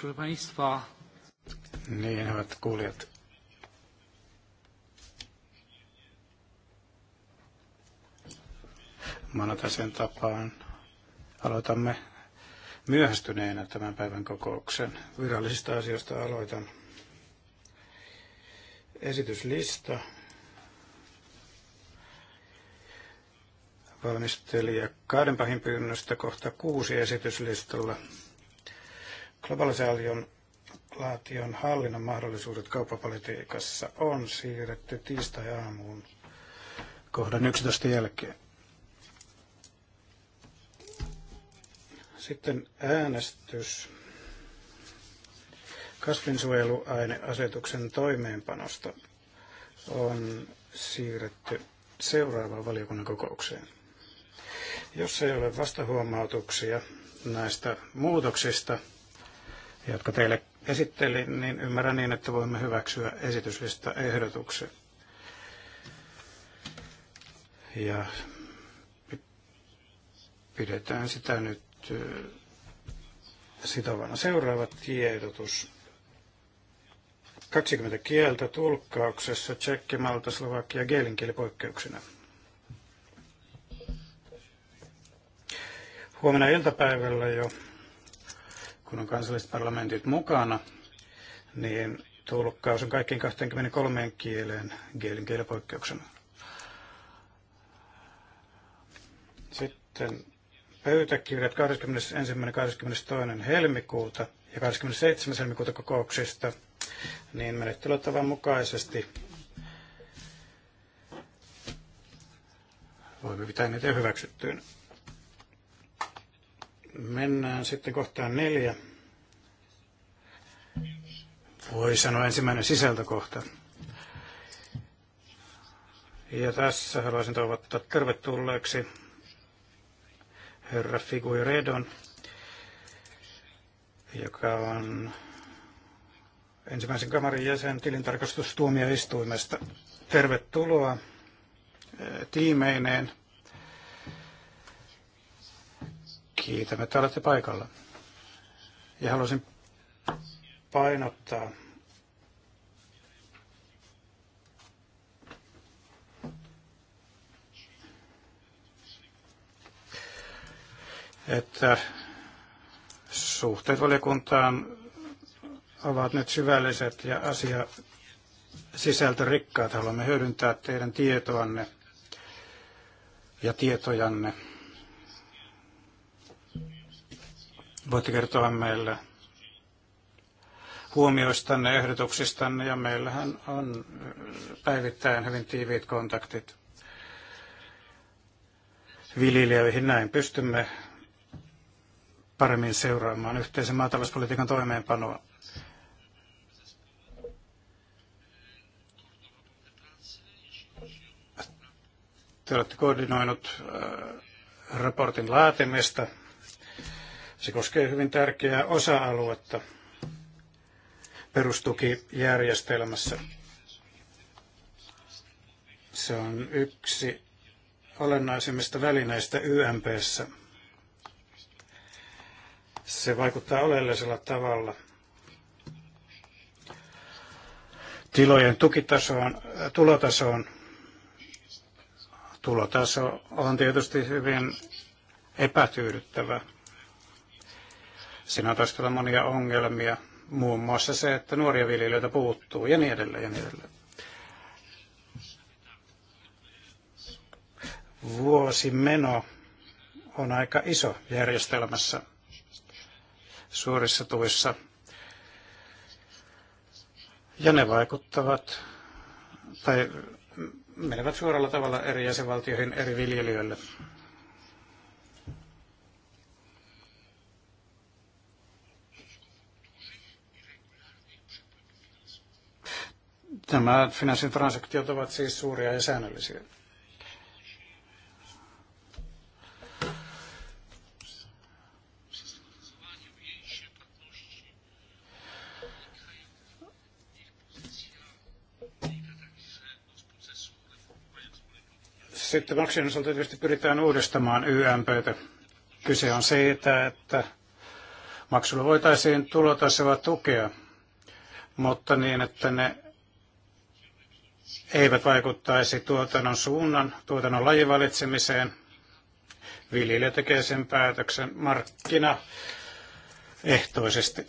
Proszę Państwa. Niin, hyvät kuulijat. Maanantaisen tapaan aloitamme myöhästyneenä tämän päivän kokouksen. Virallisista asioista aloitan. Esityslista. Valmistelija Kaadenpahin pyynnöstä kohta kuusi esityslistalla. Globalisaation hallinnan mahdollisuudet kauppapolitiikassa on siirretty tiistai-aamuun kohdan 11 jälkeen. Sitten äänestys kasvinsuojeluaineasetuksen toimeenpanosta on siirretty seuraavaan valiokunnan kokoukseen. Jos ei ole vastahuomautuksia näistä muutoksista, jotka teille esittelin, niin ymmärrän niin, että voimme hyväksyä esityslista ehdotuksen. Ja pidetään sitä nyt äh, sitovana. Seuraava tiedotus. 20 kieltä tulkkauksessa tsekki, malta, slovakia, Gelinkieli poikkeuksena. Huomenna iltapäivällä jo kun on kansalliset parlamentit mukana, niin tulkkaus on kaikkiin 23 kieleen kielen kielipoikkeuksena. Sitten pöytäkirjat 21.–22. helmikuuta ja 27. helmikuuta kokouksista, niin menettelytavan mukaisesti voimme pitää niitä hyväksyttyinä. Mennään sitten kohtaan neljä. Voi sanoa ensimmäinen sisältökohta. Ja tässä haluaisin toivottaa tervetulleeksi herra Figuiredon, joka on ensimmäisen kamarin jäsen tilintarkastustuomioistuimesta. Tervetuloa eh, tiimeineen. Kiitämme, että olette paikalla. Ja haluaisin painottaa että suhteet valiokuntaan ovat nyt syvälliset ja asia sisältörikkaat. Haluamme hyödyntää teidän tietoanne ja tietojanne. Voitte kertoa meille huomioistanne, ehdotuksistanne ja meillähän on päivittäin hyvin tiiviit kontaktit viljelijöihin. Näin pystymme paremmin seuraamaan yhteisen maatalouspolitiikan toimeenpanoa. Te olette koordinoinut äh, raportin laatimista se koskee hyvin tärkeää osa-aluetta perustukijärjestelmässä. Se on yksi olennaisimmista välineistä YMPssä. Se vaikuttaa oleellisella tavalla tilojen tukitasoon, tulotasoon. Tulotaso on tietysti hyvin epätyydyttävä Siinä on taustalla monia ongelmia, muun muassa se, että nuoria viljelijöitä puuttuu ja niin edelleen ja niin edelleen. Vuosimeno on aika iso järjestelmässä suurissa tuissa. Ja ne vaikuttavat tai menevät suoralla tavalla eri jäsenvaltioihin eri viljelijöille. Nämä finanssitransaktiot ovat siis suuria ja säännöllisiä. Sitten maksujen osalta tietysti pyritään uudistamaan YMPtä. Kyse on siitä, että maksulla voitaisiin tulotasoa tukea, mutta niin, että ne eivät vaikuttaisi tuotannon suunnan, tuotannon lajivalitsemiseen. Viljelijä tekee sen päätöksen ehtoisesti.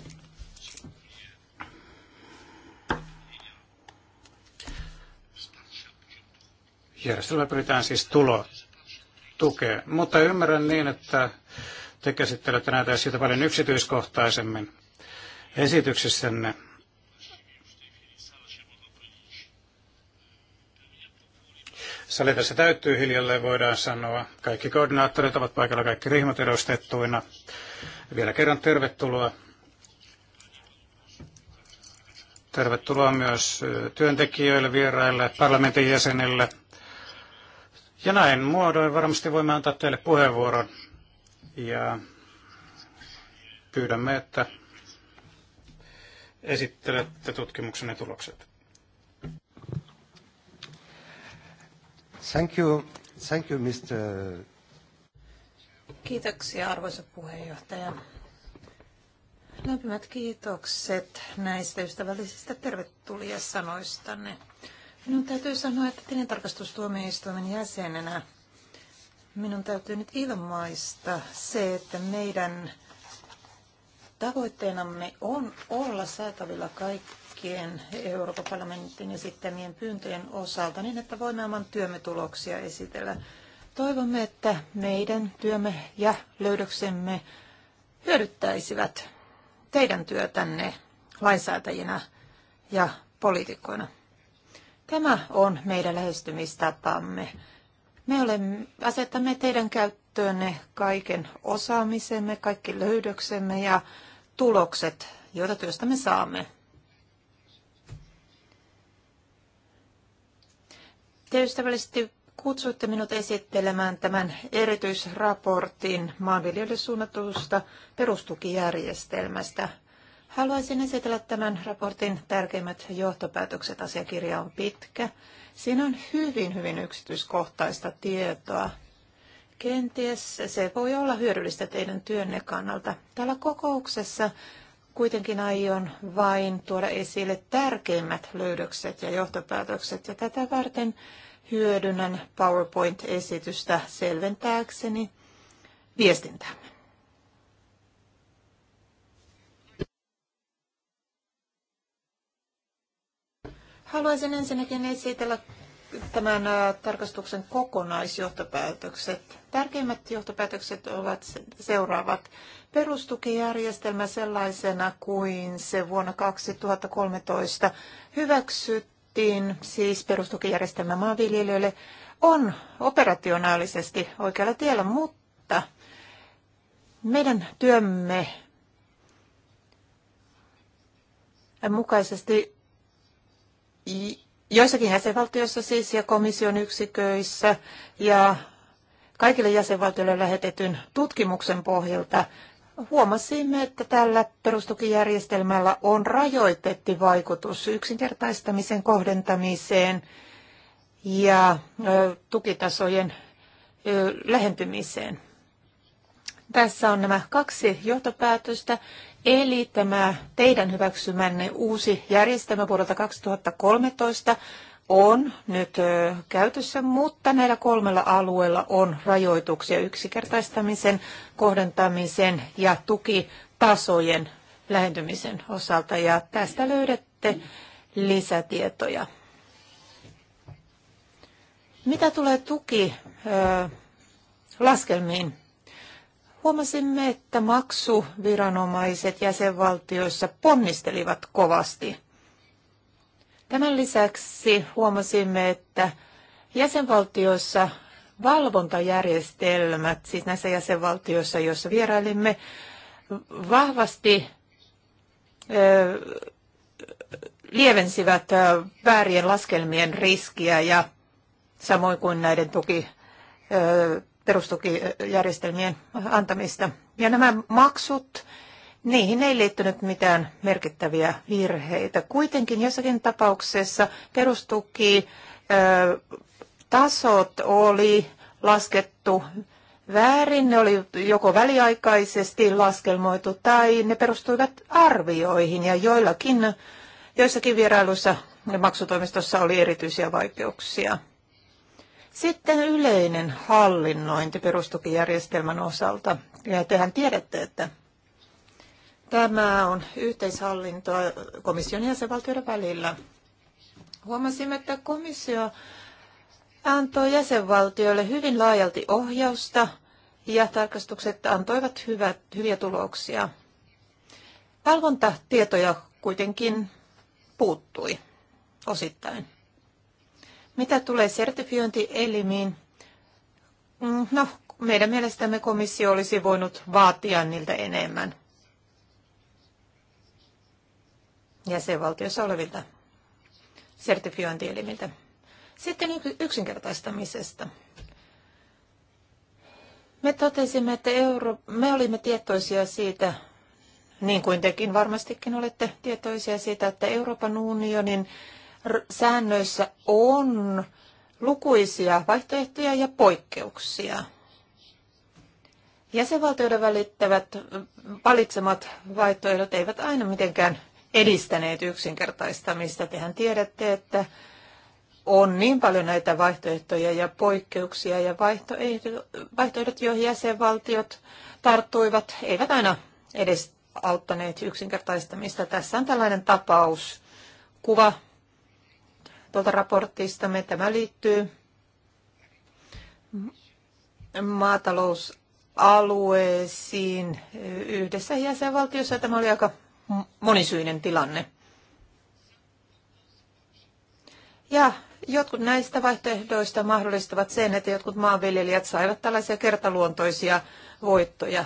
Järjestelmä pyritään siis tulo tukeen. Mutta ymmärrän niin, että te käsittelette näitä asioita paljon yksityiskohtaisemmin esityksissänne. tässä täyttyy hiljalleen, voidaan sanoa. Kaikki koordinaattorit ovat paikalla, kaikki ryhmät edustettuina. Vielä kerran tervetuloa. Tervetuloa myös työntekijöille, vieraille, parlamentin jäsenille. Ja näin muodoin varmasti voimme antaa teille puheenvuoron. Ja pyydämme, että esittelette tutkimuksenne tulokset. Thank you. Thank you, Mr. Kiitoksia, arvoisa puheenjohtaja. Lämpimät kiitokset näistä ystävällisistä tervetulijasanoistanne. Minun täytyy sanoa, että tilintarkastustuomioistuimen jäsenenä minun täytyy nyt ilmaista se, että meidän tavoitteenamme on olla saatavilla kaikki koskien Euroopan parlamentin esittämien pyyntöjen osalta niin, että voimme oman työmme tuloksia esitellä. Toivomme, että meidän työmme ja löydöksemme hyödyttäisivät teidän työtänne lainsäätäjinä ja poliitikkoina. Tämä on meidän lähestymistapamme. Me olemme, asettamme teidän käyttöönne kaiken osaamisemme, kaikki löydöksemme ja tulokset, joita työstämme saamme. Te ystävällisesti kutsuitte minut esittelemään tämän erityisraportin maanviljelijöille suunnatusta perustukijärjestelmästä. Haluaisin esitellä tämän raportin tärkeimmät johtopäätökset. Asiakirja on pitkä. Siinä on hyvin, hyvin yksityiskohtaista tietoa. Kenties se voi olla hyödyllistä teidän työnne kannalta. Täällä kokouksessa kuitenkin aion vain tuoda esille tärkeimmät löydökset ja johtopäätökset, ja tätä varten hyödynnän PowerPoint-esitystä selventääkseni viestintäämme. Haluaisin ensinnäkin esitellä tämän tarkastuksen kokonaisjohtopäätökset. Tärkeimmät johtopäätökset ovat seuraavat. Perustukijärjestelmä sellaisena kuin se vuonna 2013 hyväksyttiin, siis perustukijärjestelmä maanviljelijöille, on operationaalisesti oikealla tiellä, mutta meidän työmme mukaisesti joissakin jäsenvaltioissa siis ja komission yksiköissä ja kaikille jäsenvaltioille lähetetyn tutkimuksen pohjalta huomasimme, että tällä perustukijärjestelmällä on rajoitetti vaikutus yksinkertaistamisen kohdentamiseen ja tukitasojen lähentymiseen. Tässä on nämä kaksi johtopäätöstä. Eli tämä teidän hyväksymänne uusi järjestelmä vuodelta 2013 on nyt käytössä, mutta näillä kolmella alueella on rajoituksia yksinkertaistamisen, kohdentamisen ja tukitasojen lähentymisen osalta. Ja tästä löydätte lisätietoja. Mitä tulee tuki laskelmiin huomasimme, että maksuviranomaiset jäsenvaltioissa ponnistelivat kovasti. Tämän lisäksi huomasimme, että jäsenvaltioissa valvontajärjestelmät, siis näissä jäsenvaltioissa, joissa vierailimme, vahvasti lievensivät väärien laskelmien riskiä ja samoin kuin näiden tuki perustukijärjestelmien antamista. Ja nämä maksut, niihin ei liittynyt mitään merkittäviä virheitä. Kuitenkin jossakin tapauksessa perustuki tasot oli laskettu väärin, ne oli joko väliaikaisesti laskelmoitu tai ne perustuivat arvioihin ja joillakin, joissakin vierailuissa maksutoimistossa oli erityisiä vaikeuksia. Sitten yleinen hallinnointi perustukijärjestelmän osalta. Ja tehän tiedätte, että tämä on yhteishallinto komission ja jäsenvaltioiden välillä. Huomasimme, että komissio antoi jäsenvaltioille hyvin laajalti ohjausta ja tarkastukset antoivat hyvät, hyviä tuloksia. Valvontatietoja kuitenkin puuttui osittain. Mitä tulee sertifiointielimiin? Mm, no, meidän mielestämme komissio olisi voinut vaatia niiltä enemmän jäsenvaltiossa olevilta sertifiointielimiltä. Sitten yksinkertaistamisesta. Me totesimme, että euro, me olimme tietoisia siitä, niin kuin tekin varmastikin olette tietoisia siitä, että Euroopan unionin säännöissä on lukuisia vaihtoehtoja ja poikkeuksia. Jäsenvaltioiden välittävät valitsemat vaihtoehdot eivät aina mitenkään edistäneet yksinkertaistamista. Tehän tiedätte, että on niin paljon näitä vaihtoehtoja ja poikkeuksia ja vaihtoehdot, vaihtoehdot joihin jäsenvaltiot tarttuivat, eivät aina edes auttaneet yksinkertaistamista. Tässä on tällainen tapaus, kuva tuolta raportistamme. Tämä liittyy maatalousalueisiin yhdessä jäsenvaltiossa. Tämä oli aika monisyinen tilanne. Ja jotkut näistä vaihtoehdoista mahdollistavat sen, että jotkut maanviljelijät saivat tällaisia kertaluontoisia voittoja.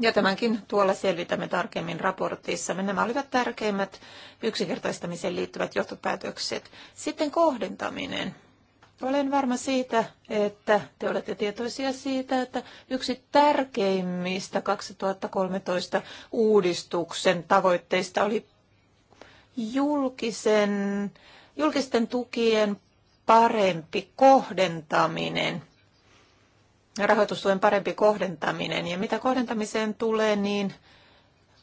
Ja tämänkin tuolla selvitämme tarkemmin raportissa. Nämä olivat tärkeimmät yksinkertaistamiseen liittyvät johtopäätökset. Sitten kohdentaminen. Olen varma siitä, että te olette tietoisia siitä, että yksi tärkeimmistä 2013 uudistuksen tavoitteista oli julkisen, julkisten tukien parempi kohdentaminen rahoitustuen parempi kohdentaminen. Ja mitä kohdentamiseen tulee, niin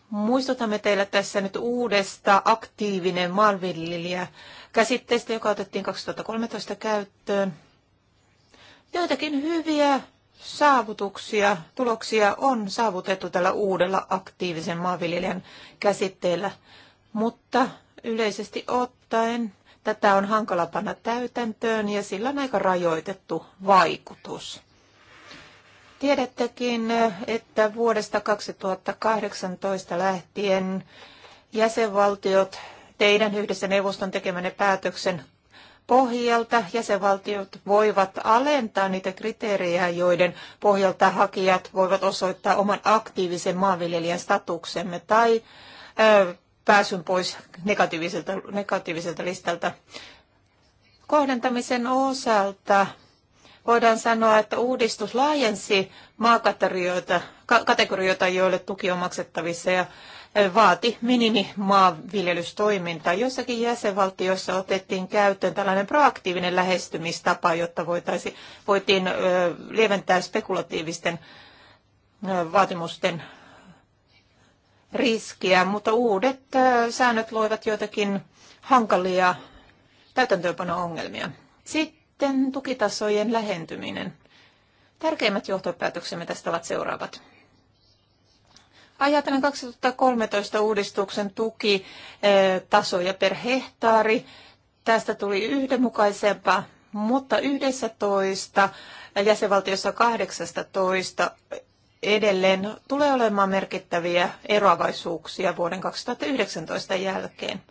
muistutamme teillä tässä nyt uudesta aktiivinen maanviljelijä käsitteestä, joka otettiin 2013 käyttöön. Joitakin hyviä saavutuksia, tuloksia on saavutettu tällä uudella aktiivisen maanviljelijän käsitteellä, mutta yleisesti ottaen tätä on hankala panna täytäntöön ja sillä on aika rajoitettu vaikutus. Tiedättekin, että vuodesta 2018 lähtien jäsenvaltiot teidän yhdessä neuvoston tekemänne päätöksen pohjalta jäsenvaltiot voivat alentaa niitä kriteerejä, joiden pohjalta hakijat voivat osoittaa oman aktiivisen maanviljelijän statuksemme tai ö, pääsyn pois negatiiviselta, negatiiviselta listalta. Kohdentamisen osalta voidaan sanoa, että uudistus laajensi maakategorioita, kategorioita, joille tuki on maksettavissa ja vaati minimimaanviljelystoimintaa. Jossakin jäsenvaltioissa otettiin käyttöön tällainen proaktiivinen lähestymistapa, jotta voitaisi, voitiin lieventää spekulatiivisten vaatimusten riskiä, mutta uudet säännöt loivat joitakin hankalia täytäntöönpano-ongelmia. Sitten sitten tukitasojen lähentyminen. Tärkeimmät johtopäätöksemme tästä ovat seuraavat. Ajatellen 2013 uudistuksen tukitasoja eh, per hehtaari. Tästä tuli yhdenmukaisempaa, mutta 11 jäsenvaltiossa 18 edelleen tulee olemaan merkittäviä eroavaisuuksia vuoden 2019 jälkeen.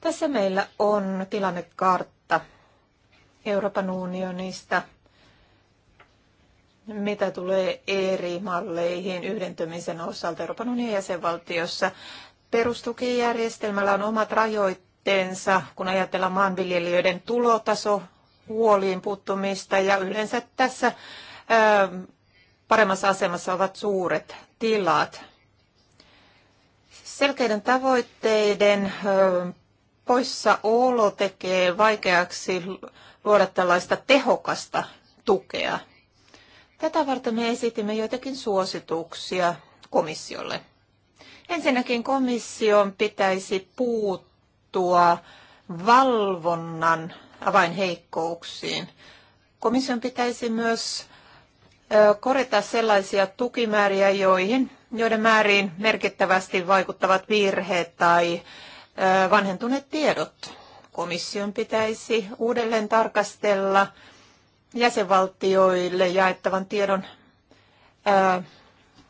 Tässä meillä on tilannekartta Euroopan unionista, mitä tulee eri malleihin yhdentymisen osalta Euroopan unionin jäsenvaltiossa. Perustukijärjestelmällä on omat rajoitteensa, kun ajatellaan maanviljelijöiden tulotaso, huoliin puuttumista ja yleensä tässä paremmassa asemassa ovat suuret tilat. Selkeiden tavoitteiden poissaolo tekee vaikeaksi luoda tällaista tehokasta tukea. Tätä varten me esitimme joitakin suosituksia komissiolle. Ensinnäkin komission pitäisi puuttua valvonnan avainheikkouksiin. Komission pitäisi myös korjata sellaisia tukimääriä, joihin, joiden määriin merkittävästi vaikuttavat virheet tai vanhentuneet tiedot komission pitäisi uudelleen tarkastella jäsenvaltioille jaettavan tiedon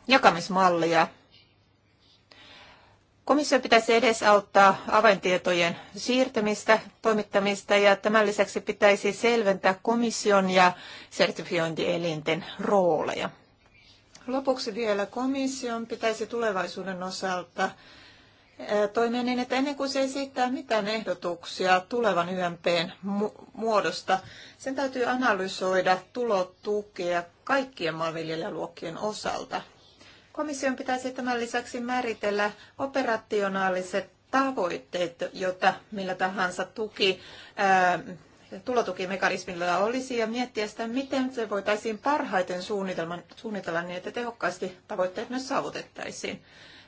jakamismallia. Komissio pitäisi edesauttaa avaintietojen siirtämistä, toimittamista ja tämän lisäksi pitäisi selventää komission ja sertifiointielinten rooleja. Lopuksi vielä komission pitäisi tulevaisuuden osalta toimia niin, että ennen kuin se esittää mitään ehdotuksia tulevan YMPn muodosta, sen täytyy analysoida tulotukea kaikkien maanviljelijäluokkien osalta. Komission pitäisi tämän lisäksi määritellä operationaaliset tavoitteet, joita millä tahansa tuki, ää, tulotukimekanismilla olisi, ja miettiä sitä, miten se voitaisiin parhaiten suunnitella niin, että tehokkaasti tavoitteet myös saavutettaisiin.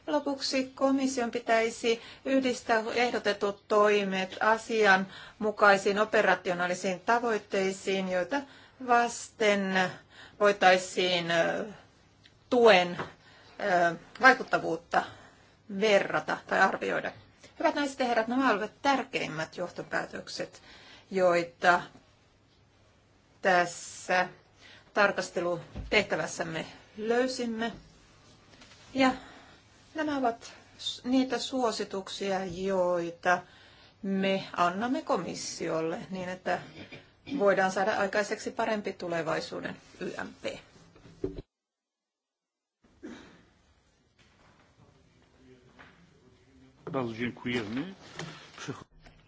Lopuksi komission pitäisi yhdistää ehdotetut toimet asian mukaisiin operationaalisiin tavoitteisiin, joita vasten voitaisiin tuen vaikuttavuutta verrata tai arvioida. Hyvät naiset ja herrat, nämä olivat tärkeimmät johtopäätökset, joita tässä tarkastelutehtävässämme löysimme. Ja Nämä ovat niitä suosituksia, joita me annamme komissiolle niin, että voidaan saada aikaiseksi parempi tulevaisuuden YMP.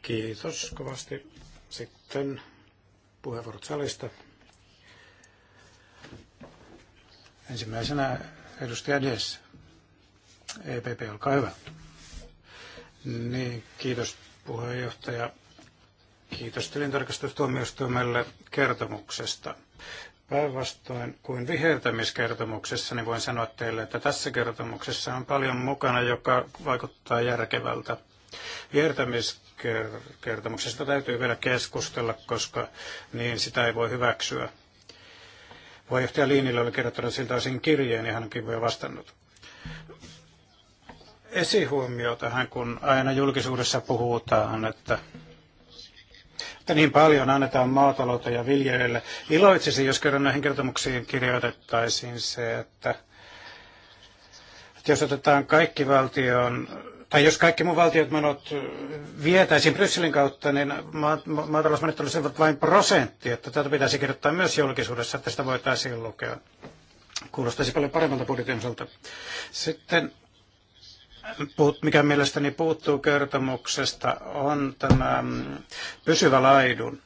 Kiitos kovasti. Sitten puheenvuorot salista. Ensimmäisenä edustaja Dessa. EPP, olkaa hyvä. Niin, kiitos puheenjohtaja. Kiitos tilintarkastustuomioistuimelle kertomuksesta. Päinvastoin kuin viheltämiskertomuksessa, niin voin sanoa teille, että tässä kertomuksessa on paljon mukana, joka vaikuttaa järkevältä. Viheltämiskertomuksesta täytyy vielä keskustella, koska niin sitä ei voi hyväksyä. Puheenjohtaja Liinillä oli kirjoittanut siltä osin kirjeen ja hänkin voi vastannut esihuomio tähän, kun aina julkisuudessa puhutaan, että, että niin paljon annetaan maataloutta ja viljelijöille. Iloitsisi, jos kerran näihin kertomuksiin kirjoitettaisiin se, että, että jos otetaan kaikki valtion tai jos kaikki mun valtiot menot vietäisiin Brysselin kautta, niin maatalousmenot olisivat vain prosentti, että tätä pitäisi kirjoittaa myös julkisuudessa, että sitä voitaisiin lukea. Kuulostaisi paljon paremmalta budjetin osalta. Sitten mikä mielestäni puuttuu kertomuksesta, on tämä mm, pysyvä laidun.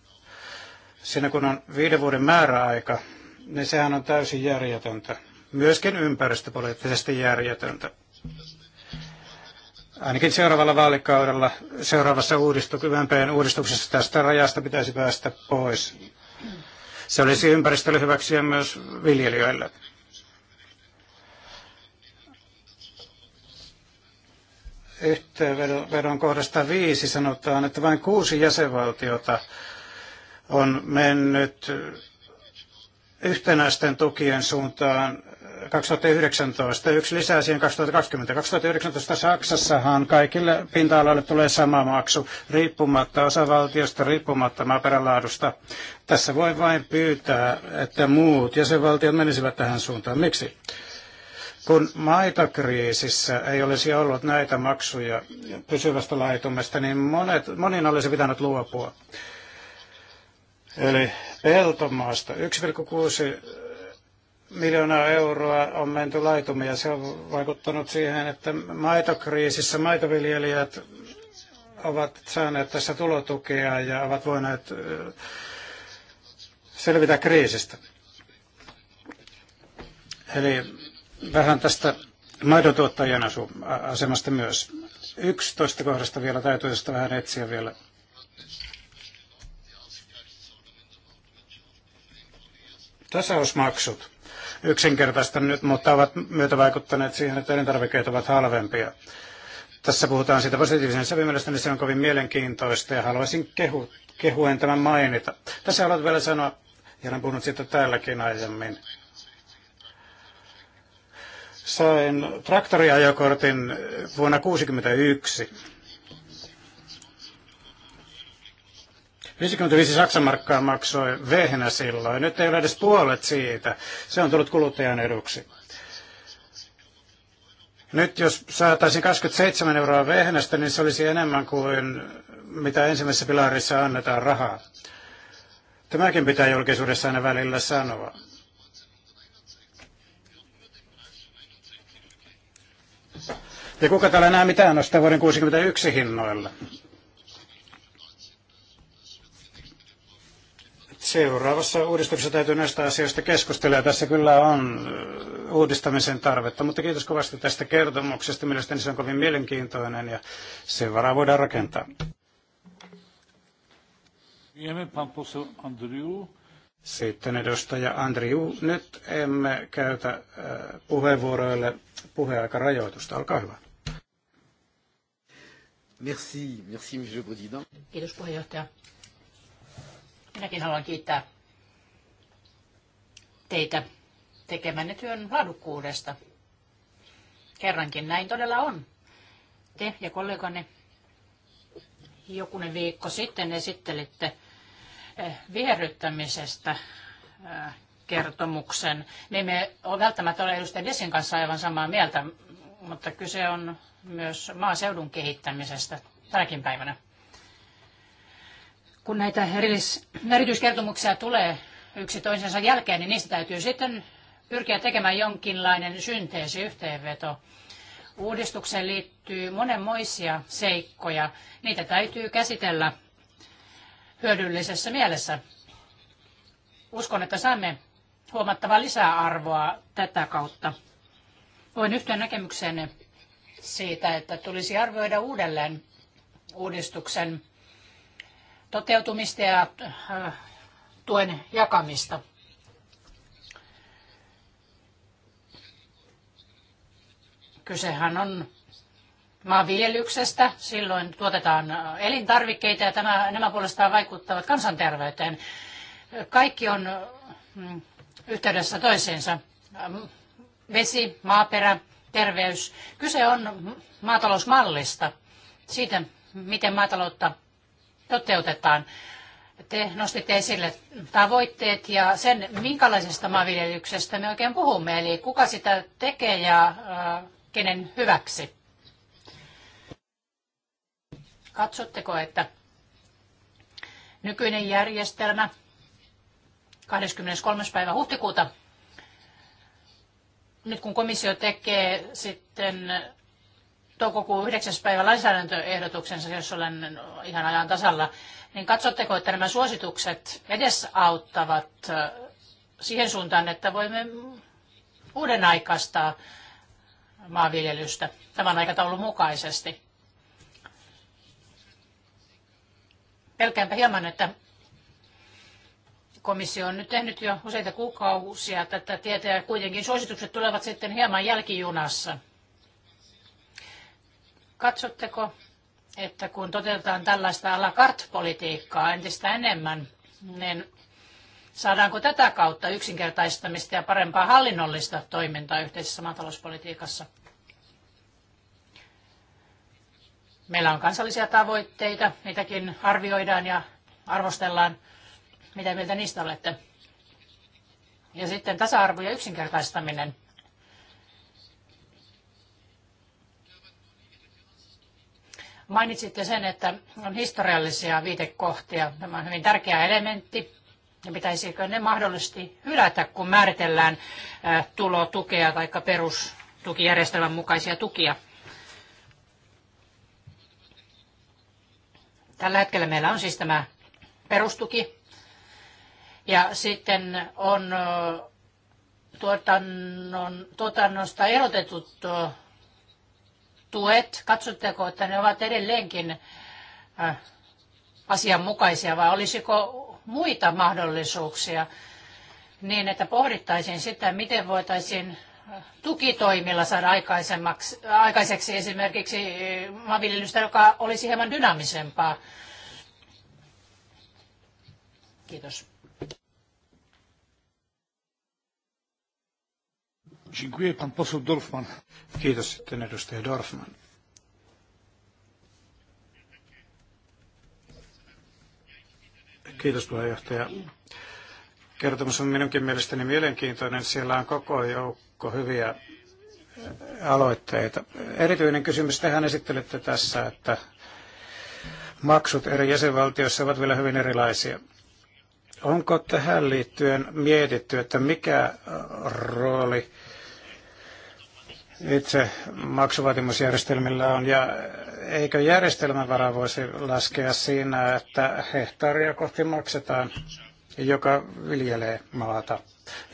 Siinä kun on viiden vuoden määräaika, niin sehän on täysin järjetöntä. Myöskin ympäristöpoliittisesti järjetöntä. Ainakin seuraavalla vaalikaudella, seuraavassa uudistuksessa, uudistuksessa tästä rajasta pitäisi päästä pois. Se olisi ympäristölle hyväksi ja myös viljelijöille. yhteenvedon kohdasta viisi sanotaan, että vain kuusi jäsenvaltiota on mennyt yhtenäisten tukien suuntaan 2019, yksi lisää siihen 2020. 2019 Saksassahan kaikille pinta-aloille tulee sama maksu, riippumatta osavaltiosta, riippumatta maaperälaadusta. Tässä voi vain pyytää, että muut jäsenvaltiot menisivät tähän suuntaan. Miksi? Kun maitokriisissä ei olisi ollut näitä maksuja pysyvästä laitumesta, niin monet, monin olisi pitänyt luopua. Eli peltomaasta 1,6 miljoonaa euroa on menty laitumia. Se on vaikuttanut siihen, että maitokriisissä maitoviljelijät ovat saaneet tässä tulotukea ja ovat voineet selvitä kriisistä. Eli vähän tästä maidontuottajien asemasta myös. 11 kohdasta vielä täytyy sitä vähän etsiä vielä. Tasausmaksut yksinkertaista nyt, mutta ovat vaikuttaneet siihen, että elintarvikkeet ovat halvempia. Tässä puhutaan siitä positiivisen sävy, mielestäni niin se on kovin mielenkiintoista ja haluaisin kehu, kehuen tämän mainita. Tässä haluat vielä sanoa, ja olen puhunut siitä täälläkin aiemmin, Sain traktoriajokortin vuonna 1961. 55 Saksan markkaa maksoi vehnä silloin. Nyt ei ole edes puolet siitä. Se on tullut kuluttajan eduksi. Nyt jos saataisiin 27 euroa vehnästä, niin se olisi enemmän kuin mitä ensimmäisessä pilarissa annetaan rahaa. Tämäkin pitää julkisuudessa aina välillä sanoa. Ja kuka täällä näe mitään nostaa vuoden 61 hinnoilla? Seuraavassa uudistuksessa täytyy näistä asioista keskustella ja tässä kyllä on uudistamisen tarvetta, mutta kiitos kovasti tästä kertomuksesta. Mielestäni se on kovin mielenkiintoinen ja sen varaa voidaan rakentaa. pan Andriu. Sitten edustaja Andriu, nyt emme käytä äh, puheenvuoroille puheaikarajoitusta. Olkaa hyvä. Merci, merci, monsieur président. Kiitos puheenjohtaja. Minäkin haluan kiittää teitä tekemänne työn laadukkuudesta. Kerrankin näin todella on. Te ja kolleganne jokunen viikko sitten esittelitte viherryttämisestä äh, kertomuksen. Me emme ole välttämättä ole edustaja Desin kanssa aivan samaa mieltä, mutta kyse on myös maaseudun kehittämisestä tänäkin päivänä. Kun näitä erillis- erityiskertomuksia tulee yksi toisensa jälkeen, niin niistä täytyy sitten pyrkiä tekemään jonkinlainen synteesi, yhteenveto. Uudistukseen liittyy monenmoisia seikkoja. Niitä täytyy käsitellä hyödyllisessä mielessä. Uskon, että saamme huomattavaa lisäarvoa tätä kautta. Voin yhtyä näkemykseenne siitä, että tulisi arvioida uudelleen uudistuksen toteutumista ja äh, tuen jakamista. Kysehän on maanviljelyksestä. Silloin tuotetaan äh, elintarvikkeita ja tämä, nämä puolestaan vaikuttavat kansanterveyteen. Kaikki on mm, yhteydessä toisiinsa. Ähm, vesi, maaperä, terveys. Kyse on maatalousmallista, siitä miten maataloutta toteutetaan. Te nostitte esille tavoitteet ja sen, minkälaisesta maanviljelyksestä me oikein puhumme, eli kuka sitä tekee ja äh, kenen hyväksi. Katsotteko, että nykyinen järjestelmä 23. päivä huhtikuuta, nyt kun komissio tekee sitten toukokuun 9. päivä lainsäädäntöehdotuksensa, jos olen ihan ajan tasalla, niin katsotteko, että nämä suositukset edesauttavat siihen suuntaan, että voimme uuden aikaista maanviljelystä tämän aikataulun mukaisesti? Pelkäänpä hieman, että komissio on nyt tehnyt jo useita kuukausia tätä tietä ja kuitenkin suositukset tulevat sitten hieman jälkijunassa. Katsotteko, että kun toteutetaan tällaista ala politiikkaa entistä enemmän, niin saadaanko tätä kautta yksinkertaistamista ja parempaa hallinnollista toimintaa yhteisessä maatalouspolitiikassa? Meillä on kansallisia tavoitteita, niitäkin arvioidaan ja arvostellaan. Mitä mieltä niistä olette? Ja sitten tasa-arvo ja yksinkertaistaminen. Mainitsitte sen, että on historiallisia viitekohtia. Tämä on hyvin tärkeä elementti. Ja pitäisikö ne mahdollisesti hylätä, kun määritellään tulotukea tai perustukijärjestelmän mukaisia tukia? Tällä hetkellä meillä on siis tämä perustuki ja sitten on tuotannon, tuotannosta erotetut tuet. Katsotteko, että ne ovat edelleenkin asianmukaisia vai olisiko muita mahdollisuuksia niin, että pohdittaisiin sitä, miten voitaisiin tukitoimilla saada aikaisemmaksi, aikaiseksi esimerkiksi eh, maanviljelystä, joka olisi hieman dynaamisempaa? Kiitos. Dziękuję pan poseł Dorfman. Kiitos sitten edustaja Dorfman. Kiitos puheenjohtaja. Kertomus on minunkin mielestäni mielenkiintoinen. Siellä on koko joukko joukko hyviä aloitteita. Erityinen kysymys tehän esittelette tässä, että maksut eri jäsenvaltioissa ovat vielä hyvin erilaisia. Onko tähän liittyen mietitty, että mikä rooli itse maksuvaatimusjärjestelmillä on ja eikö järjestelmän vara voisi laskea siinä, että hehtaaria kohti maksetaan, joka viljelee maata?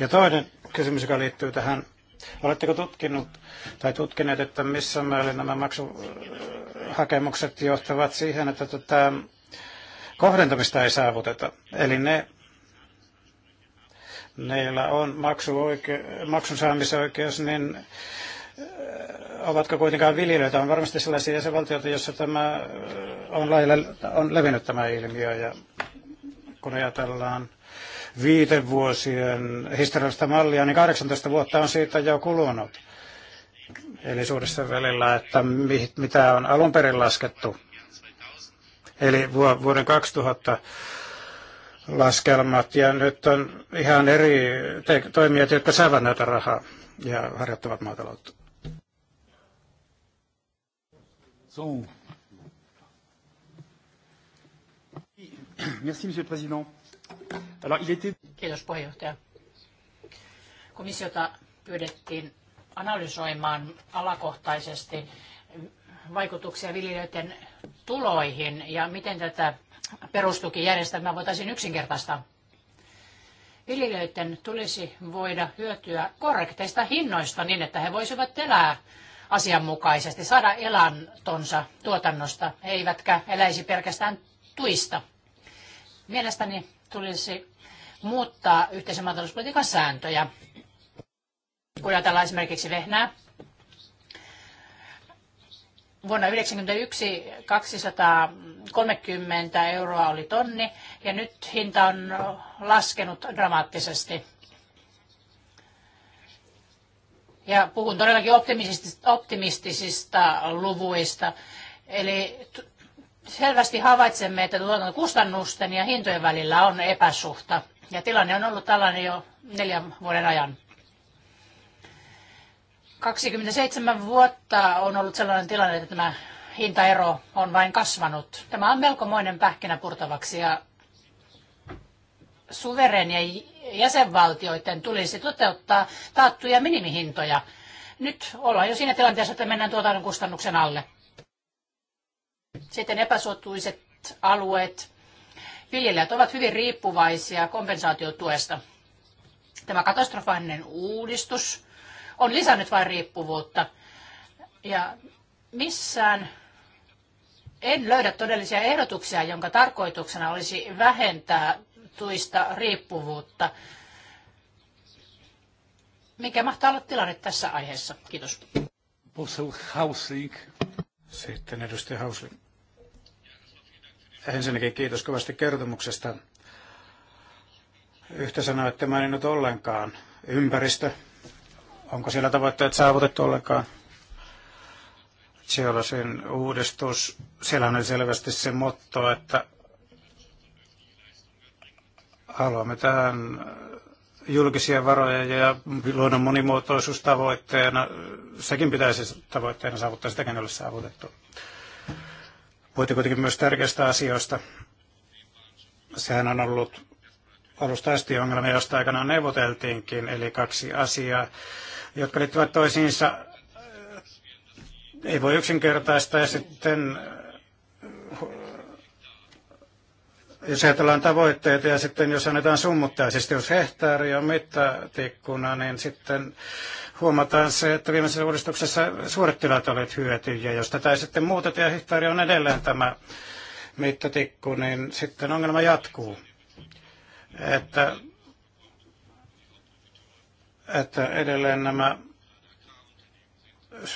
Ja toinen kysymys, joka liittyy tähän Oletteko tutkinut tai tutkineet, että missä määrin nämä maksuhakemukset johtavat siihen, että tätä kohdentamista ei saavuteta? Eli ne, neillä on maksu oike, maksun saamisoikeus, niin äh, ovatko kuitenkaan viljelijöitä? On varmasti sellaisia jäsenvaltioita, joissa tämä äh, on, lailla, on levinnyt tämä ilmiö ja kun ajatellaan viiden vuosien historiallista mallia, niin 18 vuotta on siitä jo kulunut. Eli suurissa välillä, että mitä on alun perin laskettu. Eli vuoden 2000 laskelmat ja nyt on ihan eri toimijat, jotka saavat näitä rahaa ja harjoittavat maataloutta. Merci, monsieur le président. Kiitos puheenjohtaja. Komissiota pyydettiin analysoimaan alakohtaisesti vaikutuksia viljelijöiden tuloihin ja miten tätä perustukijärjestelmää voitaisiin yksinkertaistaa. Viljelijöiden tulisi voida hyötyä korrekteista hinnoista niin, että he voisivat elää asianmukaisesti, saada elantonsa tuotannosta, eivätkä eläisi pelkästään tuista. Mielestäni tulisi muuttaa yhteisen maatalouspolitiikan sääntöjä. Kun ajatellaan esimerkiksi vehnää, vuonna 1991 230 euroa oli tonni ja nyt hinta on laskenut dramaattisesti. Ja puhun todellakin optimistisista, optimistisista luvuista. Eli selvästi havaitsemme, että tuotannon kustannusten ja hintojen välillä on epäsuhta. Ja tilanne on ollut tällainen jo neljän vuoden ajan. 27 vuotta on ollut sellainen tilanne, että tämä hintaero on vain kasvanut. Tämä on melkomoinen pähkinä purtavaksi ja suverenien jäsenvaltioiden tulisi toteuttaa taattuja minimihintoja. Nyt ollaan jo siinä tilanteessa, että mennään tuotannon kustannuksen alle. Sitten epäsuotuiset alueet. Viljelijät ovat hyvin riippuvaisia kompensaatiotuesta. Tämä katastrofaalinen uudistus on lisännyt vain riippuvuutta. Ja missään en löydä todellisia ehdotuksia, jonka tarkoituksena olisi vähentää tuista riippuvuutta. Mikä mahtaa olla tilanne tässä aiheessa? Kiitos. Sitten edustaja Hausling. Ensinnäkin kiitos kovasti kertomuksesta. Yhtä sanoa, että nyt ollenkaan ympäristö. Onko siellä tavoitteet saavutettu ollenkaan? sen uudistus, siellä on selvästi se motto, että haluamme tähän julkisia varoja ja luonnon monimuotoisuus tavoitteena. Sekin pitäisi tavoitteena saavuttaa, sitäkin ei ole saavutettu puhutte kuitenkin myös tärkeistä asioista. Sehän on ollut alusta asti ongelma, josta aikanaan neuvoteltiinkin, eli kaksi asiaa, jotka liittyvät toisiinsa. Ei voi yksinkertaista ja sitten jos ajatellaan tavoitteita ja sitten jos annetaan summuttaisesti, jos hehtaari on mittatikkuna, niin sitten huomataan se, että viimeisessä uudistuksessa suuret tilat olivat hyötyjä, Jos tätä ei sitten muuteta ja hehtaari on edelleen tämä mittatikku, niin sitten ongelma jatkuu. Että, että edelleen nämä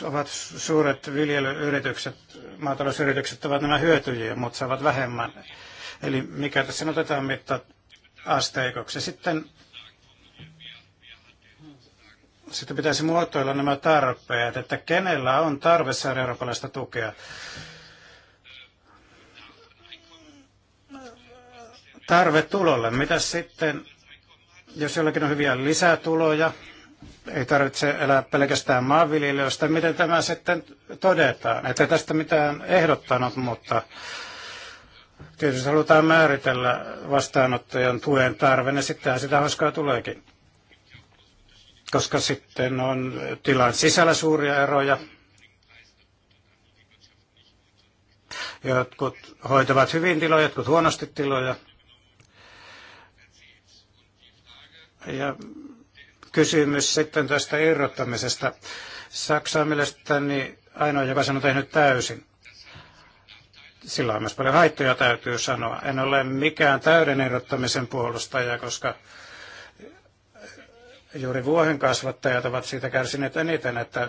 ovat suuret viljelyyritykset, maatalousyritykset ovat nämä hyötyjiä, mutta saavat vähemmän Eli mikä tässä otetaan mitta asteikoksi. Sitten, sitten pitäisi muotoilla nämä tarpeet, että kenellä on tarve saada eurooppalaista tukea. Tarve tulolle. Mitä sitten, jos jollakin on hyviä lisätuloja, ei tarvitse elää pelkästään maanviljelijöistä. Miten tämä sitten todetaan? Että tästä mitään ehdottanut, mutta Tietysti halutaan määritellä vastaanottajan tuen tarve, niin sittenhän sitä hauskaa tuleekin. Koska sitten on tilan sisällä suuria eroja. Jotkut hoitavat hyvin tiloja, jotkut huonosti tiloja. Ja kysymys sitten tästä irrottamisesta. Saksa on mielestäni ainoa, joka sen on tehnyt täysin. Sillä on myös paljon haittoja, täytyy sanoa. En ole mikään täyden erottamisen puolustaja, koska juuri vuohen kasvattajat ovat siitä kärsineet eniten, että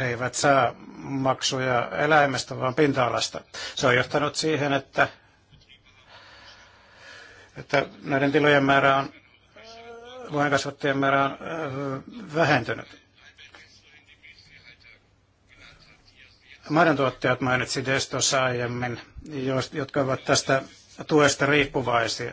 he eivät saa maksuja eläimestä, vaan pinta-alasta. Se on johtanut siihen, että, että näiden tilojen määrä on, vuohen kasvattajien määrä on vähentynyt. maidontuottajat mainitsi Destossa aiemmin, jotka ovat tästä tuesta riippuvaisia.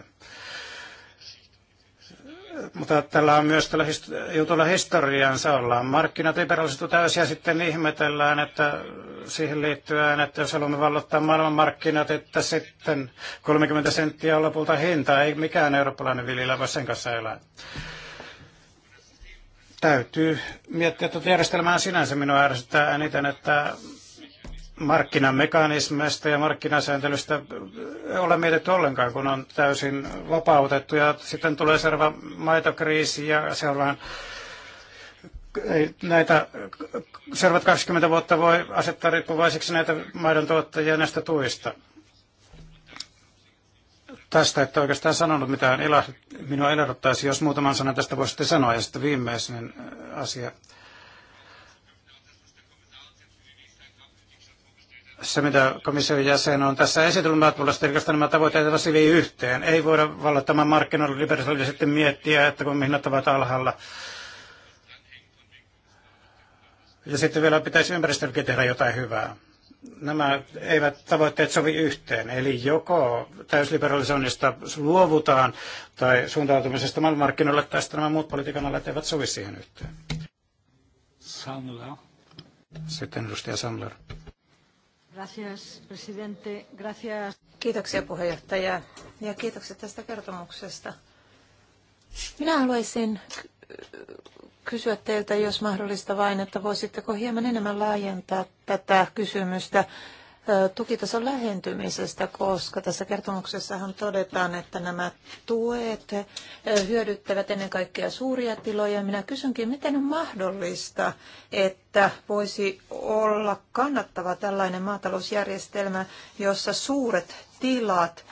Mutta tällä on myös tällä jutulla historiansa. Ollaan markkinat liberalisoitu täysin ja sitten ihmetellään, että siihen liittyen, että jos haluamme vallottaa maailmanmarkkinat, että sitten 30 senttiä on lopulta hinta. Ei mikään eurooppalainen viljelijä voi sen kanssa elää täytyy miettiä tuota järjestelmää sinänsä. Minua ärsyttää eniten, että markkinamekanismeista ja markkinasääntelystä ole mietitty ollenkaan, kun on täysin vapautettu. Ja sitten tulee seuraava maitokriisi ja seuraavan näitä seuraavat 20 vuotta voi asettaa riippuvaiseksi näitä maidon tuottajia näistä tuista. Tästä että oikeastaan sanonut mitään. Minua ilahduttaisi, jos muutaman sanan tästä voisitte sanoa. Ja sitten viimeisen asia se, mitä komission jäsen on tässä esitellyt, mä tulla sitten nämä tavoitteet lasivii yhteen. Ei voida vallottamaan markkinoilla liberalisoida sitten miettiä, että kun mihin ovat alhaalla. Ja sitten vielä pitäisi ympäristölläkin tehdä jotain hyvää. Nämä eivät tavoitteet sovi yhteen. Eli joko täysliberalisoinnista luovutaan tai suuntautumisesta maailmanmarkkinoille tai sitten nämä muut politiikan alat eivät sovi siihen yhteen. Sandler. Sitten edustaja Sandler. Kiitoksia puheenjohtaja ja kiitoksia tästä kertomuksesta. Minä haluaisin kysyä teiltä, jos mahdollista vain, että voisitteko hieman enemmän laajentaa tätä kysymystä tukitason lähentymisestä, koska tässä kertomuksessahan todetaan, että nämä tuet hyödyttävät ennen kaikkea suuria tiloja. Minä kysynkin, miten on mahdollista, että voisi olla kannattava tällainen maatalousjärjestelmä, jossa suuret tilat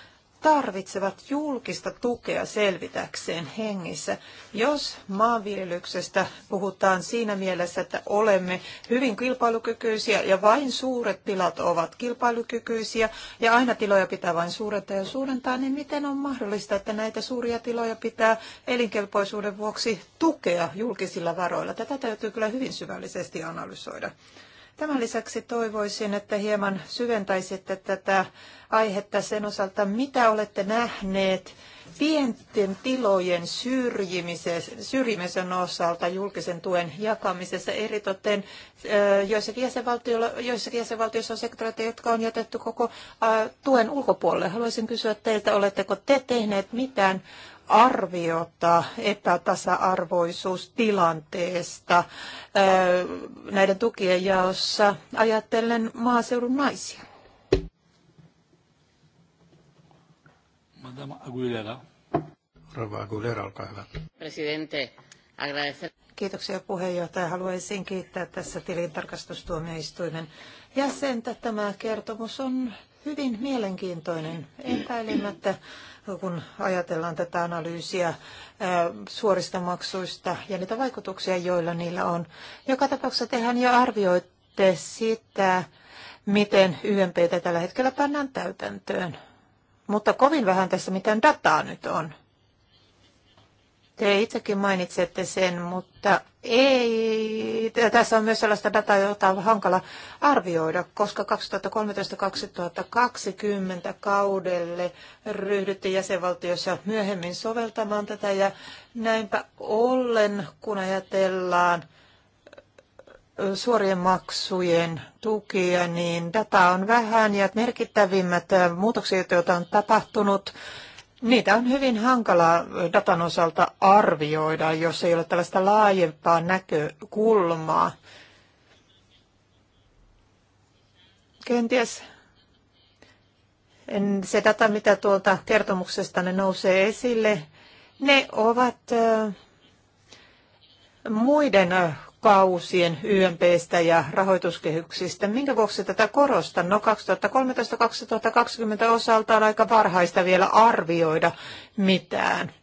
tarvitsevat julkista tukea selvitäkseen hengissä. Jos maanviljelyksestä puhutaan siinä mielessä, että olemme hyvin kilpailukykyisiä ja vain suuret tilat ovat kilpailukykyisiä ja aina tiloja pitää vain suurentaa ja suurentaa, niin miten on mahdollista, että näitä suuria tiloja pitää elinkelpoisuuden vuoksi tukea julkisilla varoilla? Tätä täytyy kyllä hyvin syvällisesti analysoida. Tämän lisäksi toivoisin, että hieman syventäisitte tätä aihetta sen osalta, mitä olette nähneet pienten tilojen syrjimisen osalta julkisen tuen jakamisessa eritoten joissakin, jäsenvaltioilla, joissakin jäsenvaltioissa on sektoreita, jotka on jätetty koko tuen ulkopuolelle. Haluaisin kysyä teiltä, oletteko te tehneet mitään arviota epätasa-arvoisuustilanteesta näiden tukien jaossa ajatellen maaseudun naisia? Madame Aguilera. Rova Aguilera, olkaa hyvä. Presidente, agradecer. Kiitoksia puheenjohtaja. Haluaisin kiittää tässä tilintarkastustuomioistuimen jäsentä. Tämä kertomus on hyvin mielenkiintoinen. Epäilemättä kun ajatellaan tätä analyysiä suorista maksuista ja niitä vaikutuksia, joilla niillä on. Joka tapauksessa tehän jo arvioitte sitä, miten YMPtä tällä hetkellä pannaan täytäntöön. Mutta kovin vähän tässä mitään dataa nyt on. Te itsekin mainitsette sen, mutta ei, tässä on myös sellaista dataa, jota on hankala arvioida, koska 2013-2020 kaudelle ryhdyttiin jäsenvaltiossa myöhemmin soveltamaan tätä ja näinpä ollen, kun ajatellaan suorien maksujen tukia, niin data on vähän ja merkittävimmät muutokset, joita on tapahtunut, Niitä on hyvin hankalaa datan osalta arvioida, jos ei ole tällaista laajempaa näkökulmaa. Kenties se data, mitä tuolta kertomuksesta ne nousee esille, ne ovat muiden kausien YMPstä ja rahoituskehyksistä. Minkä vuoksi tätä korostan? No 2013-2020 osalta on aika varhaista vielä arvioida mitään.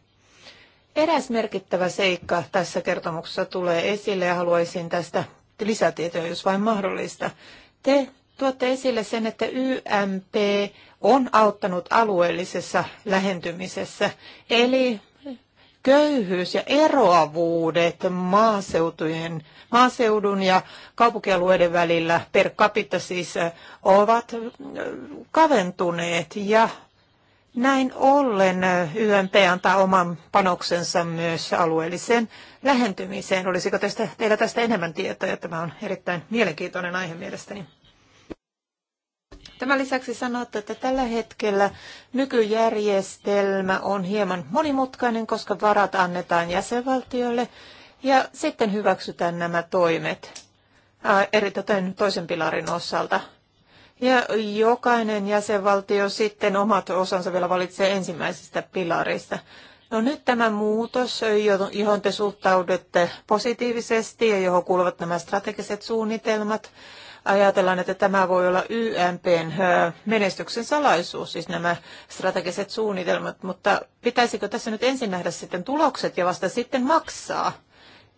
Eräs merkittävä seikka tässä kertomuksessa tulee esille ja haluaisin tästä lisätietoja, jos vain mahdollista. Te tuotte esille sen, että YMP on auttanut alueellisessa lähentymisessä, eli köyhyys ja eroavuudet maaseutujen, maaseudun ja kaupunkialueiden välillä per capita siis ovat kaventuneet ja näin ollen YMP antaa oman panoksensa myös alueelliseen lähentymiseen. Olisiko tästä, teillä tästä enemmän tietoa? Tämä on erittäin mielenkiintoinen aihe mielestäni. Tämän lisäksi sanotte, että tällä hetkellä nykyjärjestelmä on hieman monimutkainen, koska varat annetaan jäsenvaltioille ja sitten hyväksytään nämä toimet äh, eritoten toisen pilarin osalta. Ja jokainen jäsenvaltio sitten omat osansa vielä valitsee ensimmäisestä pilarista. No nyt tämä muutos, johon te suhtaudutte positiivisesti ja johon kuuluvat nämä strategiset suunnitelmat, ajatellaan, että tämä voi olla YMPn menestyksen salaisuus, siis nämä strategiset suunnitelmat, mutta pitäisikö tässä nyt ensin nähdä sitten tulokset ja vasta sitten maksaa?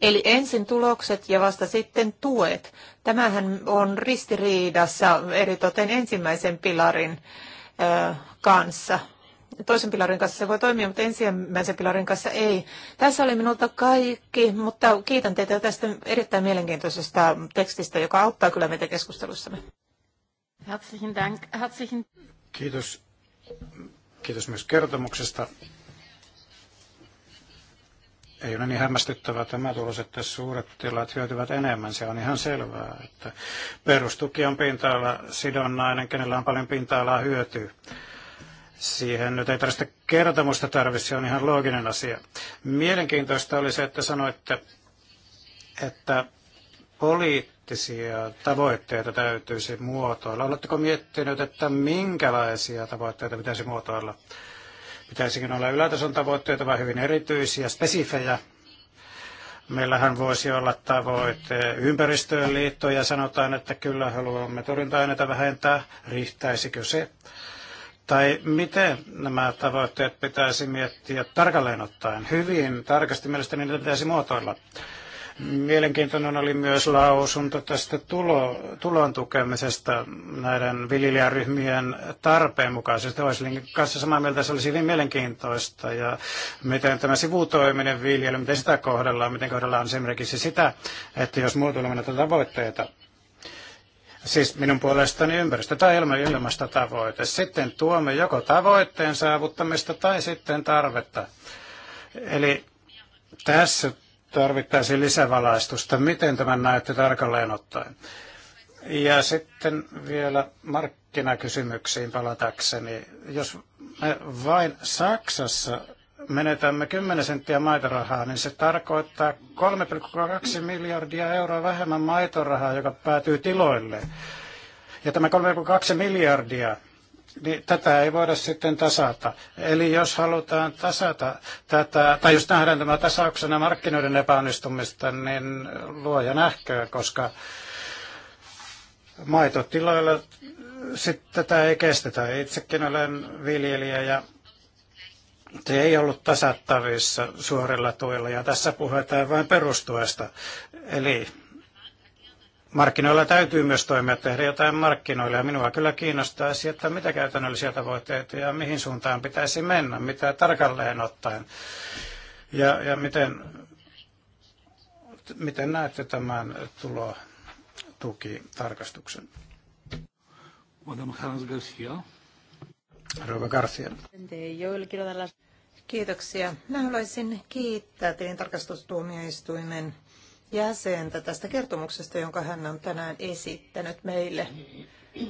Eli ensin tulokset ja vasta sitten tuet. Tämähän on ristiriidassa eritoten ensimmäisen pilarin kanssa toisen pilarin kanssa se voi toimia, mutta ensimmäisen pilarin kanssa ei. Tässä oli minulta kaikki, mutta kiitän teitä tästä erittäin mielenkiintoisesta tekstistä, joka auttaa kyllä meitä keskustelussamme. Herzlichen Dank. Herzlichen... Kiitos. Kiitos myös kertomuksesta. Ei ole niin hämmästyttävää tämä tulos, että suuret tilat hyötyvät enemmän. Se on ihan selvää, että perustuki on pinta-ala sidonnainen, kenellä on paljon pinta-alaa hyötyy. Siihen nyt ei tarvitse kertomusta tarvitse, se on ihan looginen asia. Mielenkiintoista oli se, että sanoitte, että poliittisia tavoitteita täytyisi muotoilla. Oletteko miettinyt, että minkälaisia tavoitteita pitäisi muotoilla? Pitäisikin olla ylätason tavoitteita vai hyvin erityisiä, spesifejä? Meillähän voisi olla tavoite ympäristöön liittoja. sanotaan, että kyllä haluamme torjunta-aineita vähentää. Riittäisikö se? tai miten nämä tavoitteet pitäisi miettiä tarkalleen ottaen? Hyvin tarkasti mielestäni niitä pitäisi muotoilla. Mielenkiintoinen oli myös lausunto tästä tulo, tulon tukemisesta näiden viljelijäryhmien tarpeen mukaisesti. Oislingin kanssa samaa mieltä se olisi hyvin mielenkiintoista ja miten tämä sivutoiminen viljely, miten sitä kohdellaan, miten kohdellaan esimerkiksi sitä, että jos muotoilemme näitä tavoitteita, Siis minun puolestani ympäristö tai ilmastotavoite. Sitten tuomme joko tavoitteen saavuttamista tai sitten tarvetta. Eli tässä tarvittaisiin lisävalaistusta. Miten tämän näette tarkalleen ottaen? Ja sitten vielä markkinakysymyksiin palatakseni. Jos me vain Saksassa menetämme 10 senttiä maitorahaa, niin se tarkoittaa 3,2 miljardia euroa vähemmän maitorahaa, joka päätyy tiloille. Ja tämä 3,2 miljardia, niin tätä ei voida sitten tasata. Eli jos halutaan tasata tätä, tai jos nähdään tämä tasauksena markkinoiden epäonnistumista, niin luoja nähköön, koska maitotiloilla sitten tätä ei kestetä. Itsekin olen viljelijä ja se ei ollut tasattavissa suorilla tuilla ja tässä puhutaan vain perustuesta. Eli markkinoilla täytyy myös toimia, tehdä jotain markkinoilla ja minua kyllä kiinnostaa se, että mitä käytännöllisiä tavoitteita ja mihin suuntaan pitäisi mennä, mitä tarkalleen ottaen ja, ja miten, miten näette tämän tulotukitarkastuksen. Madame Hans Garcia. Rouva Garcia. Kiitoksia. Mä haluaisin kiittää tilintarkastustuomioistuimen jäsentä tästä kertomuksesta, jonka hän on tänään esittänyt meille.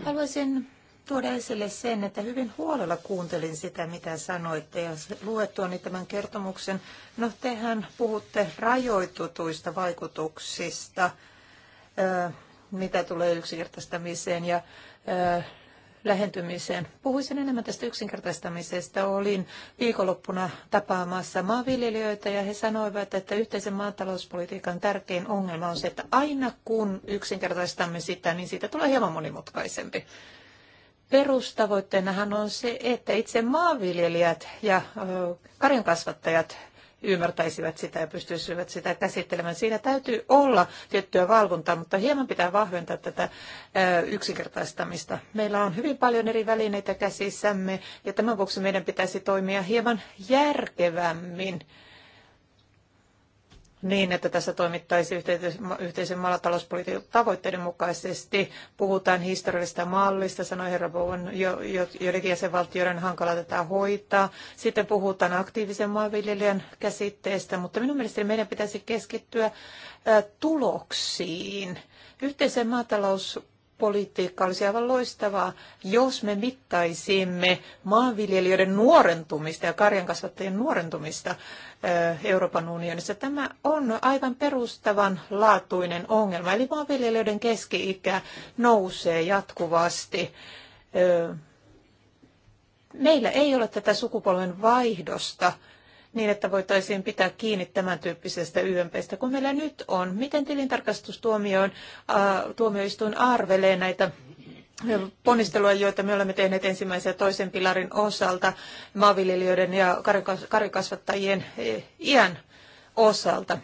Haluaisin tuoda esille sen, että hyvin huolella kuuntelin sitä, mitä sanoitte ja luettuani tämän kertomuksen. No, tehän puhutte rajoitutuista vaikutuksista, mitä tulee yksinkertaistamiseen ja lähentymiseen. Puhuisin enemmän tästä yksinkertaistamisesta. Olin viikonloppuna tapaamassa maanviljelijöitä ja he sanoivat, että yhteisen maatalouspolitiikan tärkein ongelma on se, että aina kun yksinkertaistamme sitä, niin siitä tulee hieman monimutkaisempi. Perustavoitteenahan on se, että itse maanviljelijät ja karjankasvattajat ymmärtäisivät sitä ja pystyisivät sitä käsittelemään. Siinä täytyy olla tiettyä valvontaa, mutta hieman pitää vahventaa tätä yksinkertaistamista. Meillä on hyvin paljon eri välineitä käsissämme ja tämän vuoksi meidän pitäisi toimia hieman järkevämmin niin, että tässä toimittaisiin yhteisen maatalouspolitiikan tavoitteiden mukaisesti. Puhutaan historiallisesta mallista, sanoi herra Bowen, joidenkin jäsenvaltioiden hankala tätä hoitaa. Sitten puhutaan aktiivisen maanviljelijän käsitteestä, mutta minun mielestäni meidän pitäisi keskittyä tuloksiin. Yhteisen maatalouspolitiikan politiikka olisi aivan loistavaa, jos me mittaisimme maanviljelijöiden nuorentumista ja karjankasvattajien nuorentumista eh, Euroopan unionissa. Tämä on aivan perustavan laatuinen ongelma, eli maanviljelijöiden keski-ikä nousee jatkuvasti. Eh, meillä ei ole tätä sukupolven vaihdosta niin, että voitaisiin pitää kiinni tämän tyyppisestä YMPstä, kun meillä nyt on. Miten tilintarkastustuomioon äh, arvelee näitä ponnistelua, joita me olemme tehneet ensimmäisen ja toisen pilarin osalta maanviljelijöiden ja karikasvattajien e, iän osalta.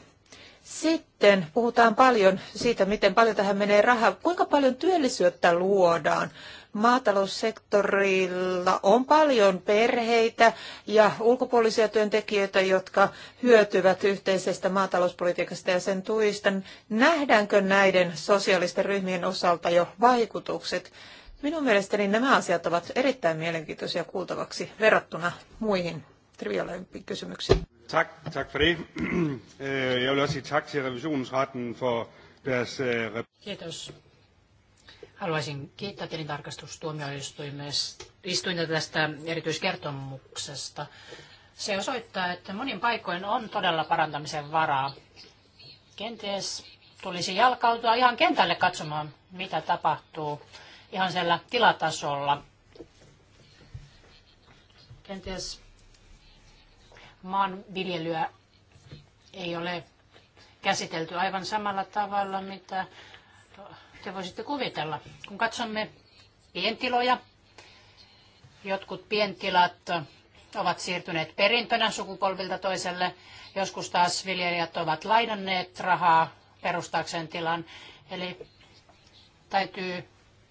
Sitten puhutaan paljon siitä, miten paljon tähän menee rahaa. Kuinka paljon työllisyyttä luodaan maataloussektorilla on paljon perheitä ja ulkopuolisia työntekijöitä, jotka hyötyvät yhteisestä maatalouspolitiikasta ja sen tuista. Nähdäänkö näiden sosiaalisten ryhmien osalta jo vaikutukset? Minun mielestäni nämä asiat ovat erittäin mielenkiintoisia kuultavaksi verrattuna muihin trivialeimpiin kysymyksiin. Tak, tak for det. Øh, jeg vil også sige tak til revisionsretten for deres... Øh, Kiitos Haluaisin kiittää tilintarkastustuomioistuinta tästä erityiskertomuksesta. Se osoittaa, että monin paikoin on todella parantamisen varaa. Kenties tulisi jalkautua ihan kentälle katsomaan, mitä tapahtuu ihan siellä tilatasolla. Kenties maanviljelyä ei ole käsitelty aivan samalla tavalla, mitä te voisitte kuvitella. Kun katsomme pientiloja, jotkut pientilat ovat siirtyneet perintönä sukupolvilta toiselle. Joskus taas viljelijät ovat laidanneet rahaa perustaakseen tilan. Eli täytyy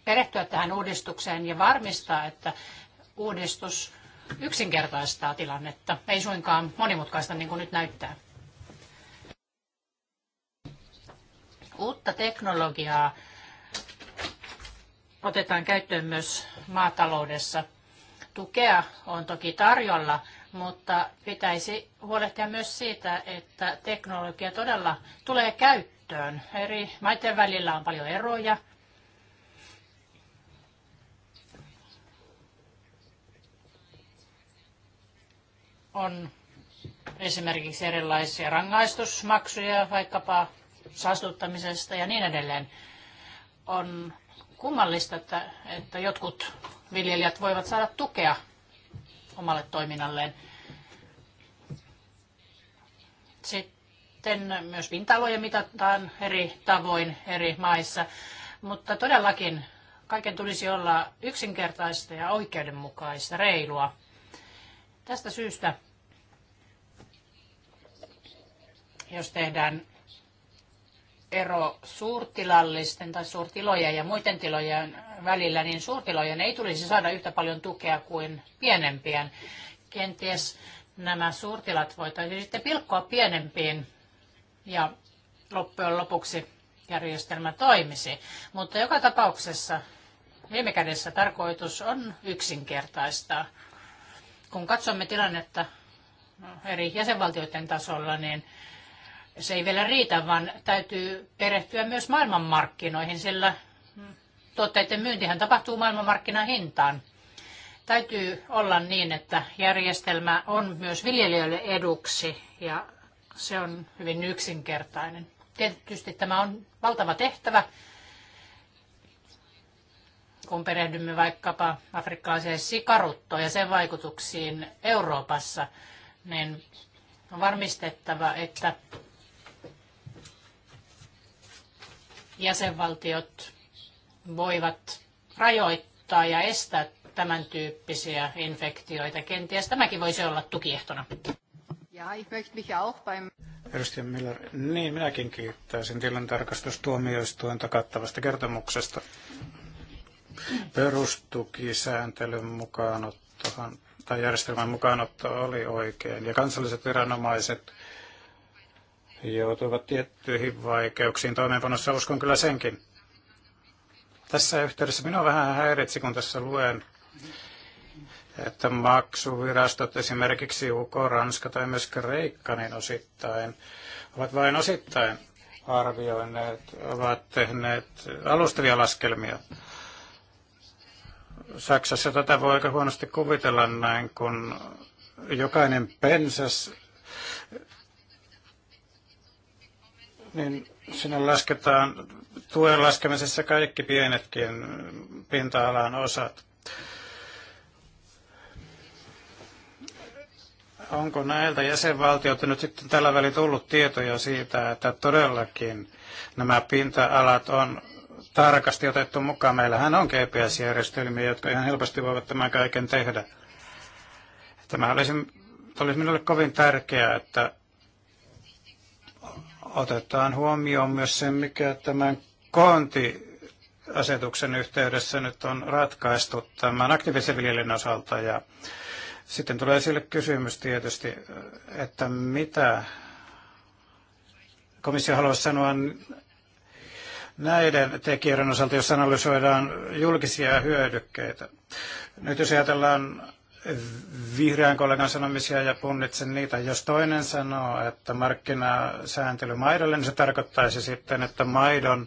perehtyä tähän uudistukseen ja varmistaa, että uudistus yksinkertaistaa tilannetta, ei suinkaan monimutkaista niin kuin nyt näyttää. Uutta teknologiaa otetaan käyttöön myös maataloudessa. Tukea on toki tarjolla, mutta pitäisi huolehtia myös siitä, että teknologia todella tulee käyttöön. Eri maiden välillä on paljon eroja. On esimerkiksi erilaisia rangaistusmaksuja vaikkapa saastuttamisesta ja niin edelleen. On kummallista, että, että jotkut viljelijät voivat saada tukea omalle toiminnalleen. Sitten myös pinta-aloja mitataan eri tavoin eri maissa, mutta todellakin kaiken tulisi olla yksinkertaista ja oikeudenmukaista, reilua. Tästä syystä, jos tehdään ero suurtilallisten tai suurtilojen ja muiden tilojen välillä, niin suurtilojen ei tulisi saada yhtä paljon tukea kuin pienempien. Kenties nämä suurtilat voitaisiin sitten pilkkoa pienempiin ja loppujen lopuksi järjestelmä toimisi. Mutta joka tapauksessa viime kädessä tarkoitus on yksinkertaistaa. Kun katsomme tilannetta eri jäsenvaltioiden tasolla, niin se ei vielä riitä, vaan täytyy perehtyä myös maailmanmarkkinoihin, sillä tuotteiden myyntihän tapahtuu maailmanmarkkinahintaan. Täytyy olla niin, että järjestelmä on myös viljelijöille eduksi ja se on hyvin yksinkertainen. Tietysti tämä on valtava tehtävä, kun perehdymme vaikkapa afrikkalaiseen sikaruttoon ja sen vaikutuksiin Euroopassa, niin on varmistettava, että jäsenvaltiot voivat rajoittaa ja estää tämän tyyppisiä infektioita. Kenties tämäkin voisi olla tukiehtona. Ja, ich möchte mich auch beim... Edustaja Miller, niin minäkin kiittäisin tilintarkastustuomioistuinta kattavasta kertomuksesta. Perustukisääntelyn mukaanottohan tai järjestelmän mukaanotto oli oikein ja kansalliset viranomaiset joutuivat tiettyihin vaikeuksiin toimeenpanossa, uskon kyllä senkin. Tässä yhteydessä minua vähän häiritsi, kun tässä luen, että maksuvirastot, esimerkiksi UK, Ranska tai myös Kreikka, niin osittain, ovat vain osittain arvioineet, ovat tehneet alustavia laskelmia. Saksassa tätä voi aika huonosti kuvitella näin, kun jokainen pensas niin sinne lasketaan tuen laskemisessa kaikki pienetkin pinta-alan osat. Onko näiltä jäsenvaltioilta nyt sitten tällä välin tullut tietoja siitä, että todellakin nämä pinta-alat on tarkasti otettu mukaan? Meillähän on GPS-järjestelmiä, jotka ihan helposti voivat tämän kaiken tehdä. Tämä olisi, olisi minulle kovin tärkeää, että otetaan huomioon myös se, mikä tämän koenti-asetuksen yhteydessä nyt on ratkaistu tämän aktiivisen viljelyn osalta. Ja sitten tulee sille kysymys tietysti, että mitä komissio haluaisi sanoa näiden tekijöiden osalta, jos analysoidaan julkisia hyödykkeitä. Nyt jos ajatellaan vihreän kollegan sanomisia ja punnitsen niitä. Jos toinen sanoo, että markkinasääntely maidolle, niin se tarkoittaisi sitten, että maidon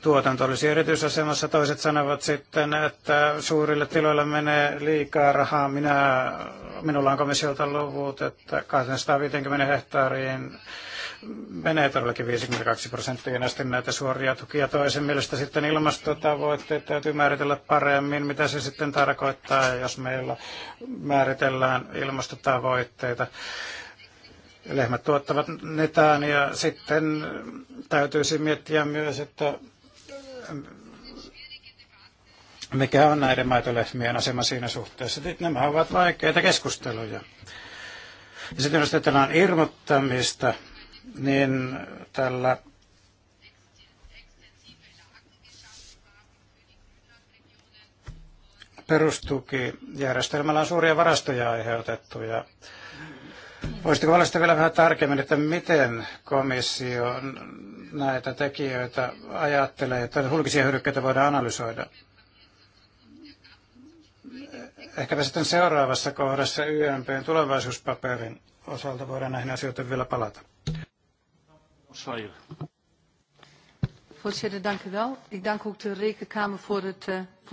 tuotanto olisi erityisasemassa. Toiset sanovat sitten, että suurille tiloille menee liikaa rahaa. Minä, minulla on komissiolta luvut, että 250 hehtaariin menee todellakin 52 prosenttia näistä näitä suoria tukia. Toisen mielestä sitten ilmastotavoitteet täytyy määritellä paremmin, mitä se sitten tarkoittaa, jos meillä määritellään ilmastotavoitteita. Lehmät tuottavat netään ja sitten täytyisi miettiä myös, että mikä on näiden maitolehmien asema siinä suhteessa. Nämä ovat vaikeita keskusteluja. Ja sitten jos ajatellaan irmottamista, niin tällä perustukijärjestelmällä on suuria varastoja aiheutettu. Ja voisitko valaista vielä vähän tarkemmin, että miten komissio näitä tekijöitä ajattelee, että julkisia hyödykkeitä voidaan analysoida? Ehkäpä sitten seuraavassa kohdassa YMPn tulevaisuuspaperin osalta voidaan näihin asioihin vielä palata. Voorzitter, Ik dank ook de Rekenkamer eh, voor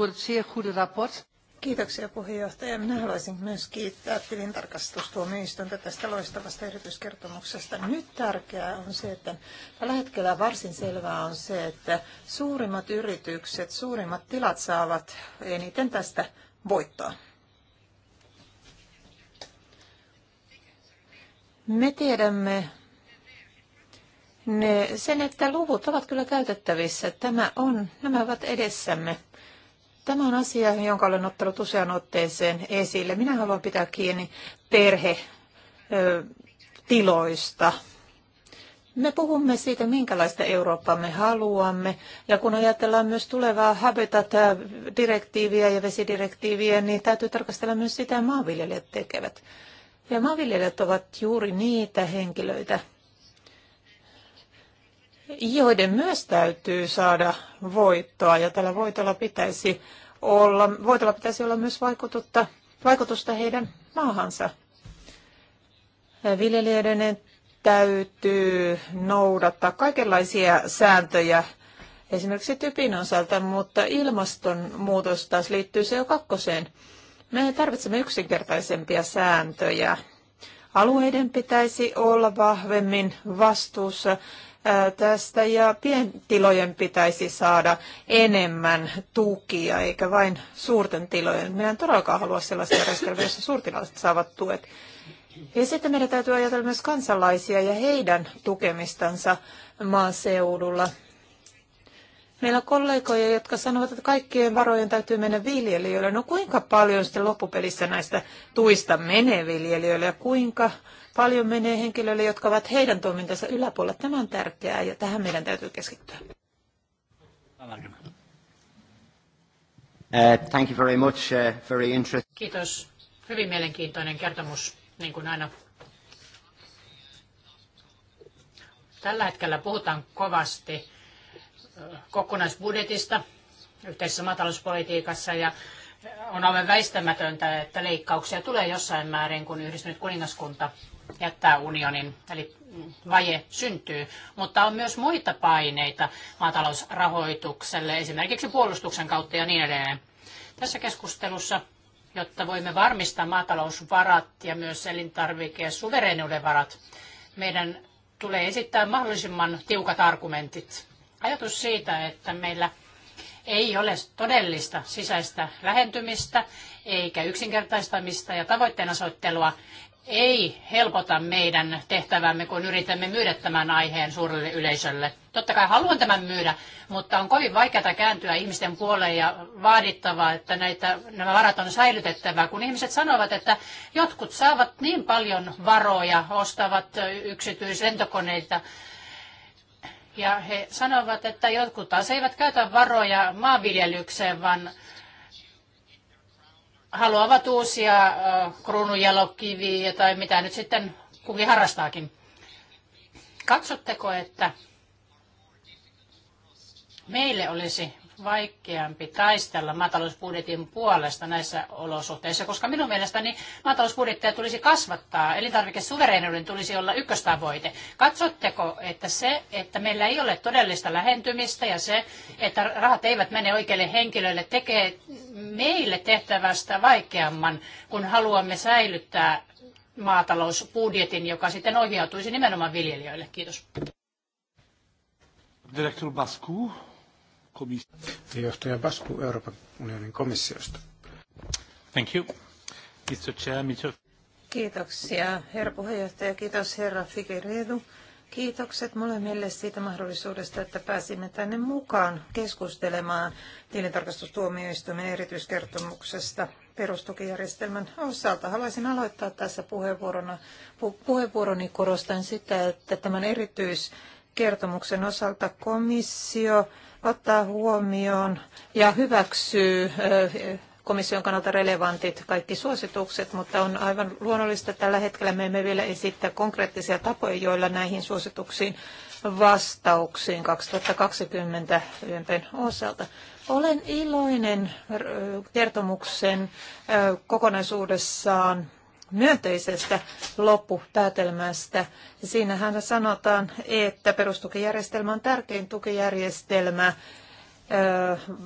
het, zeer goede rapport. Kiitoksia puheenjohtaja. Minä haluaisin myös kiittää tilintarkastustuomioistuinta tästä loistavasta erityiskertomuksesta. Nyt tärkeää on se, että tällä hetkellä varsin selvää on se, että suurimmat yritykset, suurimmat tilat saavat eniten tästä voittoa. Me tiedämme ne, sen, että luvut ovat kyllä käytettävissä. Tämä on, nämä ovat edessämme. Tämä on asia, jonka olen ottanut usean otteeseen esille. Minä haluan pitää kiinni perhetiloista. Me puhumme siitä, minkälaista Eurooppaa me haluamme. Ja kun ajatellaan myös tulevaa Habitat-direktiiviä ja vesidirektiiviä, niin täytyy tarkastella myös sitä, maanviljelijät tekevät. Ja maanviljelijät ovat juuri niitä henkilöitä, joiden myös täytyy saada voittoa ja tällä voitolla pitäisi olla, voitolla pitäisi olla myös vaikutusta, vaikutusta heidän maahansa. Viljelijöiden täytyy noudattaa kaikenlaisia sääntöjä, esimerkiksi typin osalta, mutta ilmastonmuutos taas liittyy CO2. Me tarvitsemme yksinkertaisempia sääntöjä. Alueiden pitäisi olla vahvemmin vastuussa tästä ja pientilojen pitäisi saada enemmän tukia, eikä vain suurten tilojen. Meidän en todellakaan halua sellaista järjestelmää, jossa suurtilaiset saavat tuet. Ja sitten meidän täytyy ajatella myös kansalaisia ja heidän tukemistansa maaseudulla. Meillä on kollegoja, jotka sanovat, että kaikkien varojen täytyy mennä viljelijöille. No kuinka paljon sitten loppupelissä näistä tuista menee viljelijöille ja kuinka paljon menee henkilöille, jotka ovat heidän toimintansa yläpuolella. Tämä on tärkeää ja tähän meidän täytyy keskittyä. Uh, thank you very much. Uh, very interesting. Kiitos. Hyvin mielenkiintoinen kertomus, niin kuin aina. Tällä hetkellä puhutaan kovasti uh, kokonaisbudjetista yhteisessä maatalouspolitiikassa ja on aivan väistämätöntä, että leikkauksia tulee jossain määrin, kun yhdistynyt kuningaskunta jättää unionin, eli vaje syntyy, mutta on myös muita paineita maatalousrahoitukselle, esimerkiksi puolustuksen kautta ja niin edelleen. Tässä keskustelussa, jotta voimme varmistaa maatalousvarat ja myös elintarvike- ja suvereeniuden varat, meidän tulee esittää mahdollisimman tiukat argumentit. Ajatus siitä, että meillä ei ole todellista sisäistä lähentymistä eikä yksinkertaistamista ja tavoitteen asoittelua, ei helpota meidän tehtävämme, kun yritämme myydä tämän aiheen suurelle yleisölle. Totta kai haluan tämän myydä, mutta on kovin vaikeaa kääntyä ihmisten puoleen ja vaadittavaa, että näitä, nämä varat on säilytettävä, kun ihmiset sanovat, että jotkut saavat niin paljon varoja, ostavat yksityislentokoneita, ja he sanovat, että jotkut taas eivät käytä varoja maanviljelykseen, vaan haluavat uusia kruununjalokiviä tai mitä nyt sitten kukin harrastaakin. Katsotteko, että meille olisi vaikeampi taistella maatalousbudjetin puolesta näissä olosuhteissa, koska minun mielestäni maatalousbudjetteja tulisi kasvattaa. Elintarvikesuvereinuuden tulisi olla ykköstavoite. Katsotteko, että se, että meillä ei ole todellista lähentymistä ja se, että rahat eivät mene oikeille henkilöille, tekee meille tehtävästä vaikeamman, kun haluamme säilyttää maatalousbudjetin, joka sitten ohjautuisi nimenomaan viljelijöille. Kiitos. Direktor Basku komissi... Johtaja Basku Euroopan unionin komissiosta. Thank you. Mr. Chair, Mr. Kiitoksia herra puheenjohtaja, kiitos herra Figueredo. Kiitokset molemmille siitä mahdollisuudesta, että pääsimme tänne mukaan keskustelemaan tilintarkastustuomioistuimen erityiskertomuksesta perustukijärjestelmän osalta. Haluaisin aloittaa tässä puheenvuorona, pu, puheenvuoroni korostan sitä, että tämän erityiskertomuksen osalta komissio ottaa huomioon ja hyväksyy komission kannalta relevantit kaikki suositukset, mutta on aivan luonnollista, että tällä hetkellä me emme vielä esittää konkreettisia tapoja, joilla näihin suosituksiin vastauksiin 2020 YMPn osalta. Olen iloinen kertomuksen kokonaisuudessaan myönteisestä loppupäätelmästä. Siinähän sanotaan, että perustukijärjestelmä on tärkein tukijärjestelmä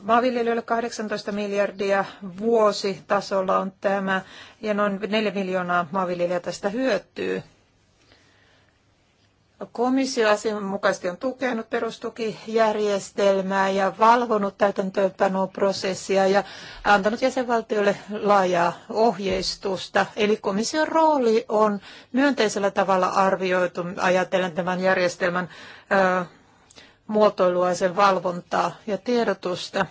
Maanviljelijöille 18 miljardia vuositasolla on tämä, ja noin 4 miljoonaa maanviljelijää tästä hyötyy. Komissio asianmukaisesti on tukenut perustukijärjestelmää ja valvonut täytäntöönpanoprosessia ja antanut jäsenvaltioille laajaa ohjeistusta. Eli komission rooli on myönteisellä tavalla arvioitu ajatellen tämän järjestelmän ö, muotoilua ja sen valvontaa ja tiedotusta.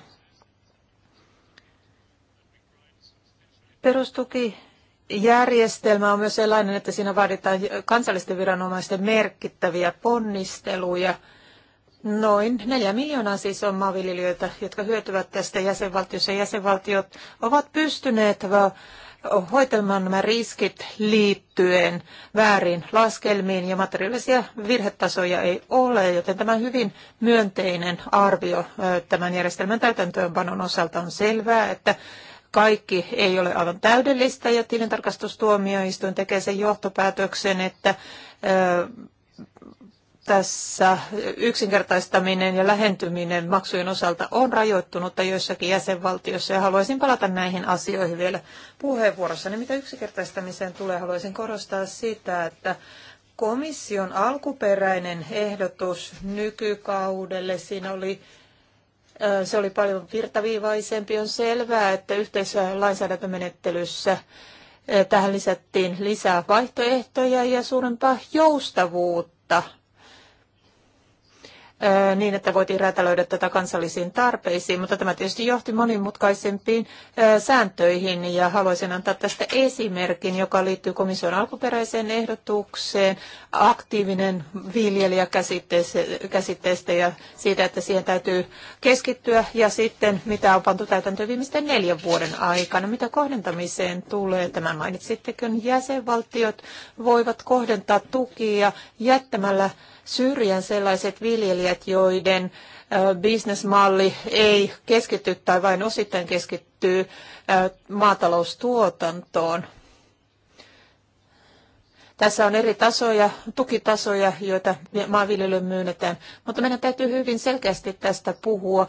Perustuki järjestelmä on myös sellainen, että siinä vaaditaan kansallisten viranomaisten merkittäviä ponnisteluja. Noin neljä miljoonaa siis on maanviljelijöitä, jotka hyötyvät tästä jäsenvaltiossa. Jäsenvaltiot ovat pystyneet hoitamaan nämä riskit liittyen väärin laskelmiin ja materiaalisia virhetasoja ei ole, joten tämä hyvin myönteinen arvio tämän järjestelmän täytäntöönpanon osalta on selvää, että kaikki ei ole aivan täydellistä ja tilintarkastustuomioistuin tekee sen johtopäätöksen, että tässä yksinkertaistaminen ja lähentyminen maksujen osalta on rajoittunutta joissakin jäsenvaltiossa ja haluaisin palata näihin asioihin vielä puheenvuorossani. Mitä yksinkertaistamiseen tulee, haluaisin korostaa sitä, että komission alkuperäinen ehdotus nykykaudelle, siinä oli se oli paljon virtaviivaisempi. On selvää, että yhteisölainsäädäntömenettelyssä tähän lisättiin lisää vaihtoehtoja ja suurempaa joustavuutta niin, että voitiin räätälöidä tätä kansallisiin tarpeisiin, mutta tämä tietysti johti monimutkaisempiin sääntöihin ja haluaisin antaa tästä esimerkin, joka liittyy komission alkuperäiseen ehdotukseen, aktiivinen viljelijä käsitteestä ja siitä, että siihen täytyy keskittyä ja sitten mitä on pantu täytäntöön viimeisten neljän vuoden aikana, mitä kohdentamiseen tulee, tämän mainitsittekö, jäsenvaltiot voivat kohdentaa tukia jättämällä syrjään sellaiset viljelijät, joiden bisnesmalli ei keskity tai vain osittain keskittyy maataloustuotantoon. Tässä on eri tasoja, tukitasoja, joita maanviljelyyn myönnetään, mutta meidän täytyy hyvin selkeästi tästä puhua.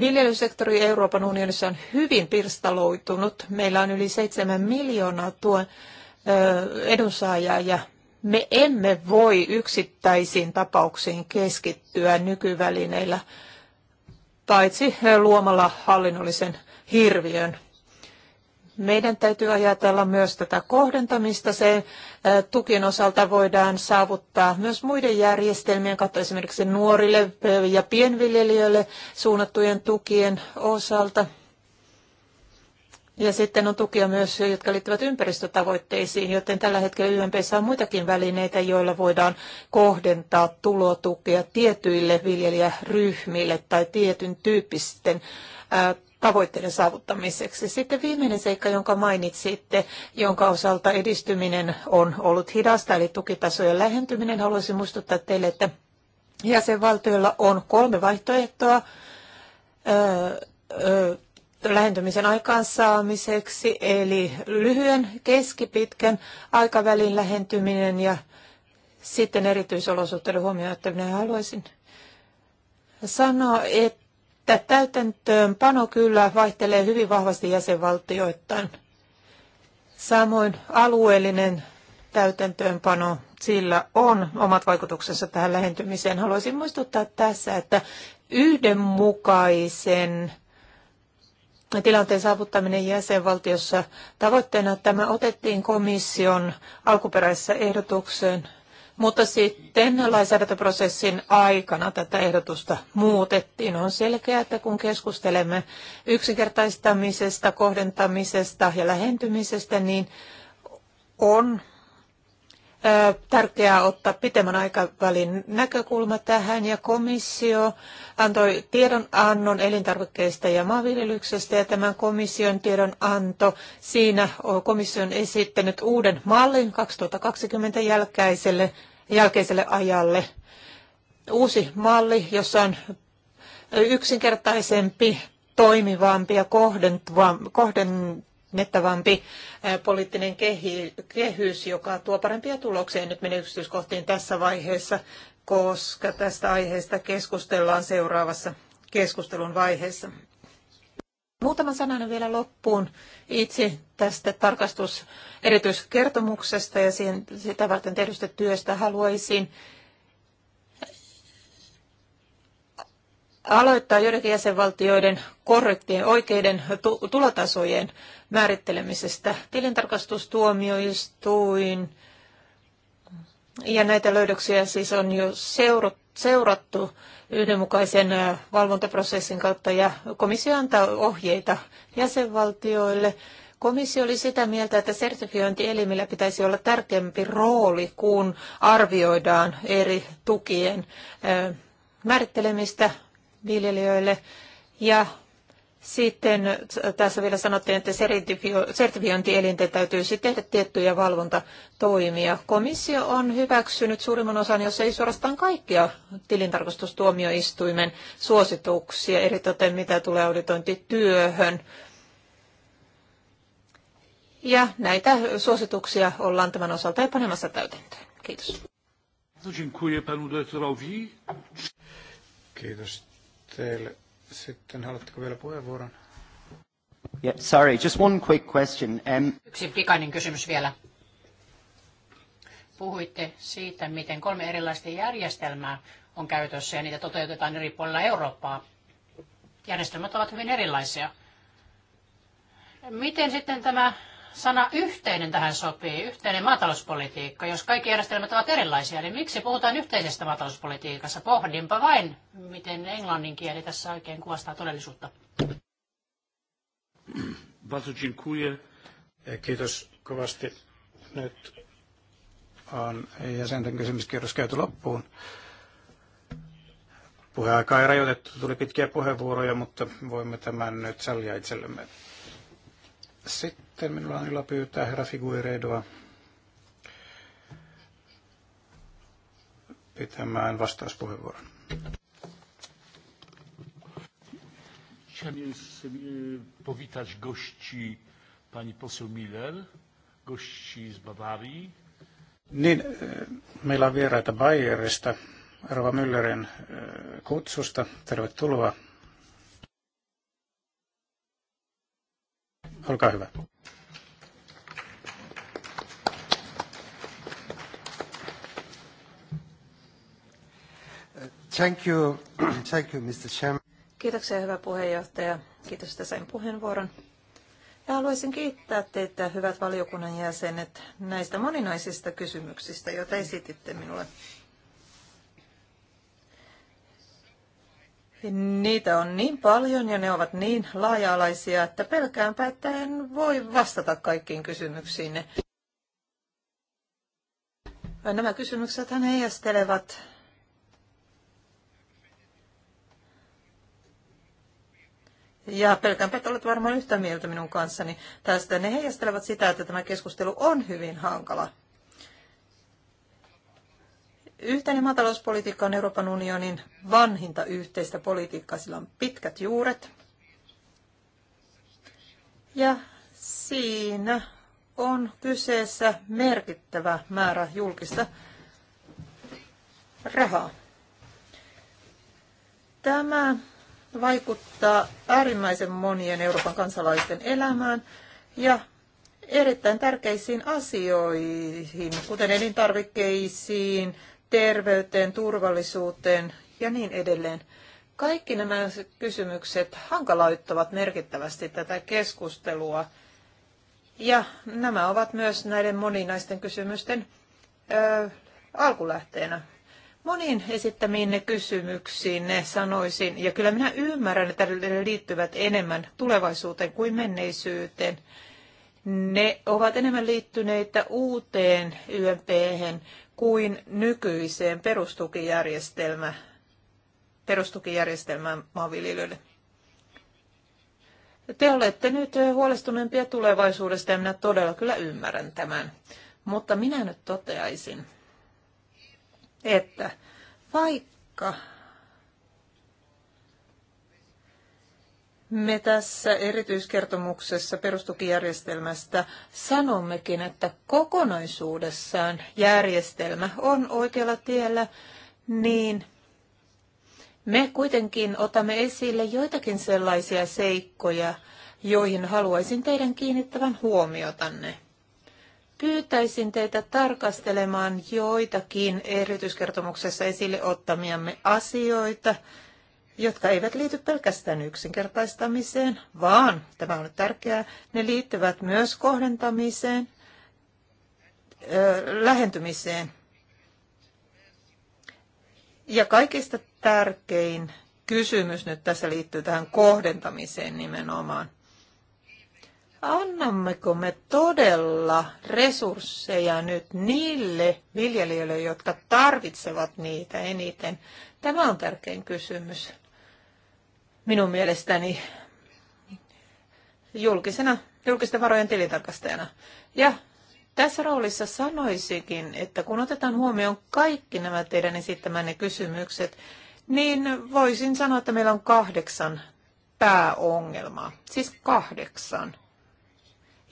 Viljelysektori Euroopan unionissa on hyvin pirstaloitunut. Meillä on yli 7 miljoonaa tuon edunsaajaa ja me emme voi yksittäisiin tapauksiin keskittyä nykyvälineillä, paitsi luomalla hallinnollisen hirviön. Meidän täytyy ajatella myös tätä kohdentamista. Se eh, tukin osalta voidaan saavuttaa myös muiden järjestelmien kautta esimerkiksi nuorille eh, ja pienviljelijöille suunnattujen tukien osalta. Ja sitten on tukia myös, jotka liittyvät ympäristötavoitteisiin, joten tällä hetkellä YMPssä on muitakin välineitä, joilla voidaan kohdentaa tulotukea tietyille viljelijäryhmille tai tietyn tyyppisten tavoitteiden saavuttamiseksi. Sitten viimeinen seikka, jonka mainitsitte, jonka osalta edistyminen on ollut hidasta, eli tukitasojen lähentyminen. Haluaisin muistuttaa teille, että jäsenvaltioilla on kolme vaihtoehtoa. Öö, öö, lähentymisen aikaansaamiseksi, eli lyhyen, keskipitkän aikavälin lähentyminen ja sitten erityisolosuhteiden huomioon Haluaisin sanoa, että täytäntöönpano kyllä vaihtelee hyvin vahvasti jäsenvaltioittain. Samoin alueellinen täytäntöönpano, sillä on omat vaikutuksensa tähän lähentymiseen. Haluaisin muistuttaa tässä, että yhdenmukaisen tilanteen saavuttaminen jäsenvaltiossa. Tavoitteena tämä otettiin komission alkuperäisessä ehdotukseen, mutta sitten lainsäädäntöprosessin aikana tätä ehdotusta muutettiin. On selkeää, että kun keskustelemme yksinkertaistamisesta, kohdentamisesta ja lähentymisestä, niin on tärkeää ottaa pitemmän aikavälin näkökulma tähän ja komissio antoi tiedonannon elintarvikkeista ja maanviljelyksestä ja tämän komission tiedonanto siinä komissio on esittänyt uuden mallin 2020 jälkeiselle, jälkeiselle ajalle. Uusi malli, jossa on yksinkertaisempi, toimivampi ja kohdentuva, mettävämpi poliittinen kehys, joka tuo parempia tuloksia. En nyt mene yksityiskohtiin tässä vaiheessa, koska tästä aiheesta keskustellaan seuraavassa keskustelun vaiheessa. Muutama sananen vielä loppuun itse tästä tarkastus ja siihen, sitä varten tehdystä työstä haluaisin aloittaa joidenkin jäsenvaltioiden korrektien oikeiden tulotasojen määrittelemisestä. Tilintarkastustuomioistuin ja näitä löydöksiä siis on jo seurattu yhdenmukaisen äh, valvontaprosessin kautta ja komissio antaa ohjeita jäsenvaltioille. Komissio oli sitä mieltä, että sertifiointielimillä pitäisi olla tärkeämpi rooli, kun arvioidaan eri tukien äh, määrittelemistä viljelijöille. Ja sitten tässä vielä sanottiin, että sertifiointielinten täytyisi tehdä tiettyjä valvontatoimia. Komissio on hyväksynyt suurimman osan, jos ei suorastaan kaikkia tilintarkastustuomioistuimen suosituksia, eritoten mitä tulee auditointityöhön. Ja näitä suosituksia ollaan tämän osalta jo panemassa täytäntöön. Kiitos. Kiitos teille. Sitten haluatteko vielä puheenvuoron? Yeah, sorry, just one quick question. Um... Yksi pikainen kysymys vielä. Puhuitte siitä, miten kolme erilaista järjestelmää on käytössä ja niitä toteutetaan eri puolilla Eurooppaa. Järjestelmät ovat hyvin erilaisia. Miten sitten tämä sana yhteinen tähän sopii, yhteinen maatalouspolitiikka. Jos kaikki järjestelmät ovat erilaisia, niin miksi puhutaan yhteisestä maatalouspolitiikassa? Pohdinpa vain, miten englannin kieli tässä oikein kuvastaa todellisuutta. E, kiitos kovasti. Nyt on jäsenten kysymyskierros käyty loppuun. Puheaikaa ei rajoitettu, tuli pitkiä puheenvuoroja, mutta voimme tämän nyt sallia itsellemme. Sitten sitten minulla on ilo pyytää herra Figueredoa pitämään vastauspuheenvuoron. Chciałem powitać gości pani poseł Miller, gości z Bawarii. Niin, meillä on vieraita Bayerista, Rova Müllerin e, kutsusta. Tervetuloa. Olkaa hyvä. Thank you. Thank you, Mr. Chairman. Kiitoksia, hyvä puheenjohtaja. Kiitos, että sain puheenvuoron. Ja haluaisin kiittää teitä, hyvät valiokunnan jäsenet, näistä moninaisista kysymyksistä, joita esititte minulle. Niitä on niin paljon ja ne ovat niin laaja-alaisia, että pelkäänpä, että en voi vastata kaikkiin kysymyksiin. Nämä kysymykset heijastelevat Ja pelkäänpä, että olet varmaan yhtä mieltä minun kanssani tästä. Ne heijastelevat sitä, että tämä keskustelu on hyvin hankala. Yhteinen maatalouspolitiikka on Euroopan unionin vanhinta yhteistä politiikkaa. Sillä on pitkät juuret. Ja siinä on kyseessä merkittävä määrä julkista rahaa. Tämä vaikuttaa äärimmäisen monien Euroopan kansalaisten elämään ja erittäin tärkeisiin asioihin, kuten elintarvikkeisiin, terveyteen, turvallisuuteen ja niin edelleen. Kaikki nämä kysymykset hankaloittavat merkittävästi tätä keskustelua. Ja nämä ovat myös näiden moninaisten kysymysten ö, alkulähteenä moniin esittämiin kysymyksiin ne sanoisin. Ja kyllä minä ymmärrän, että ne liittyvät enemmän tulevaisuuteen kuin menneisyyteen. Ne ovat enemmän liittyneitä uuteen ymp kuin nykyiseen perustukijärjestelmään perustukijärjestelmään maanviljelijöille. Te olette nyt huolestuneempia tulevaisuudesta ja minä todella kyllä ymmärrän tämän. Mutta minä nyt toteaisin, että vaikka me tässä erityiskertomuksessa perustukijärjestelmästä sanommekin, että kokonaisuudessaan järjestelmä on oikealla tiellä, niin me kuitenkin otamme esille joitakin sellaisia seikkoja, joihin haluaisin teidän kiinnittävän huomiotanne. Pyytäisin teitä tarkastelemaan joitakin erityiskertomuksessa esille ottamiamme asioita, jotka eivät liity pelkästään yksinkertaistamiseen, vaan, tämä on tärkeää, ne liittyvät myös kohdentamiseen, ö, lähentymiseen. Ja kaikista tärkein kysymys nyt tässä liittyy tähän kohdentamiseen nimenomaan. Annammeko me todella resursseja nyt niille viljelijöille, jotka tarvitsevat niitä eniten? Tämä on tärkein kysymys minun mielestäni julkisena, julkisten varojen tilintarkastajana. Ja tässä roolissa sanoisikin, että kun otetaan huomioon kaikki nämä teidän esittämänne kysymykset, niin voisin sanoa, että meillä on kahdeksan pääongelmaa. Siis kahdeksan.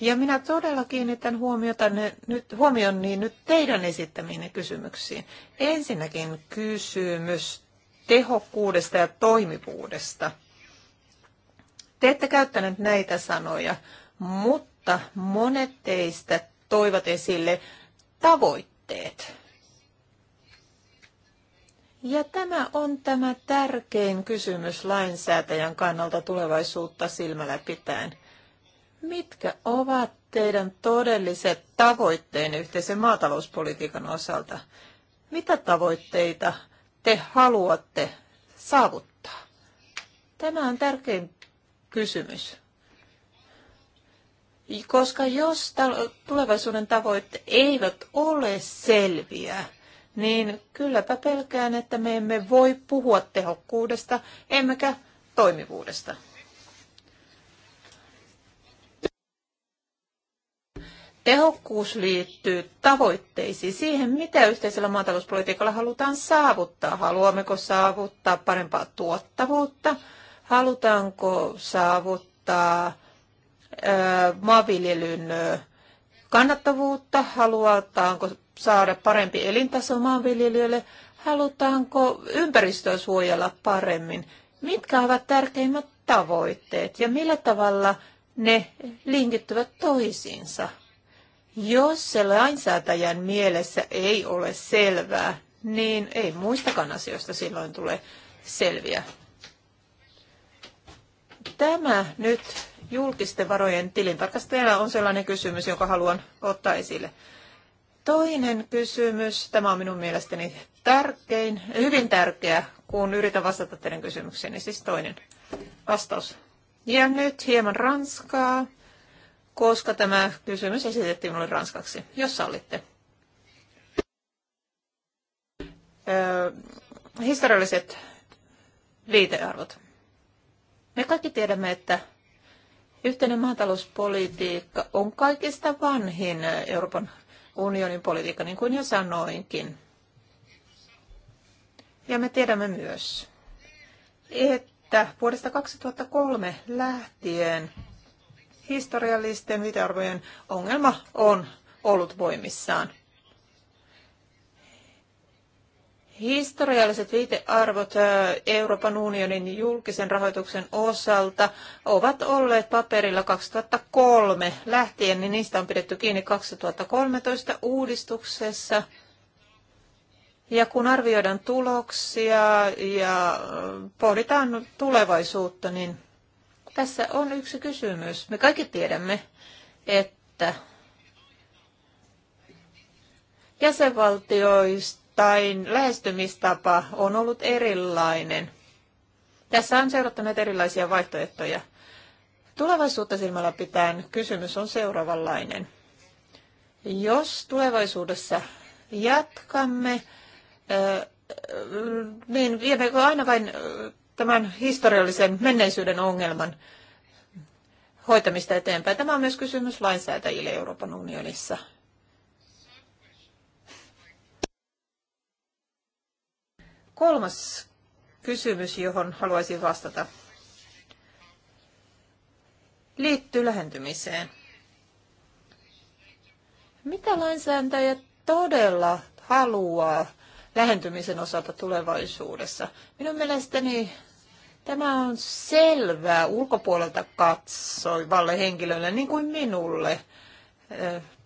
Ja minä todella kiinnitän huomiota ne, nyt, huomioon niin nyt teidän esittämiin kysymyksiin. Ensinnäkin kysymys tehokkuudesta ja toimivuudesta. Te ette käyttäneet näitä sanoja, mutta monet teistä toivat esille tavoitteet. Ja tämä on tämä tärkein kysymys lainsäätäjän kannalta tulevaisuutta silmällä pitäen. Mitkä ovat teidän todelliset tavoitteenne yhteisen maatalouspolitiikan osalta? Mitä tavoitteita te haluatte saavuttaa? Tämä on tärkein kysymys. Koska jos tulevaisuuden tavoitteet eivät ole selviä, niin kylläpä pelkään, että me emme voi puhua tehokkuudesta emmekä toimivuudesta. Tehokkuus liittyy tavoitteisiin, siihen mitä yhteisellä maatalouspolitiikalla halutaan saavuttaa. Haluammeko saavuttaa parempaa tuottavuutta? Halutaanko saavuttaa maanviljelyn kannattavuutta? Halutaanko saada parempi elintaso maanviljelijöille? Halutaanko ympäristöä suojella paremmin? Mitkä ovat tärkeimmät tavoitteet ja millä tavalla ne linkittyvät toisiinsa? Jos se lainsäätäjän mielessä ei ole selvää, niin ei muistakaan asioista silloin tule selviä. Tämä nyt julkisten varojen tilintarkastajana on sellainen kysymys, jonka haluan ottaa esille. Toinen kysymys, tämä on minun mielestäni tärkein, hyvin tärkeä, kun yritän vastata teidän niin siis toinen vastaus. Ja nyt hieman Ranskaa koska tämä kysymys esitettiin minulle ranskaksi, jos sallitte. Öö, historialliset viitearvot. Me kaikki tiedämme, että yhteinen maatalouspolitiikka on kaikista vanhin Euroopan unionin politiikka, niin kuin jo sanoinkin. Ja me tiedämme myös, että vuodesta 2003 lähtien historiallisten viitearvojen ongelma on ollut voimissaan. Historialliset viitearvot Euroopan unionin julkisen rahoituksen osalta ovat olleet paperilla 2003 lähtien, niin niistä on pidetty kiinni 2013 uudistuksessa. Ja kun arvioidaan tuloksia ja pohditaan tulevaisuutta, niin tässä on yksi kysymys. Me kaikki tiedämme, että jäsenvaltioistain lähestymistapa on ollut erilainen. Tässä on seurattu näitä erilaisia vaihtoehtoja. Tulevaisuutta silmällä pitäen kysymys on seuraavanlainen. Jos tulevaisuudessa jatkamme, niin viemmekö aina vain tämän historiallisen menneisyyden ongelman hoitamista eteenpäin. Tämä on myös kysymys lainsäätäjille Euroopan unionissa. Kolmas kysymys, johon haluaisin vastata, liittyy lähentymiseen. Mitä lainsäätäjä todella haluaa lähentymisen osalta tulevaisuudessa? Minun mielestäni Tämä on selvää ulkopuolelta katsoivalle henkilölle, niin kuin minulle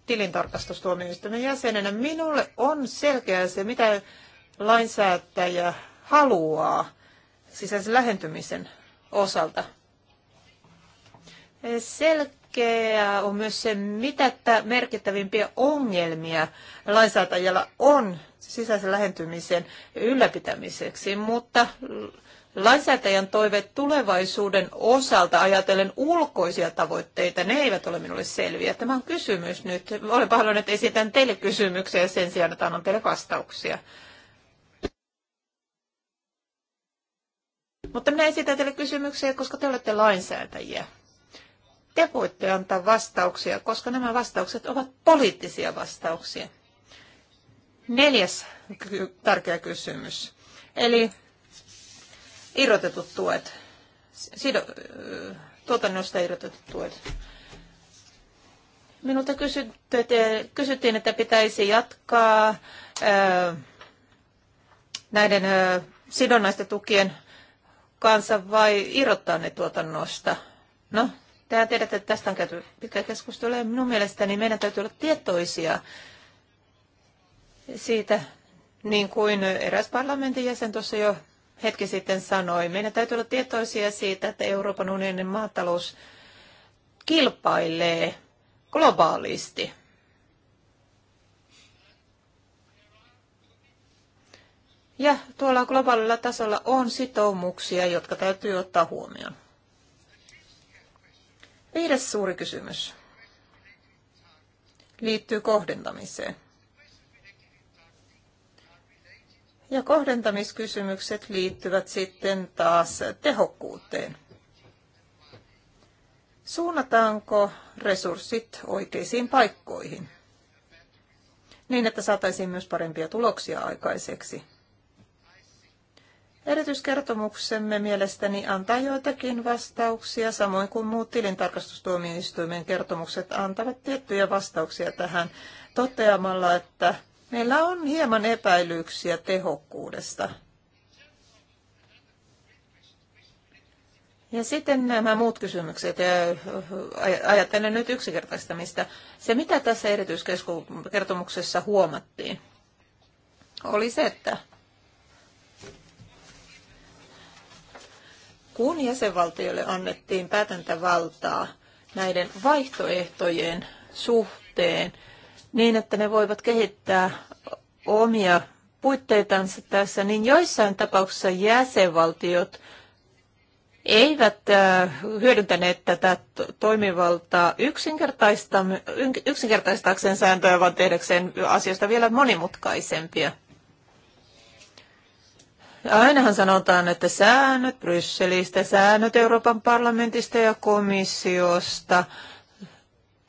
tilintarkastustuomioistuimen jäsenenä. Minulle on selkeää se, mitä lainsäätäjä haluaa sisäisen lähentymisen osalta. Selkeää on myös se, mitä merkittävimpiä ongelmia lainsäätäjällä on sisäisen lähentymisen ylläpitämiseksi, mutta lainsäätäjän toiveet tulevaisuuden osalta ajatellen ulkoisia tavoitteita, ne eivät ole minulle selviä. Tämä on kysymys nyt. Olen pahoin, että esitän teille kysymyksiä sen sijaan, että annan teille vastauksia. Mutta minä esitän teille kysymyksiä, koska te olette lainsäätäjiä. Te voitte antaa vastauksia, koska nämä vastaukset ovat poliittisia vastauksia. Neljäs tärkeä kysymys. Eli irrotetut tuet, sido, tuotannosta irrotetut tuet. Minulta kysyttiin, että pitäisi jatkaa näiden sidonnaisten tukien kanssa vai irrottaa ne tuotannosta. No, tehän tiedätte, että tästä on käyty pitkä keskustelu ja minun mielestäni meidän täytyy olla tietoisia siitä, niin kuin eräs parlamentin jäsen tuossa jo hetki sitten sanoi. Meidän täytyy olla tietoisia siitä, että Euroopan unionin maatalous kilpailee globaalisti. Ja tuolla globaalilla tasolla on sitoumuksia, jotka täytyy ottaa huomioon. Viides suuri kysymys liittyy kohdentamiseen. Ja kohdentamiskysymykset liittyvät sitten taas tehokkuuteen. Suunnataanko resurssit oikeisiin paikkoihin? Niin, että saataisiin myös parempia tuloksia aikaiseksi. Erityiskertomuksemme mielestäni antaa joitakin vastauksia, samoin kuin muut tilintarkastustuomioistuimen kertomukset antavat tiettyjä vastauksia tähän toteamalla, että Meillä on hieman epäilyksiä tehokkuudesta. Ja sitten nämä muut kysymykset. Äh, äh, ajattelen nyt yksinkertaistamista. Se, mitä tässä erityiskertomuksessa huomattiin, oli se, että kun jäsenvaltioille annettiin päätäntävaltaa näiden vaihtoehtojen suhteen, niin, että ne voivat kehittää omia puitteitansa tässä, niin joissain tapauksissa jäsenvaltiot eivät äh, hyödyntäneet tätä toimivaltaa yksinkertaista, yksinkertaistaakseen sääntöjä, vaan tehdäkseen asioista vielä monimutkaisempia. Ainahan sanotaan, että säännöt Brysselistä, säännöt Euroopan parlamentista ja komissiosta,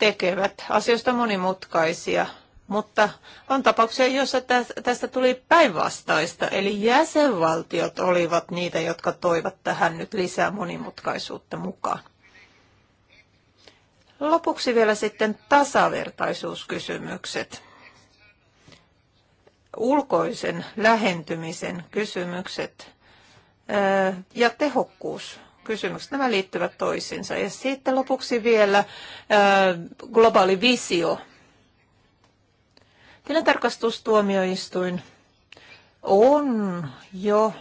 tekevät asioista monimutkaisia, mutta on tapauksia, joissa tästä tuli päinvastaista, eli jäsenvaltiot olivat niitä, jotka toivat tähän nyt lisää monimutkaisuutta mukaan. Lopuksi vielä sitten tasavertaisuuskysymykset. Ulkoisen lähentymisen kysymykset ja tehokkuus kysymykset. Nämä liittyvät toisiinsa. Ja sitten lopuksi vielä äh, globaali visio. Tilintarkastustuomioistuin on jo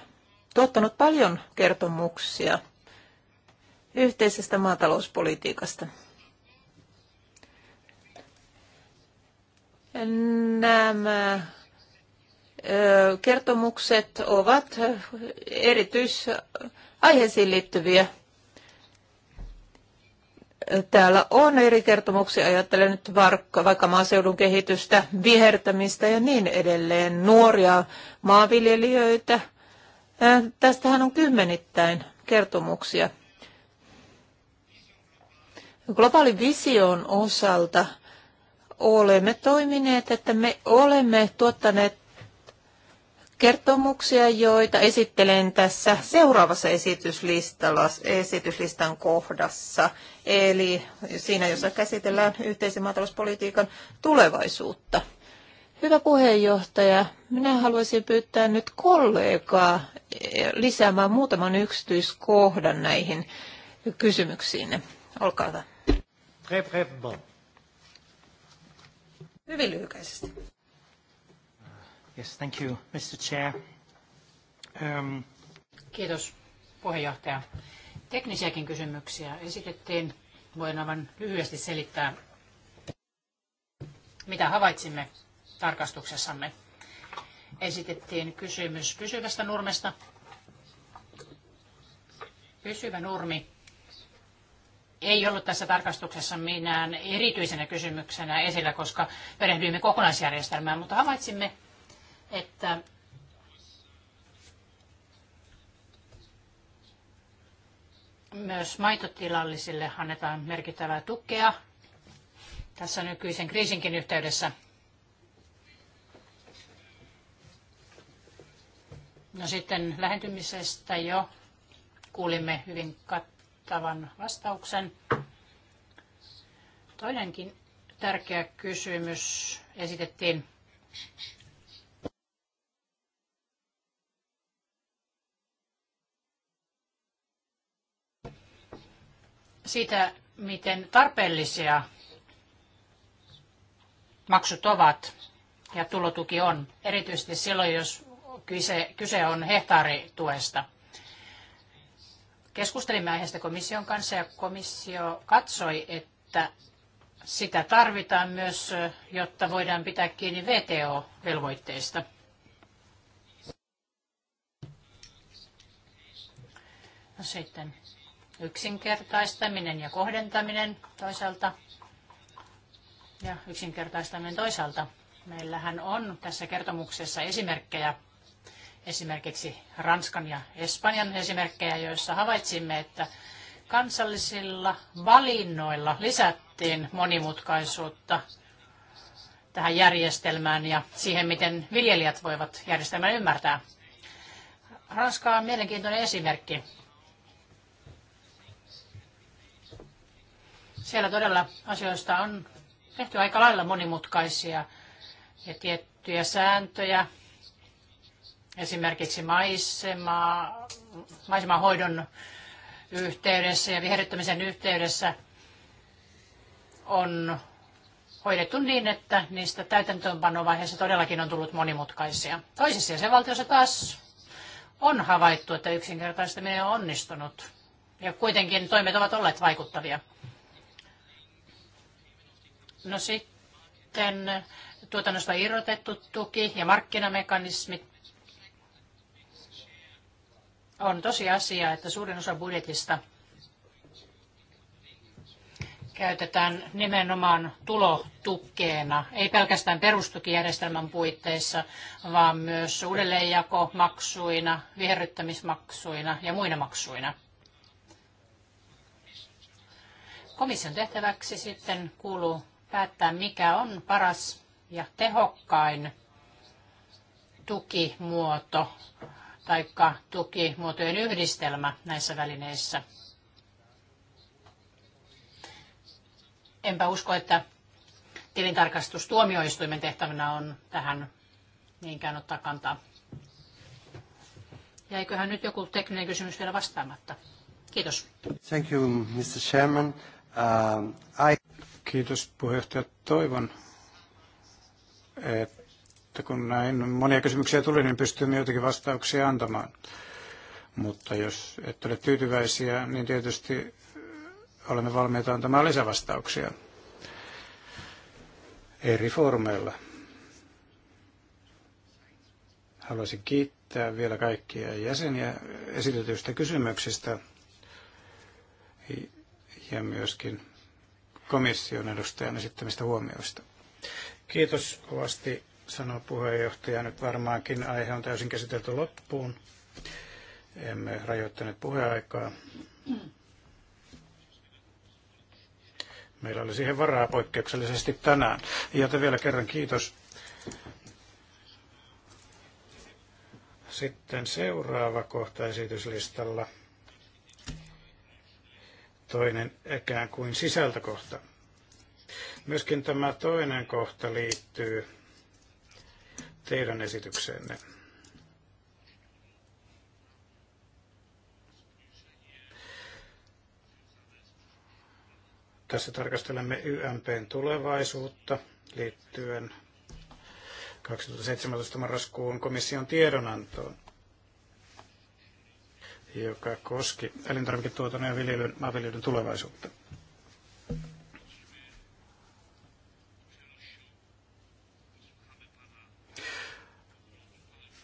tuottanut paljon kertomuksia yhteisestä maatalouspolitiikasta. Nämä äh, kertomukset ovat erityis aiheisiin liittyviä. Täällä on eri kertomuksia, ajattelen nyt vaikka maaseudun kehitystä, vihertämistä ja niin edelleen, nuoria maanviljelijöitä. Tästähän on kymmenittäin kertomuksia. Globaalin vision osalta olemme toimineet, että me olemme tuottaneet kertomuksia, joita esittelen tässä seuraavassa esityslistan kohdassa. Eli siinä, jossa käsitellään yhteisen maatalouspolitiikan tulevaisuutta. Hyvä puheenjohtaja, minä haluaisin pyytää nyt kollegaa lisäämään muutaman yksityiskohdan näihin kysymyksiin. Olkaa hyvä. Hyvin lyhykäisesti. Yes, thank you, Mr. Chair. Um... Kiitos, puheenjohtaja. Teknisiäkin kysymyksiä esitettiin. Voin aivan lyhyesti selittää, mitä havaitsimme tarkastuksessamme. Esitettiin kysymys pysyvästä nurmesta. Pysyvä nurmi ei ollut tässä tarkastuksessa minään erityisenä kysymyksenä esillä, koska perehdyimme kokonaisjärjestelmään, mutta havaitsimme että myös maitotilallisille annetaan merkittävää tukea tässä nykyisen kriisinkin yhteydessä. No sitten lähentymisestä jo kuulimme hyvin kattavan vastauksen. Toinenkin tärkeä kysymys esitettiin siitä, miten tarpeellisia maksut ovat ja tulotuki on, erityisesti silloin, jos kyse, kyse on hehtaarituesta. Keskustelimme aiheesta komission kanssa ja komissio katsoi, että sitä tarvitaan myös, jotta voidaan pitää kiinni VTO-velvoitteista. No sitten yksinkertaistaminen ja kohdentaminen toisaalta ja yksinkertaistaminen toisaalta. Meillähän on tässä kertomuksessa esimerkkejä, esimerkiksi Ranskan ja Espanjan esimerkkejä, joissa havaitsimme, että kansallisilla valinnoilla lisättiin monimutkaisuutta tähän järjestelmään ja siihen, miten viljelijät voivat järjestelmän ymmärtää. Ranska on mielenkiintoinen esimerkki. Siellä todella asioista on tehty aika lailla monimutkaisia ja tiettyjä sääntöjä. Esimerkiksi maisema, maisemahoidon yhteydessä ja viherryttämisen yhteydessä on hoidettu niin, että niistä täytäntöönpanovaiheessa todellakin on tullut monimutkaisia. Toisissa jäsenvaltioissa taas on havaittu, että yksinkertaistaminen on onnistunut. Ja kuitenkin toimet ovat olleet vaikuttavia. No sitten tuotannosta irrotettu tuki ja markkinamekanismit. On tosi asia, että suurin osa budjetista käytetään nimenomaan tulotukkeena, ei pelkästään perustukijärjestelmän puitteissa, vaan myös uudelleenjakomaksuina, viherryttämismaksuina ja muina maksuina. Komission tehtäväksi sitten kuuluu päättää, mikä on paras ja tehokkain tukimuoto tai tukimuotojen yhdistelmä näissä välineissä. Enpä usko, että tilintarkastustuomioistuimen tehtävänä on tähän niinkään ottaa kantaa. Jäiköhän nyt joku tekninen kysymys vielä vastaamatta? Kiitos. Thank you, Mr. Chairman. Uh, I... Kiitos puheenjohtaja. Toivon, että kun näin monia kysymyksiä tuli, niin pystymme jotenkin vastauksia antamaan. Mutta jos et ole tyytyväisiä, niin tietysti olemme valmiita antamaan lisävastauksia eri foorumeilla. Haluaisin kiittää vielä kaikkia jäseniä esitetyistä kysymyksistä ja myöskin komission edustajan esittämistä huomioista. Kiitos kovasti, sanoo puheenjohtaja. Nyt varmaankin aihe on täysin käsitelty loppuun. Emme rajoittaneet puheaikaa. Meillä oli siihen varaa poikkeuksellisesti tänään. Joten vielä kerran kiitos. Sitten seuraava kohta esityslistalla toinen ikään kuin sisältökohta. Myöskin tämä toinen kohta liittyy teidän esitykseenne. Tässä tarkastelemme YMPn tulevaisuutta liittyen 2017 marraskuun komission tiedonantoon joka koski elintarviketuotannon ja viljelyn, maanviljelyn tulevaisuutta.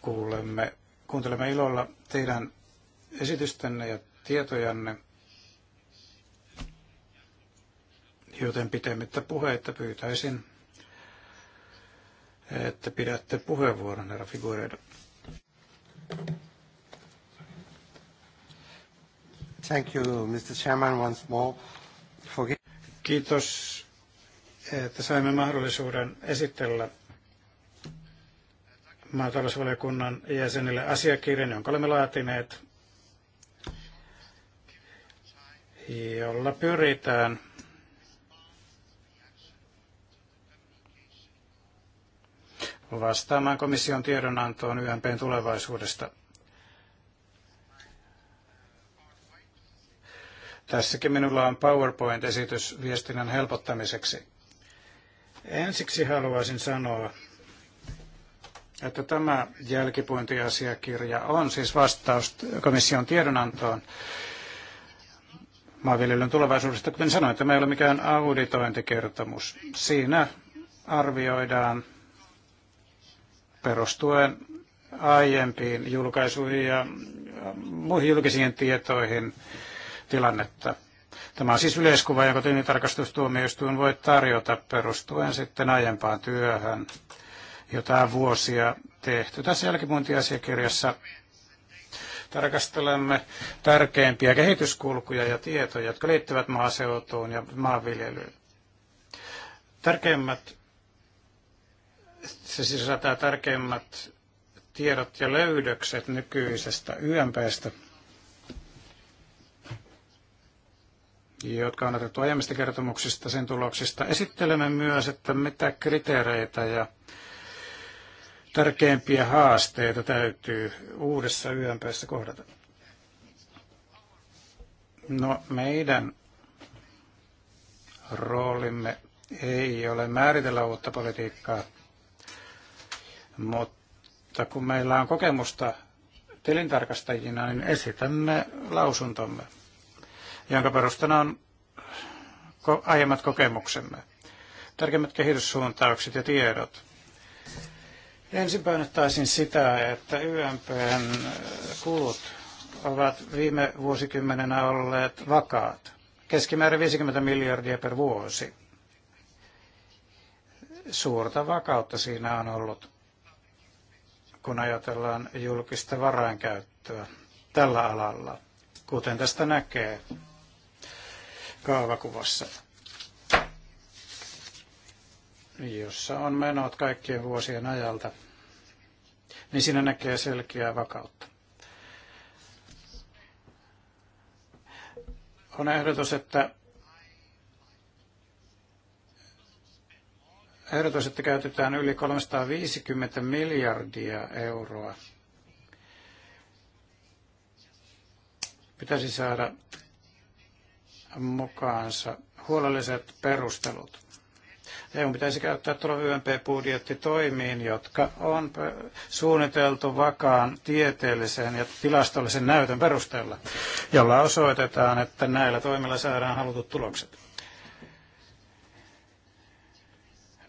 Kuulemme, kuuntelemme ilolla teidän esitystänne ja tietojanne, joten pitemmittä puheita pyytäisin, että pidätte puheenvuoron, herra Figueiredo. Thank you, Mr. Chairman, once more. Kiitos, että saimme mahdollisuuden esitellä maatalousvaliokunnan jäsenille asiakirjan, jonka olemme laatineet, jolla pyritään vastaamaan komission tiedonantoon YMPn tulevaisuudesta – Tässäkin minulla on PowerPoint-esitys viestinnän helpottamiseksi. Ensiksi haluaisin sanoa, että tämä jälkipuintiasiakirja on siis vastaus komission tiedonantoon maanviljelyn tulevaisuudesta. Kuten sanoin, tämä ei ole mikään auditointikertomus. Siinä arvioidaan perustuen aiempiin julkaisuihin ja muihin julkisiin tietoihin tilannetta. Tämä on siis yleiskuva, jonka tilintarkastustuomioistuin voi tarjota perustuen sitten aiempaan työhön, jota on vuosia tehty. Tässä jälkimuintiasiakirjassa tarkastelemme tärkeimpiä kehityskulkuja ja tietoja, jotka liittyvät maaseutuun ja maanviljelyyn. Tärkeimmät, se sisältää tärkeimmät tiedot ja löydökset nykyisestä YMPstä – jotka on otettu aiemmista kertomuksista, sen tuloksista. Esittelemme myös, että mitä kriteereitä ja tärkeimpiä haasteita täytyy uudessa YMPssä kohdata. No, meidän roolimme ei ole määritellä uutta politiikkaa, mutta kun meillä on kokemusta tilintarkastajina, niin esitämme lausuntomme jonka perustana on aiemmat kokemuksemme, tärkeimmät kehityssuuntaukset ja tiedot. Ensin painottaisin sitä, että YMPn kulut ovat viime vuosikymmenenä olleet vakaat. Keskimäärin 50 miljardia per vuosi. Suurta vakautta siinä on ollut, kun ajatellaan julkista varainkäyttöä tällä alalla, kuten tästä näkee kaavakuvassa, jossa on menot kaikkien vuosien ajalta, niin siinä näkee selkeää vakautta. On ehdotus, että ehdotus, että käytetään yli 350 miljardia euroa. Pitäisi saada mukaansa huolelliset perustelut. EU pitäisi käyttää tuolla YMP-budjetti toimiin, jotka on suunniteltu vakaan tieteellisen ja tilastollisen näytön perusteella, jolla osoitetaan, että näillä toimilla saadaan halutut tulokset.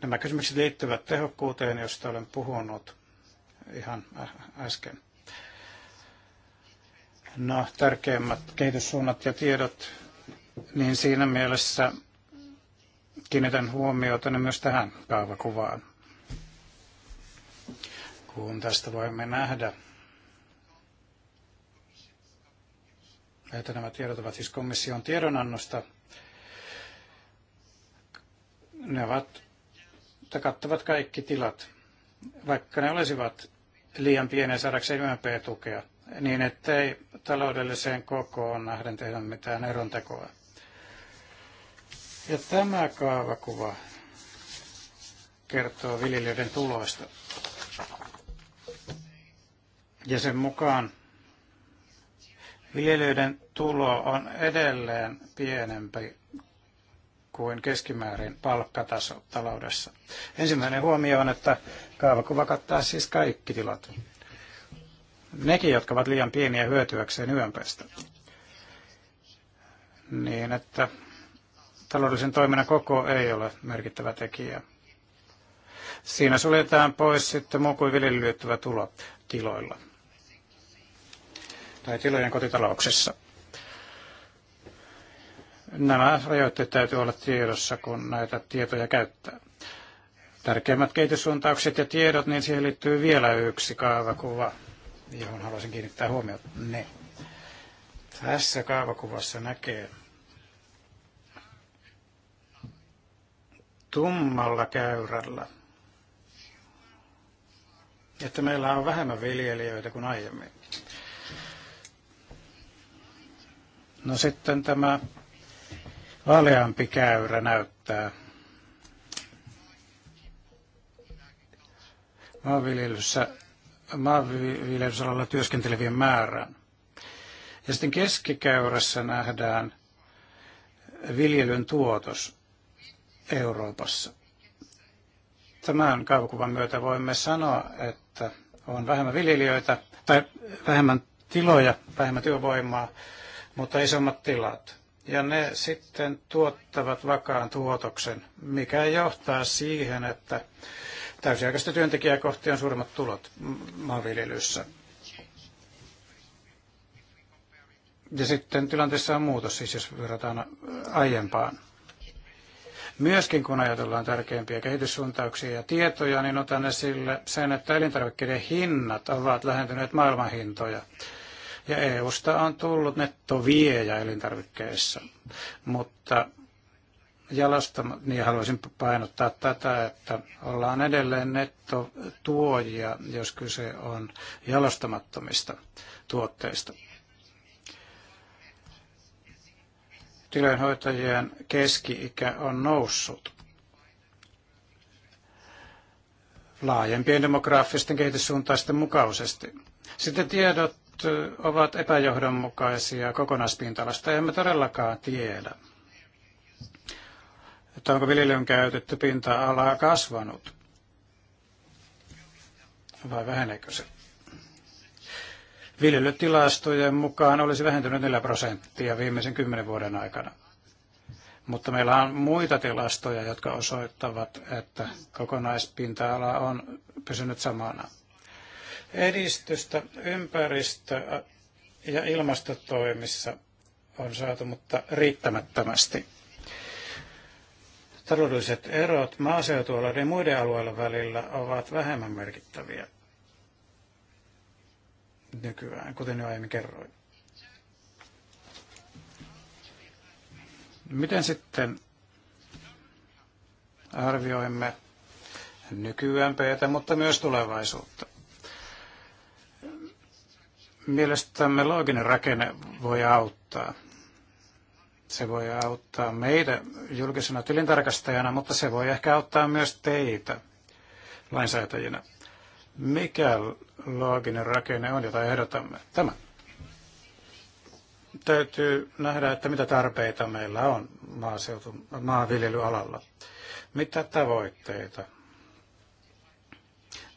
Nämä kysymykset liittyvät tehokkuuteen, josta olen puhunut ihan äsken. No, tärkeimmät kehityssuunnat ja tiedot niin siinä mielessä kiinnitän huomiota myös tähän kaavakuvaan. Kun tästä voimme nähdä, että nämä tiedot ovat siis komission tiedonannosta, ne ovat, kattavat kaikki tilat, vaikka ne olisivat liian pieniä saadakseen YMP-tukea, niin ettei taloudelliseen kokoon nähden tehdä mitään erontekoa. Ja tämä kaavakuva kertoo viljelijöiden tuloista. Ja sen mukaan viljelijöiden tulo on edelleen pienempi kuin keskimäärin palkkataso taloudessa. Ensimmäinen huomio on, että kaavakuva kattaa siis kaikki tilat. Nekin, jotka ovat liian pieniä hyötyäkseen yömpäistä. Niin, että taloudellisen toiminnan koko ei ole merkittävä tekijä. Siinä suljetaan pois sitten muu kuin viljelyyn liittyvä tulo tiloilla tai tilojen kotitalouksissa. Nämä rajoitteet täytyy olla tiedossa, kun näitä tietoja käyttää. Tärkeimmät kehityssuuntaukset ja tiedot, niin siihen liittyy vielä yksi kaavakuva, johon haluaisin kiinnittää huomiota. Ne. Tässä kaavakuvassa näkee tummalla käyrällä. Että meillä on vähemmän viljelijöitä kuin aiemmin. No sitten tämä vaaleampi käyrä näyttää maanviljelyssä, maanviljelysalalla työskentelevien määrän. Ja sitten keskikäyrässä nähdään viljelyn tuotos. Euroopassa. Tämän kaivokuvan myötä voimme sanoa, että on vähemmän viljelijöitä tai vähemmän tiloja, vähemmän työvoimaa, mutta isommat tilat. Ja ne sitten tuottavat vakaan tuotoksen, mikä johtaa siihen, että täysiaikaista työntekijää kohti on suuremmat tulot maanviljelyssä. Ja sitten tilanteessa on muutos, siis jos verrataan aiempaan. Myöskin kun ajatellaan tärkeimpiä kehityssuuntauksia ja tietoja, niin otan esille sen, että elintarvikkeiden hinnat ovat lähentyneet maailmanhintoja. Ja EUsta on tullut nettoviejä elintarvikkeissa. Mutta jalostamo, niin haluaisin painottaa tätä, että ollaan edelleen nettotuojia, jos kyse on jalostamattomista tuotteista. tilanhoitajien keski-ikä on noussut. laajempien demograafisten kehityssuuntaisten mukaisesti. Sitten tiedot ovat epäjohdonmukaisia kokonaispintalasta. Emme todellakaan tiedä, että onko viljelyn käytetty pinta-alaa kasvanut vai väheneekö se. Viljelytilastojen mukaan olisi vähentynyt 4 prosenttia viimeisen kymmenen vuoden aikana. Mutta meillä on muita tilastoja, jotka osoittavat, että kokonaispinta-ala on pysynyt samana. Edistystä ympäristö- ja ilmastotoimissa on saatu, mutta riittämättömästi. Taloudelliset erot maaseutualueiden ja muiden alueiden välillä ovat vähemmän merkittäviä nykyään, kuten jo aiemmin kerroin. Miten sitten arvioimme nykyään mptä mutta myös tulevaisuutta? Mielestämme looginen rakenne voi auttaa. Se voi auttaa meitä julkisena tilintarkastajana, mutta se voi ehkä auttaa myös teitä lainsäätäjinä mikä looginen rakenne on, jota ehdotamme. Tämä. Täytyy nähdä, että mitä tarpeita meillä on maaseutu, maanviljelyalalla. Mitä tavoitteita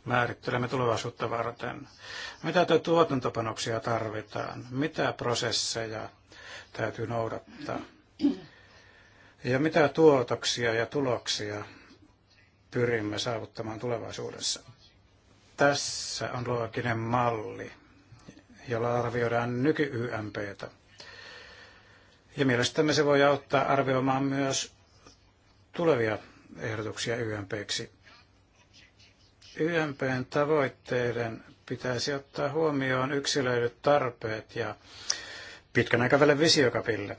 määrittelemme tulevaisuutta varten? Mitä tuotantopanoksia tarvitaan? Mitä prosesseja täytyy noudattaa? Ja mitä tuotoksia ja tuloksia pyrimme saavuttamaan tulevaisuudessa? Tässä on looginen malli, jolla arvioidaan nyky-YMPtä. Ja mielestämme se voi auttaa arvioimaan myös tulevia ehdotuksia YMPksi. YMPn tavoitteiden pitäisi ottaa huomioon yksilöidyt tarpeet ja pitkän aikavälin visiokapille.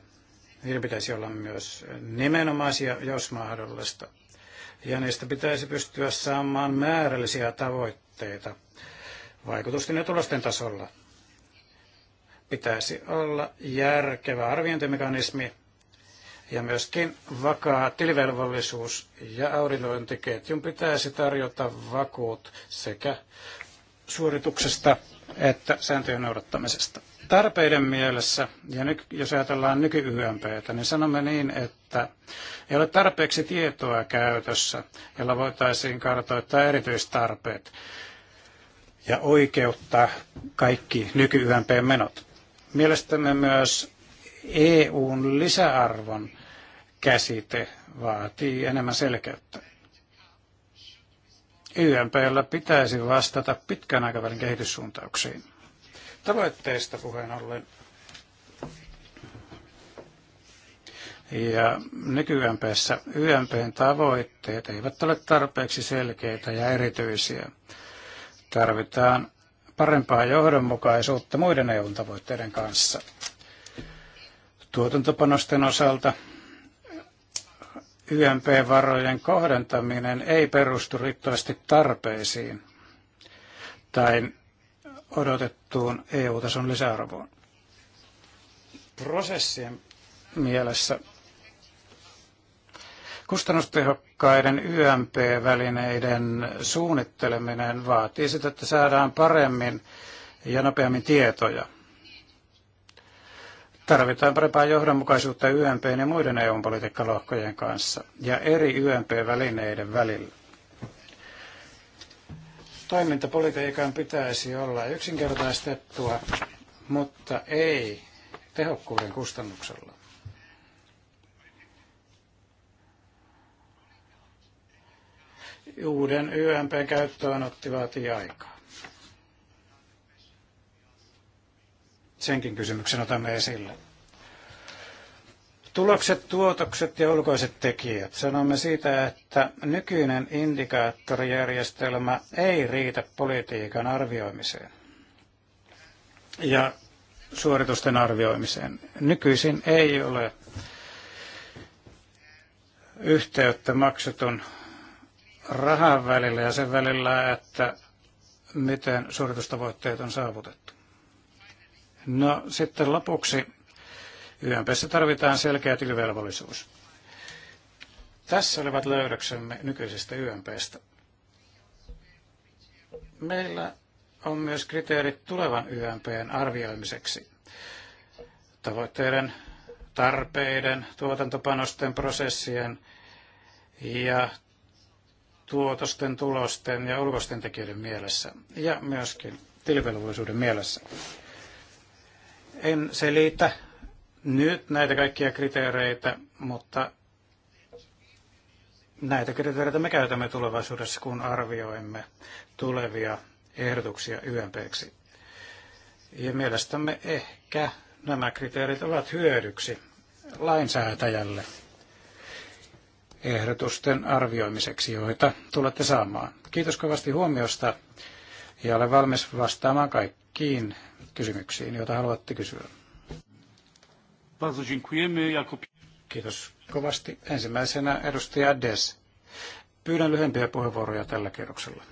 Niillä pitäisi olla myös nimenomaisia, jos mahdollista. Ja niistä pitäisi pystyä saamaan määrällisiä tavoitteita tavoitteita vaikutusten ja tulosten tasolla. Pitäisi olla järkevä arviointimekanismi ja myöskin vakaa tilivelvollisuus ja auditointiketjun pitäisi tarjota vakuut sekä suorituksesta että sääntöjen noudattamisesta tarpeiden mielessä, ja nyt, jos ajatellaan nyky niin sanomme niin, että ei ole tarpeeksi tietoa käytössä, jolla voitaisiin kartoittaa erityistarpeet ja oikeuttaa kaikki nyky menot. Mielestämme myös EUn lisäarvon käsite vaatii enemmän selkeyttä. YMPllä pitäisi vastata pitkän aikavälin kehityssuuntauksiin. Tavoitteista puheen ollen. Ja nyky YMPn tavoitteet eivät ole tarpeeksi selkeitä ja erityisiä. Tarvitaan parempaa johdonmukaisuutta muiden EUn tavoitteiden kanssa. Tuotantopanosten osalta YMP-varojen kohdentaminen ei perustu riittävästi tarpeisiin tai odotettuun EU-tason lisäarvoon. Prosessien mielessä kustannustehokkaiden YMP-välineiden suunnitteleminen vaatii sitä, että saadaan paremmin ja nopeammin tietoja. Tarvitaan parempaa johdonmukaisuutta YMP ja muiden EU-politiikkalohkojen kanssa ja eri YMP-välineiden välillä. Toimintapolitiikan pitäisi olla yksinkertaistettua, mutta ei tehokkuuden kustannuksella. Uuden YMPn käyttöönotti vaatii aikaa. Senkin kysymyksen otamme esille. Tulokset, tuotokset ja ulkoiset tekijät. Sanomme siitä, että nykyinen indikaattorijärjestelmä ei riitä politiikan arvioimiseen ja suoritusten arvioimiseen. Nykyisin ei ole yhteyttä maksutun rahan välillä ja sen välillä, että miten suoritustavoitteet on saavutettu. No sitten lopuksi YMPssä tarvitaan selkeä tilivelvollisuus. Tässä olivat löydöksemme nykyisestä YMPstä. Meillä on myös kriteerit tulevan YMPn arvioimiseksi. Tavoitteiden, tarpeiden, tuotantopanosten, prosessien ja tuotosten, tulosten ja ulkoisten tekijöiden mielessä ja myöskin tilivelvollisuuden mielessä. En selitä nyt näitä kaikkia kriteereitä, mutta näitä kriteereitä me käytämme tulevaisuudessa, kun arvioimme tulevia ehdotuksia YMPksi. Ja mielestämme ehkä nämä kriteerit ovat hyödyksi lainsäätäjälle ehdotusten arvioimiseksi, joita tulette saamaan. Kiitos kovasti huomiosta ja olen valmis vastaamaan kaikkiin kysymyksiin, joita haluatte kysyä. Bardzo dziękujemy. Jako... Kiitos kovasti. Ensimmäisenä edustaja Des. Pyydän lyhyempiä puheenvuoroja tällä kierroksella.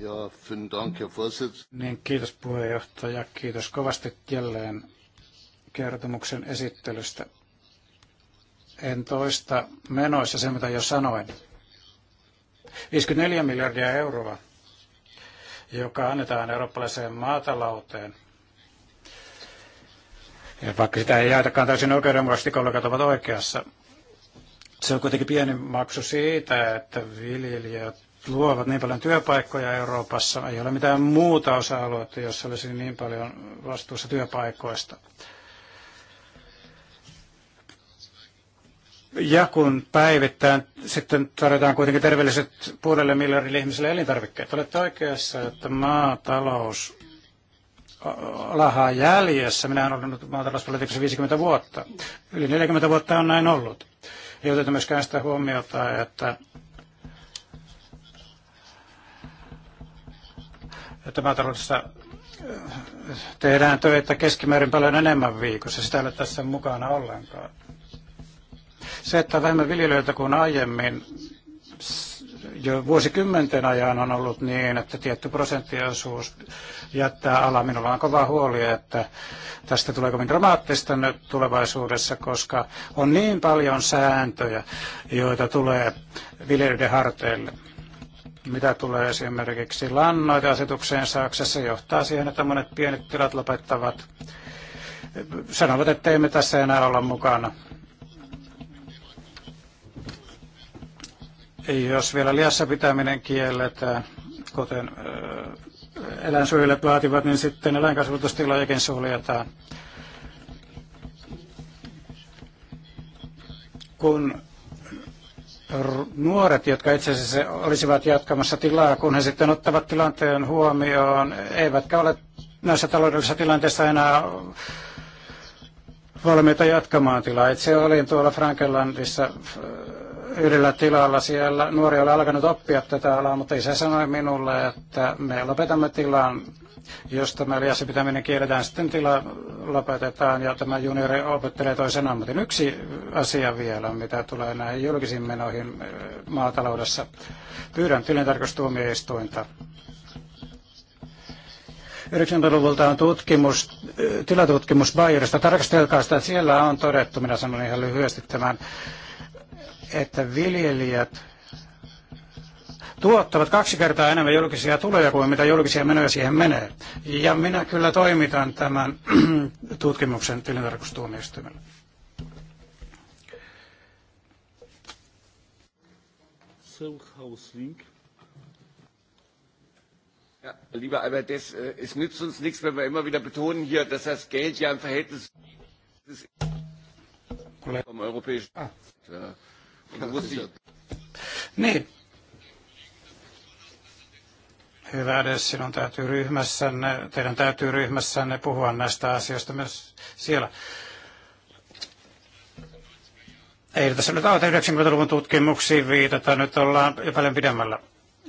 Ja, Dank, niin, kiitos puheenjohtaja. Kiitos kovasti jälleen kertomuksen esittelystä. En toista menoissa se, mitä jo sanoin. 54 miljardia euroa, joka annetaan eurooppalaiseen maatalouteen ja vaikka sitä ei jaetakaan täysin oikeudenmukaisesti, kollegat ovat oikeassa. Se on kuitenkin pieni maksu siitä, että viljelijät luovat niin paljon työpaikkoja Euroopassa. Ei ole mitään muuta osa-aluetta, jossa olisi niin paljon vastuussa työpaikoista. Ja kun päivittäin sitten tarjotaan kuitenkin terveelliset puolelle miljardille ihmiselle elintarvikkeet. Olette oikeassa, että maatalous lahaa jäljessä. Minä olen ollut maatalouspolitiikassa 50 vuotta. Yli 40 vuotta on näin ollut. Ei oteta myöskään sitä huomiota, että että maataloudessa äh, tehdään töitä keskimäärin paljon enemmän viikossa. Sitä ei ole tässä mukana ollenkaan. Se, että on vähemmän viljelijöitä kuin aiemmin, jo vuosikymmenten ajan on ollut niin, että tietty prosenttiosuus jättää ala. Minulla on kova huoli, että tästä tulee kovin dramaattista nyt tulevaisuudessa, koska on niin paljon sääntöjä, joita tulee viljelyiden harteille mitä tulee esimerkiksi lannoiteasetukseen Saksassa, johtaa siihen, että monet pienet tilat lopettavat. Sanovat, että emme tässä enää olla mukana. Jos vielä liassa pitäminen kielletään, kuten eläinsuojelijat vaativat, niin sitten eläinkasvatustilojakin suljetaan. Kun nuoret, jotka itse asiassa olisivat jatkamassa tilaa, kun he sitten ottavat tilanteen huomioon, eivätkä ole näissä taloudellisissa tilanteissa enää valmiita jatkamaan tilaa. Itse olin tuolla Frankenlandissa yhdellä tilalla siellä nuori oli alkanut oppia tätä alaa, mutta isä sanoi minulle, että me lopetamme tilan, jos tämä liiassa pitäminen kielletään, sitten tila lopetetaan ja tämä juniori opettelee toisen ammatin. Yksi asia vielä, mitä tulee näihin julkisiin menoihin eh, maataloudessa. Pyydän tilintarkastuomioistuinta. 90-luvulta on tutkimus, eh, tilatutkimus Bayerista. Tarkastelkaa sitä, siellä on todettu, minä sanon ihan lyhyesti tämän että viljelijät tuottavat kaksi kertaa enemmän julkisia tuloja kuin mitä julkisia menoja siihen menee. Ja minä kyllä toimitan tämän tutkimuksen tilintarkastustuomioistuimelle. Ja, lieber Albert, das, äh, es nützt uns nichts, wenn wir immer wieder betonen hier, dass das Geld ja im Verhältnis vom europäischen. Ah. Ja. Niin. Hyvä edes, sinun täytyy ryhmässänne, teidän täytyy ryhmässänne puhua näistä asioista myös siellä. Ei tässä nyt auta 90-luvun tutkimuksiin viitata, nyt ollaan jo paljon pidemmällä.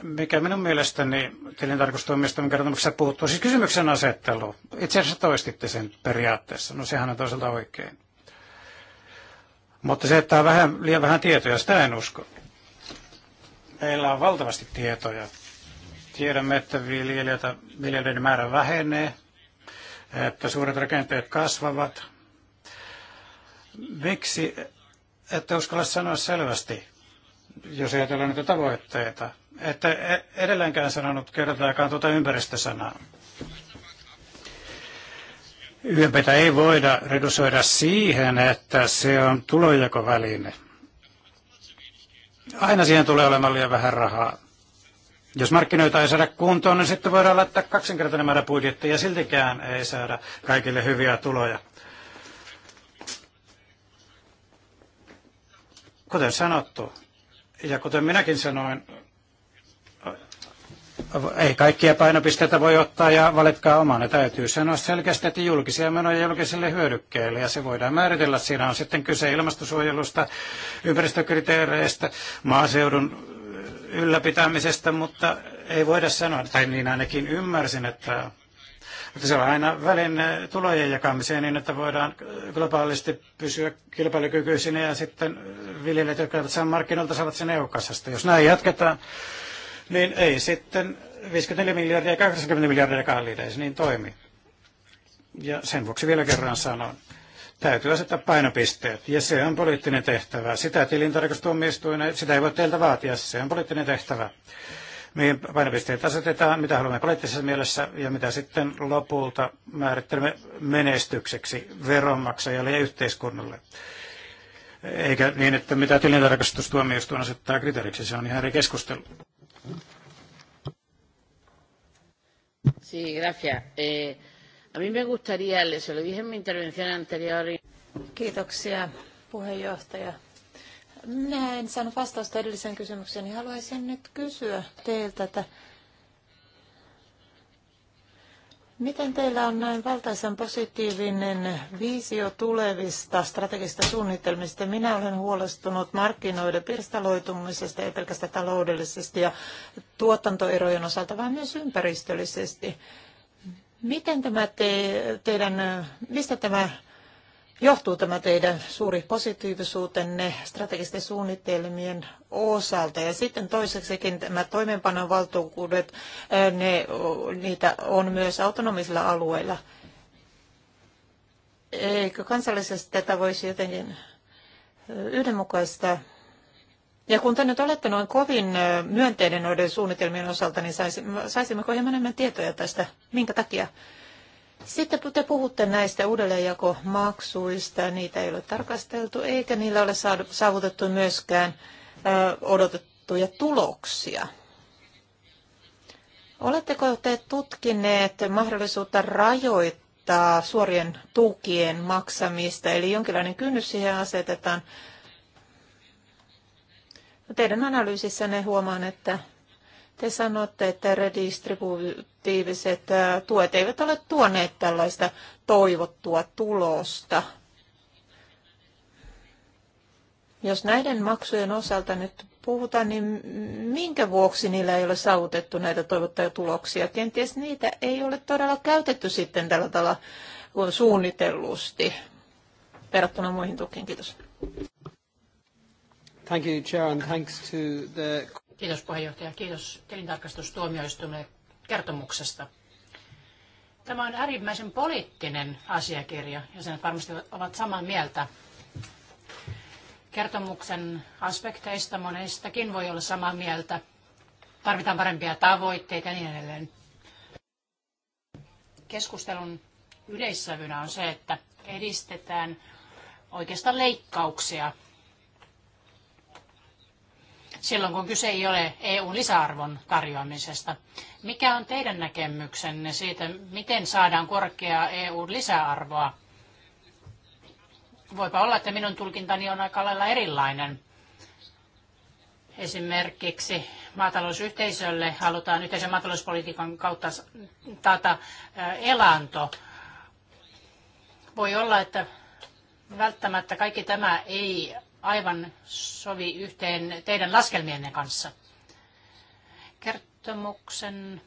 Mikä minun mielestäni tilintarkastustoimiston kertomuksessa puuttuu, siis kysymyksen asettelu. Itse asiassa toistitte sen periaatteessa, no sehän on toisaalta oikein. Mutta se, että on vähän, liian vähän tietoja, sitä en usko. Meillä on valtavasti tietoja. Tiedämme, että viljelijöiden määrä vähenee, että suuret rakenteet kasvavat. Miksi ette uskalla sanoa selvästi, jos ajatellaan näitä tavoitteita? että e-, edelleenkään sanonut kertaakaan tuota ympäristösanaa. YMPtä ei voida redusoida siihen, että se on tulojakoväline. Aina siihen tulee olemaan liian vähän rahaa. Jos markkinoita ei saada kuntoon, niin sitten voidaan laittaa kaksinkertainen määrä budjettia ja siltikään ei saada kaikille hyviä tuloja. Kuten sanottu, ja kuten minäkin sanoin, ei kaikkia painopisteitä voi ottaa ja valitkaa Ne Täytyy sanoa selkeästi, että julkisia menoja julkisille hyödykkeille ja se voidaan määritellä. Siinä on sitten kyse ilmastosuojelusta, ympäristökriteereistä, maaseudun ylläpitämisestä, mutta ei voida sanoa, tai niin ainakin ymmärsin, että, että se on aina välin tulojen jakamiseen niin, että voidaan globaalisti pysyä kilpailukykyisinä ja sitten viljelijät, jotka eivät saa markkinoilta, saavat sen eu Jos näin jatketaan, niin ei sitten 54 miljardia ja 80 miljardia liitä, niin toimi. Ja sen vuoksi vielä kerran sanon, täytyy asettaa painopisteet, ja se on poliittinen tehtävä. Sitä tilintarkastustuomioistuin, sitä ei voi teiltä vaatia, se on poliittinen tehtävä. Mihin painopisteet asetetaan, mitä haluamme poliittisessa mielessä, ja mitä sitten lopulta määrittelemme menestykseksi veronmaksajalle ja yhteiskunnalle. Eikä niin, että mitä tilintarkastustuomioistuin asettaa kriteeriksi, se on ihan eri keskustelu. Sí, gracias. Eh, a mí me gustaría, se lo dije en mi intervención anterior. Kiitoksia, puheenjohtaja. Minä en saanut vastausta edelliseen kysymykseen, niin haluaisin nyt kysyä teiltä, että Miten teillä on näin valtaisen positiivinen visio tulevista strategista suunnitelmista? Minä olen huolestunut markkinoiden pirstaloitumisesta, ei pelkästään taloudellisesti ja tuotantoerojen osalta, vaan myös ympäristöllisesti. Miten tämä te, teidän, mistä tämä johtuu tämä teidän suuri positiivisuutenne strategisten suunnitelmien osalta? Ja sitten toiseksikin tämä toimeenpanon ne, niitä on myös autonomisilla alueilla. Eikö kansallisesti tätä voisi jotenkin yhdenmukaista? Ja kun te nyt olette noin kovin myönteinen noiden suunnitelmien osalta, niin saisimmeko hieman enemmän tietoja tästä? Minkä takia? Sitten kun te puhutte näistä uudelleenjakomaksuista, niitä ei ole tarkasteltu, eikä niillä ole saavutettu myöskään odotettuja tuloksia. Oletteko te tutkineet mahdollisuutta rajoittaa suorien tukien maksamista, eli jonkinlainen kynnys siihen asetetaan? No, teidän analyysissänne huomaan, että te sanotte, että redistributiiviset tuet eivät ole tuoneet tällaista toivottua tulosta. Jos näiden maksujen osalta nyt puhutaan, niin minkä vuoksi niillä ei ole saavutettu näitä toivottuja tuloksia? Kenties niitä ei ole todella käytetty sitten tällä tavalla suunnitellusti verrattuna muihin tukiin. Kiitos. Thank you, Chair, and thanks to the... Kiitos puheenjohtaja. Kiitos tilintarkastustuomioistuimelle kertomuksesta. Tämä on äärimmäisen poliittinen asiakirja ja sen varmasti ovat samaa mieltä. Kertomuksen aspekteista monestakin voi olla samaa mieltä. Tarvitaan parempia tavoitteita ja niin edelleen. Keskustelun yleissävynä on se, että edistetään oikeastaan leikkauksia silloin, kun kyse ei ole eu lisäarvon tarjoamisesta. Mikä on teidän näkemyksenne siitä, miten saadaan korkeaa eu lisäarvoa? Voipa olla, että minun tulkintani on aika lailla erilainen. Esimerkiksi maatalousyhteisölle halutaan yhteisen maatalouspolitiikan kautta taata elanto. Voi olla, että välttämättä kaikki tämä ei aivan sovi yhteen teidän laskelmienne kanssa. Kertomuksen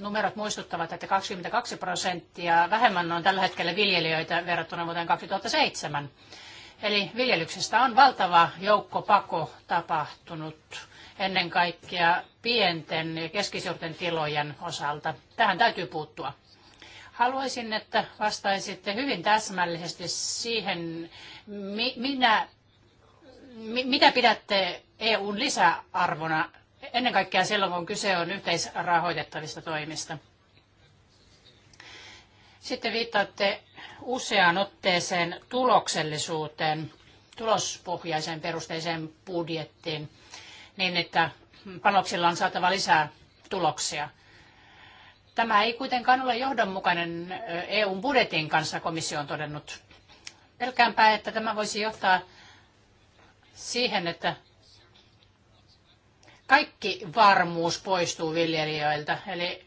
numerot muistuttavat, että 22 prosenttia vähemmän on tällä hetkellä viljelijöitä verrattuna vuoteen 2007. Eli viljelyksestä on valtava joukko pako tapahtunut ennen kaikkea pienten ja keskisuurten tilojen osalta. Tähän täytyy puuttua. Haluaisin, että vastaisitte hyvin täsmällisesti siihen, minä mitä pidätte EUn lisäarvona ennen kaikkea silloin, kun kyse on yhteisrahoitettavista toimista? Sitten viittaatte useaan otteeseen tuloksellisuuteen, tulospohjaiseen perusteiseen budjettiin, niin että panoksilla on saatava lisää tuloksia. Tämä ei kuitenkaan ole johdonmukainen EUn budjetin kanssa, komissio on todennut. Pelkäänpä, että tämä voisi johtaa siihen, että kaikki varmuus poistuu viljelijöiltä. Eli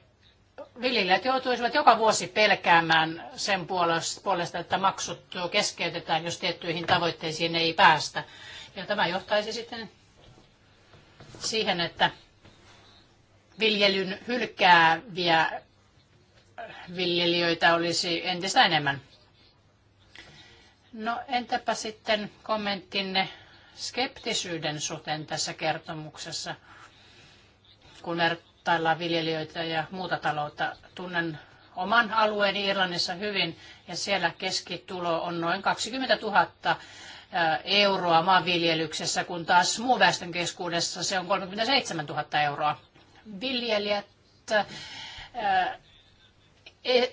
viljelijät joutuisivat joka vuosi pelkäämään sen puolesta, että maksut keskeytetään, jos tiettyihin tavoitteisiin ei päästä. Ja tämä johtaisi sitten siihen, että viljelyn hylkääviä viljelijöitä olisi entistä enemmän. No entäpä sitten kommenttinne skeptisyyden suhteen tässä kertomuksessa, kun vertaillaan viljelijöitä ja muuta taloutta. Tunnen oman alueeni Irlannissa hyvin ja siellä keskitulo on noin 20 000 euroa maanviljelyksessä, kun taas muun väestön keskuudessa se on 37 000 euroa. Viljelijät Eh,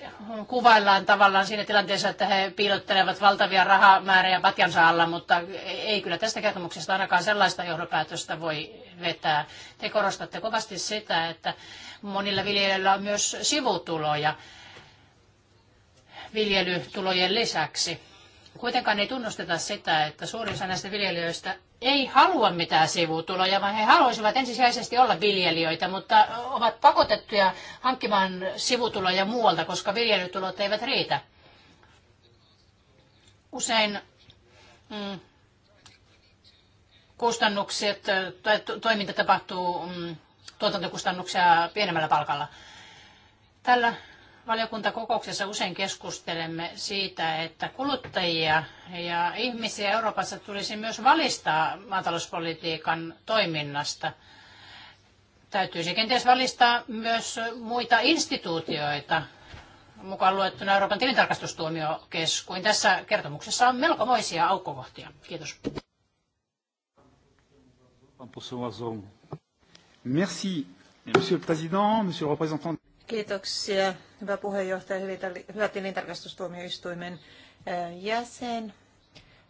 kuvaillaan tavallaan siinä tilanteessa, että he piilottelevat valtavia rahamääriä patjansa alla, mutta ei kyllä tästä kertomuksesta ainakaan sellaista johdopäätöstä voi vetää. Te korostatte kovasti sitä, että monilla viljelijöillä on myös sivutuloja viljelytulojen lisäksi. Kuitenkaan ei tunnusteta sitä, että suurin osa näistä viljelijöistä ei halua mitään sivutuloja, vaan he haluaisivat ensisijaisesti olla viljelijöitä, mutta ovat pakotettuja hankkimaan sivutuloja muualta, koska viljelytulot eivät riitä. Usein mm, kustannukset tai toiminta tapahtuu mm, tuotantokustannuksia pienemmällä palkalla. Tällä valiokuntakokouksessa usein keskustelemme siitä, että kuluttajia ja ihmisiä Euroopassa tulisi myös valistaa maatalouspolitiikan toiminnasta. Täytyisi kenties valistaa myös muita instituutioita, mukaan luettuna Euroopan tilintarkastustuomiokeskuin. Tässä kertomuksessa on melkomoisia aukkokohtia. Kiitos. Merci, Monsieur le Président, Monsieur le représentant. Kiitoksia, hyvä puheenjohtaja, hyvä tilintarkastustuomioistuimen jäsen.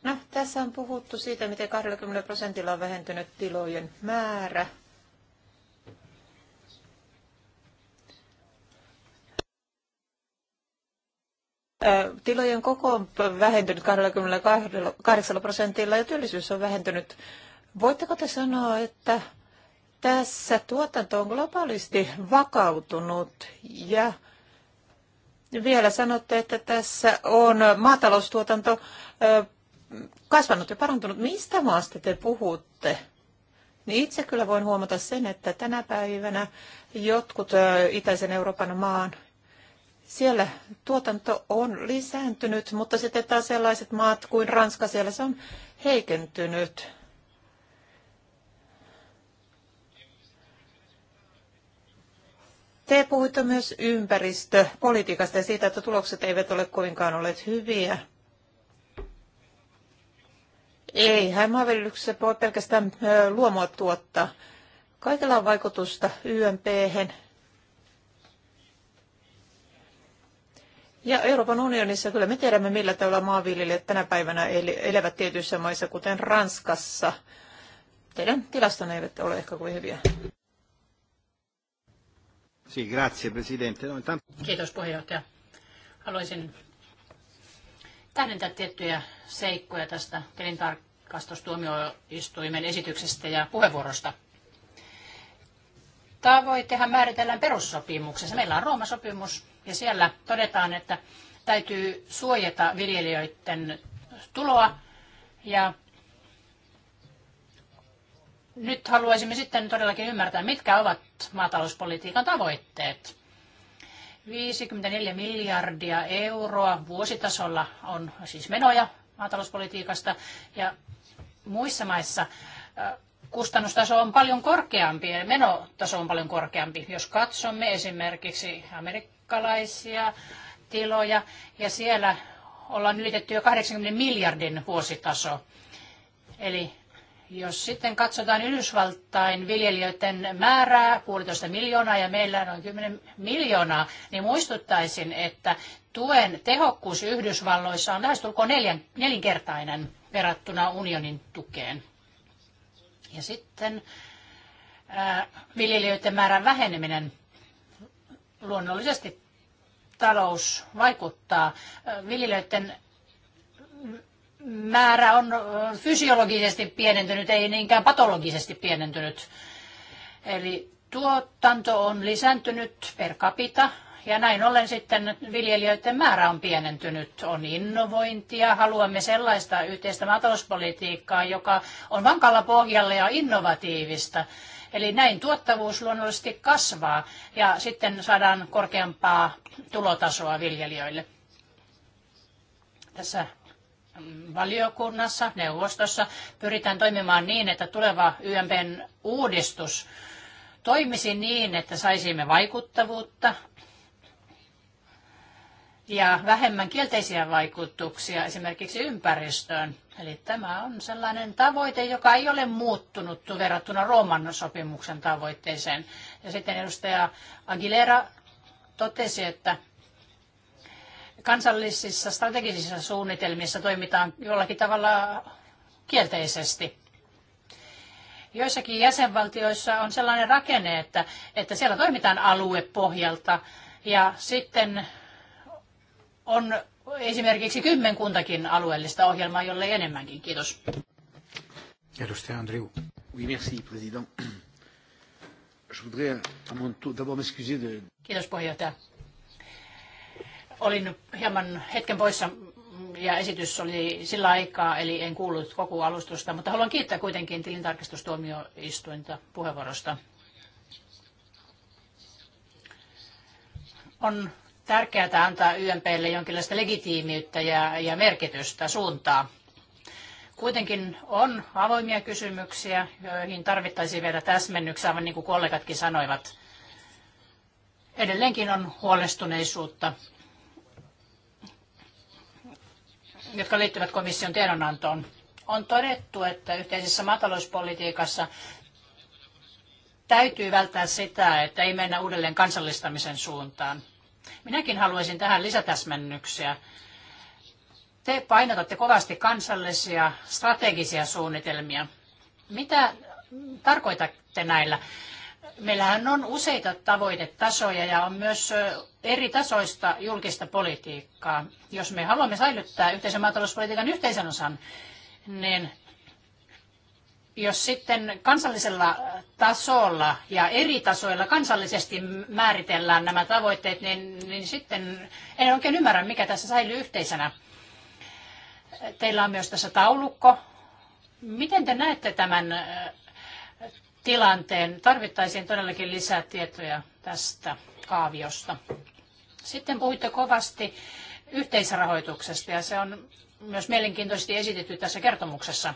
No, tässä on puhuttu siitä, miten 20 prosentilla on vähentynyt tilojen määrä. Tilojen koko on vähentynyt 28 prosentilla ja työllisyys on vähentynyt. Voitteko te sanoa, että tässä tuotanto on globaalisti vakautunut ja vielä sanotte, että tässä on maataloustuotanto kasvanut ja parantunut. Mistä maasta te puhutte? Niin itse kyllä voin huomata sen, että tänä päivänä jotkut itäisen Euroopan maan siellä tuotanto on lisääntynyt, mutta sitten taas sellaiset maat kuin Ranska siellä se on heikentynyt. Te puhuitte myös ympäristöpolitiikasta ja siitä, että tulokset eivät ole kovinkaan olleet hyviä. Ei, maanviljelyksessä voi pelkästään luomua tuottaa. Kaikella on vaikutusta ymp -hän. Ja Euroopan unionissa kyllä me tiedämme, millä tavalla maanviljelijät tänä päivänä elävät tietyissä maissa, kuten Ranskassa. Teidän tilastonne eivät ole ehkä kovin hyviä. Si, grazie, presidente. No, tam... Kiitos puheenjohtaja. Haluaisin tähdentää tiettyjä seikkoja tästä tilintarkastustuomioistuimen esityksestä ja puheenvuorosta. Tavoitehan määritellään perussopimuksessa. Meillä on Rooma-sopimus ja siellä todetaan, että täytyy suojata viljelijöiden tuloa ja nyt haluaisimme sitten todellakin ymmärtää, mitkä ovat maatalouspolitiikan tavoitteet. 54 miljardia euroa vuositasolla on siis menoja maatalouspolitiikasta ja muissa maissa kustannustaso on paljon korkeampi ja menotaso on paljon korkeampi. Jos katsomme esimerkiksi amerikkalaisia tiloja ja siellä ollaan ylitetty jo 80 miljardin vuositaso. Eli jos sitten katsotaan Yhdysvaltain viljelijöiden määrää, puolitoista miljoonaa ja meillä noin 10 miljoonaa, niin muistuttaisin, että tuen tehokkuus Yhdysvalloissa on lähestulkoon neljän, nelinkertainen verrattuna unionin tukeen. Ja sitten ää, viljelijöiden määrän väheneminen luonnollisesti talous vaikuttaa. Viljelijöiden määrä on fysiologisesti pienentynyt, ei niinkään patologisesti pienentynyt. Eli tuotanto on lisääntynyt per capita ja näin ollen sitten viljelijöiden määrä on pienentynyt. On innovointia, haluamme sellaista yhteistä maatalouspolitiikkaa, joka on vankalla pohjalla ja innovatiivista. Eli näin tuottavuus luonnollisesti kasvaa ja sitten saadaan korkeampaa tulotasoa viljelijöille. Tässä valiokunnassa, neuvostossa pyritään toimimaan niin, että tuleva YMPn uudistus toimisi niin, että saisimme vaikuttavuutta ja vähemmän kielteisiä vaikutuksia esimerkiksi ympäristöön. Eli tämä on sellainen tavoite, joka ei ole muuttunut verrattuna Rooman sopimuksen tavoitteeseen. Ja sitten edustaja Aguilera totesi, että kansallisissa strategisissa suunnitelmissa toimitaan jollakin tavalla kielteisesti. Joissakin jäsenvaltioissa on sellainen rakenne, että, että siellä toimitaan aluepohjalta ja sitten on esimerkiksi kymmenkuntakin alueellista ohjelmaa, jolle enemmänkin. Kiitos. Edustaja Andriu. Oui, merci, président. Je voudrais à mon tour d'abord m'excuser de... Kiitos puheenjohtaja. Olin hieman hetken poissa ja esitys oli sillä aikaa, eli en kuullut koko alustusta, mutta haluan kiittää kuitenkin tilintarkastustuomioistuinta puheenvuorosta. On tärkeää antaa YMPlle jonkinlaista legitiimiyttä ja, ja merkitystä, suuntaa. Kuitenkin on avoimia kysymyksiä, joihin tarvittaisiin vielä täsmennyksiä, aivan niin kuin kollegatkin sanoivat. Edelleenkin on huolestuneisuutta jotka liittyvät komission tiedonantoon. On todettu, että yhteisessä maatalouspolitiikassa täytyy välttää sitä, että ei mennä uudelleen kansallistamisen suuntaan. Minäkin haluaisin tähän lisätäsmennyksiä. Te painotatte kovasti kansallisia strategisia suunnitelmia. Mitä tarkoitatte näillä? meillähän on useita tavoitetasoja ja on myös eri tasoista julkista politiikkaa. Jos me haluamme säilyttää yhteisen maatalouspolitiikan yhteisen osan, niin jos sitten kansallisella tasolla ja eri tasoilla kansallisesti määritellään nämä tavoitteet, niin, niin sitten en oikein ymmärrä, mikä tässä säilyy yhteisenä. Teillä on myös tässä taulukko. Miten te näette tämän tilanteen. Tarvittaisiin todellakin lisää tietoja tästä kaaviosta. Sitten puhuitte kovasti yhteisrahoituksesta ja se on myös mielenkiintoisesti esitetty tässä kertomuksessa.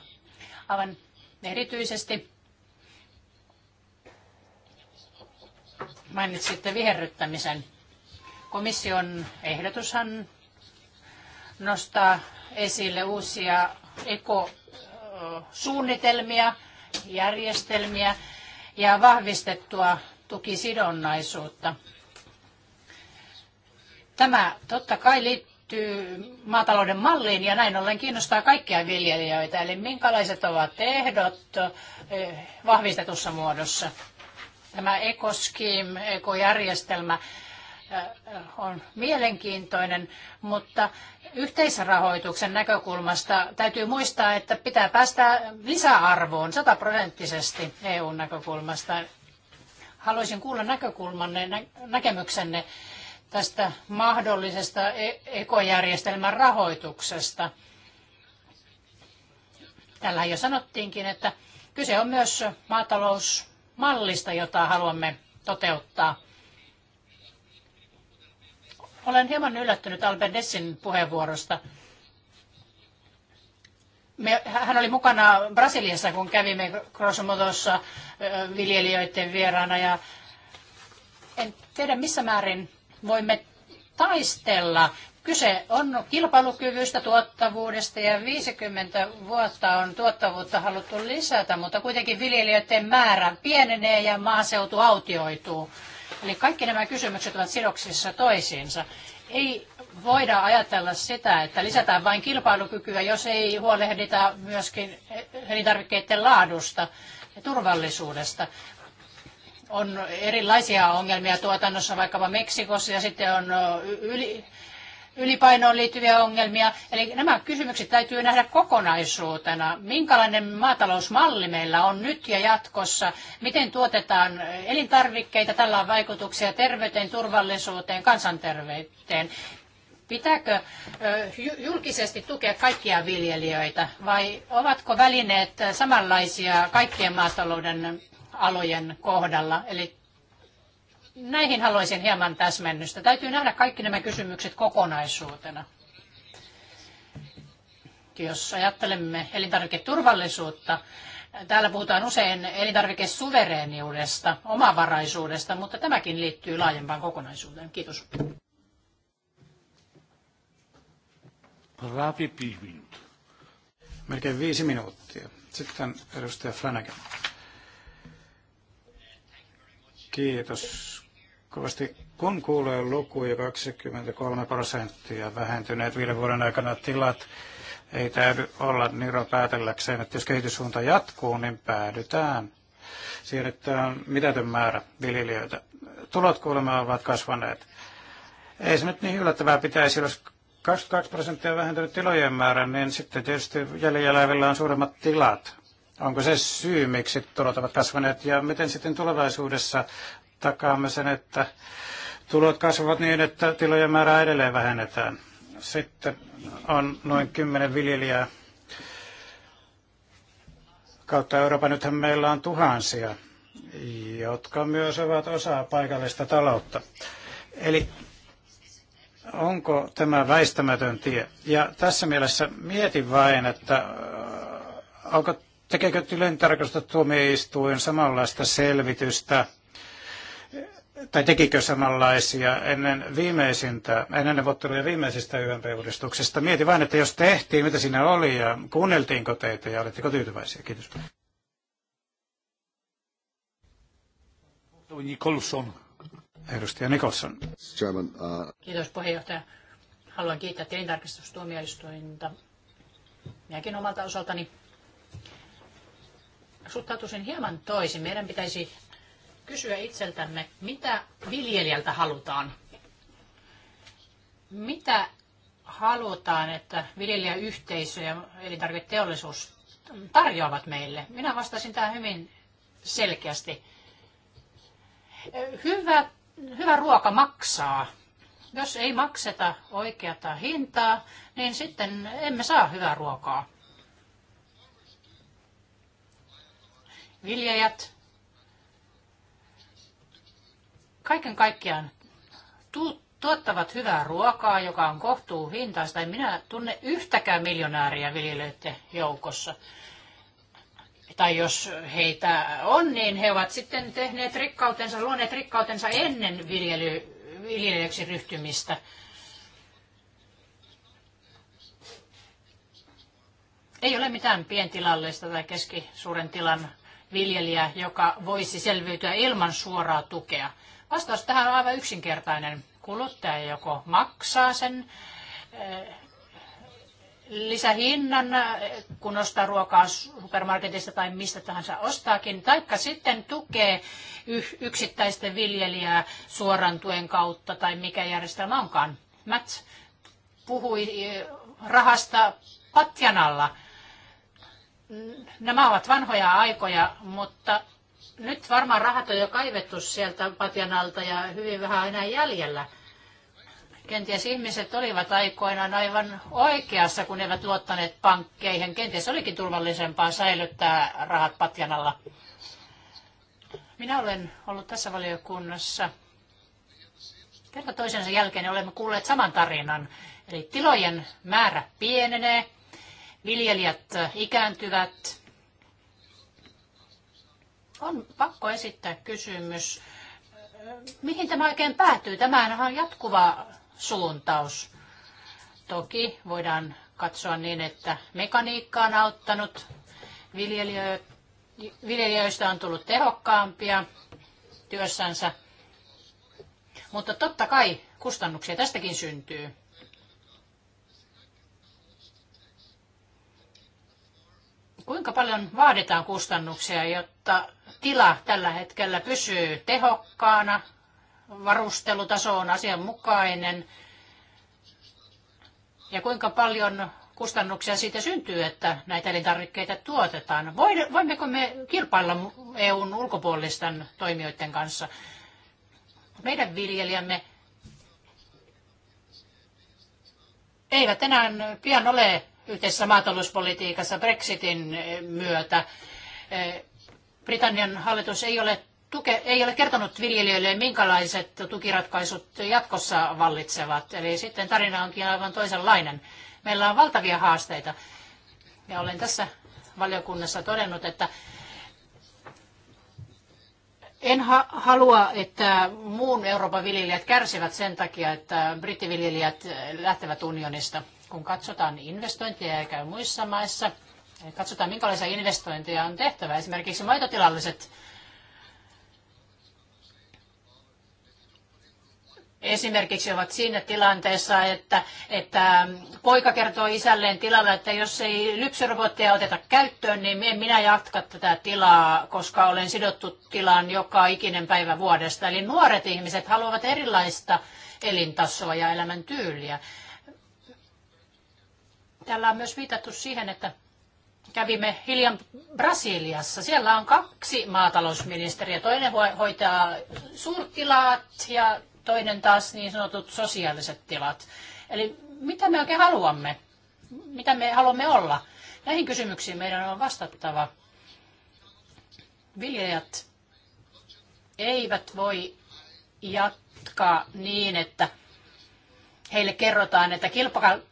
Aivan erityisesti mainitsitte viherryttämisen. Komission ehdotushan nostaa esille uusia ekosuunnitelmia – järjestelmiä ja vahvistettua tukisidonnaisuutta. Tämä totta kai liittyy maatalouden malliin ja näin ollen kiinnostaa kaikkia viljelijöitä, eli minkälaiset ovat ehdot eh, vahvistetussa muodossa. Tämä ekoskim, ekojärjestelmä eh, on mielenkiintoinen, mutta yhteisrahoituksen näkökulmasta täytyy muistaa, että pitää päästä lisäarvoon sataprosenttisesti EUn näkökulmasta. Haluaisin kuulla näkökulmanne, nä- näkemyksenne tästä mahdollisesta e- ekojärjestelmän rahoituksesta. Tällä jo sanottiinkin, että kyse on myös maatalousmallista, jota haluamme toteuttaa. Olen hieman yllättynyt Dessin puheenvuorosta. Me, hän oli mukana Brasiliassa, kun kävimme Grosomodossa viljelijöiden vieraana. Ja en tiedä, missä määrin voimme taistella. Kyse on kilpailukyvystä, tuottavuudesta ja 50 vuotta on tuottavuutta haluttu lisätä, mutta kuitenkin viljelijöiden määrä pienenee ja maaseutu autioituu. Eli kaikki nämä kysymykset ovat sidoksissa toisiinsa. Ei voida ajatella sitä, että lisätään vain kilpailukykyä, jos ei huolehdita myöskin elintarvikkeiden laadusta ja turvallisuudesta. On erilaisia ongelmia tuotannossa vaikkapa Meksikossa ja sitten on yli, ylipainoon liittyviä ongelmia. Eli nämä kysymykset täytyy nähdä kokonaisuutena. Minkälainen maatalousmalli meillä on nyt ja jatkossa? Miten tuotetaan elintarvikkeita? Tällä on vaikutuksia terveyteen, turvallisuuteen, kansanterveyteen. Pitääkö julkisesti tukea kaikkia viljelijöitä vai ovatko välineet samanlaisia kaikkien maatalouden alojen kohdalla? Eli näihin haluaisin hieman täsmennystä. Täytyy nähdä kaikki nämä kysymykset kokonaisuutena. Jos ajattelemme elintarviketurvallisuutta, täällä puhutaan usein elintarvikesuvereeniudesta, omavaraisuudesta, mutta tämäkin liittyy laajempaan kokonaisuuteen. Kiitos. Melkein viisi minuuttia. Sitten edustaja Flanagan. Kiitos kovasti, kun kuulee lukuja 23 prosenttia vähentyneet viiden vuoden aikana tilat, ei täydy olla Niro päätelläkseen, että jos kehityssuunta jatkuu, niin päädytään siihen, että on mitätön määrä viljelijöitä. Tulot kuulemma ovat kasvaneet. Ei se nyt niin yllättävää pitäisi, jos 22 prosenttia vähentynyt tilojen määrä, niin sitten tietysti jäljellä on suuremmat tilat. Onko se syy, miksi tulot ovat kasvaneet ja miten sitten tulevaisuudessa takaamme sen, että tulot kasvavat niin, että tilojen määrää edelleen vähennetään. Sitten on noin kymmenen viljelijää kautta Euroopan. Nythän meillä on tuhansia, jotka myös ovat osa paikallista taloutta. Eli onko tämä väistämätön tie? Ja tässä mielessä mietin vain, että äh, onko, tekeekö tilintarkastustuomioistuin samanlaista selvitystä – tai tekikö samanlaisia ennen viimeisintä, ennen neuvotteluja viimeisistä YMP-uudistuksista. Mieti vain, että jos tehtiin, mitä siinä oli ja kuunneltiinko teitä ja oletteko tyytyväisiä. Kiitos. Nicholson. Edustaja Nicholson. Chairman, uh... Kiitos puheenjohtaja. Haluan kiittää tilintarkistustuomioistuinta. Minäkin omalta osaltani suhtautuisin hieman toisin. Meidän pitäisi kysyä itseltämme, mitä viljelijältä halutaan? Mitä halutaan, että viljelijäyhteisö ja elintarviketeollisuus tarjoavat meille? Minä vastasin tähän hyvin selkeästi. Hyvä, hyvä ruoka maksaa. Jos ei makseta oikeata hintaa, niin sitten emme saa hyvää ruokaa. Viljelijät kaiken kaikkiaan tuottavat hyvää ruokaa, joka on kohtuu hintaista. En minä tunne yhtäkään miljonääriä viljelijöiden joukossa. Tai jos heitä on, niin he ovat sitten tehneet rikkautensa, luoneet rikkautensa ennen viljely, viljelijöksi ryhtymistä. Ei ole mitään pientilallista tai keskisuuren tilan viljelijää, joka voisi selviytyä ilman suoraa tukea – Vastaus tähän on aivan yksinkertainen. Kuluttaja joko maksaa sen eh, lisähinnan, eh, kun ostaa ruokaa supermarketista tai mistä tahansa ostaakin, taikka sitten tukee yksittäisten viljelijää suoran tuen kautta tai mikä järjestelmä onkaan. Matt puhui eh, rahasta patjan alla. Nämä ovat vanhoja aikoja, mutta nyt varmaan rahat on jo kaivettu sieltä patjan alta ja hyvin vähän enää jäljellä. Kenties ihmiset olivat aikoinaan aivan oikeassa, kun eivät luottaneet pankkeihin. Kenties olikin turvallisempaa säilyttää rahat patjan alla. Minä olen ollut tässä valiokunnassa kerta toisensa jälkeen niin olemme kuulleet saman tarinan. Eli tilojen määrä pienenee, viljelijät ikääntyvät, on pakko esittää kysymys, mihin tämä oikein päätyy? Tämähän on jatkuva suuntaus. Toki voidaan katsoa niin, että mekaniikka on auttanut, viljelijöistä on tullut tehokkaampia työssänsä, mutta totta kai kustannuksia tästäkin syntyy. Kuinka paljon vaaditaan kustannuksia, jotta tila tällä hetkellä pysyy tehokkaana, varustelutaso on asianmukainen ja kuinka paljon kustannuksia siitä syntyy, että näitä elintarvikkeita tuotetaan. Voimmeko me kilpailla EUn ulkopuolisten toimijoiden kanssa? Meidän viljelijämme eivät enää pian ole yhteisessä maatalouspolitiikassa Brexitin myötä Britannian hallitus ei ole, tuke, ei ole kertonut viljelijöille, minkälaiset tukiratkaisut jatkossa vallitsevat. Eli sitten tarina onkin aivan toisenlainen. Meillä on valtavia haasteita. Ja olen tässä valiokunnassa todennut, että en ha- halua, että muun Euroopan viljelijät kärsivät sen takia, että brittiviljelijät lähtevät unionista. Kun katsotaan investointeja ja muissa maissa – Katsotaan, minkälaisia investointeja on tehtävä. Esimerkiksi maitotilalliset esimerkiksi ovat siinä tilanteessa, että, että poika kertoo isälleen tilalle, että jos ei lypsyrobotteja oteta käyttöön, niin en minä jatka tätä tilaa, koska olen sidottu tilaan joka ikinen päivä vuodesta. Eli nuoret ihmiset haluavat erilaista elintasoa ja elämäntyyliä. Tällä on myös viitattu siihen, että kävimme hiljan Brasiliassa. Siellä on kaksi maatalousministeriä. Toinen voi hoitaa suurtilat ja toinen taas niin sanotut sosiaaliset tilat. Eli mitä me oikein haluamme? Mitä me haluamme olla? Näihin kysymyksiin meidän on vastattava. Viljelijät eivät voi jatkaa niin, että heille kerrotaan, että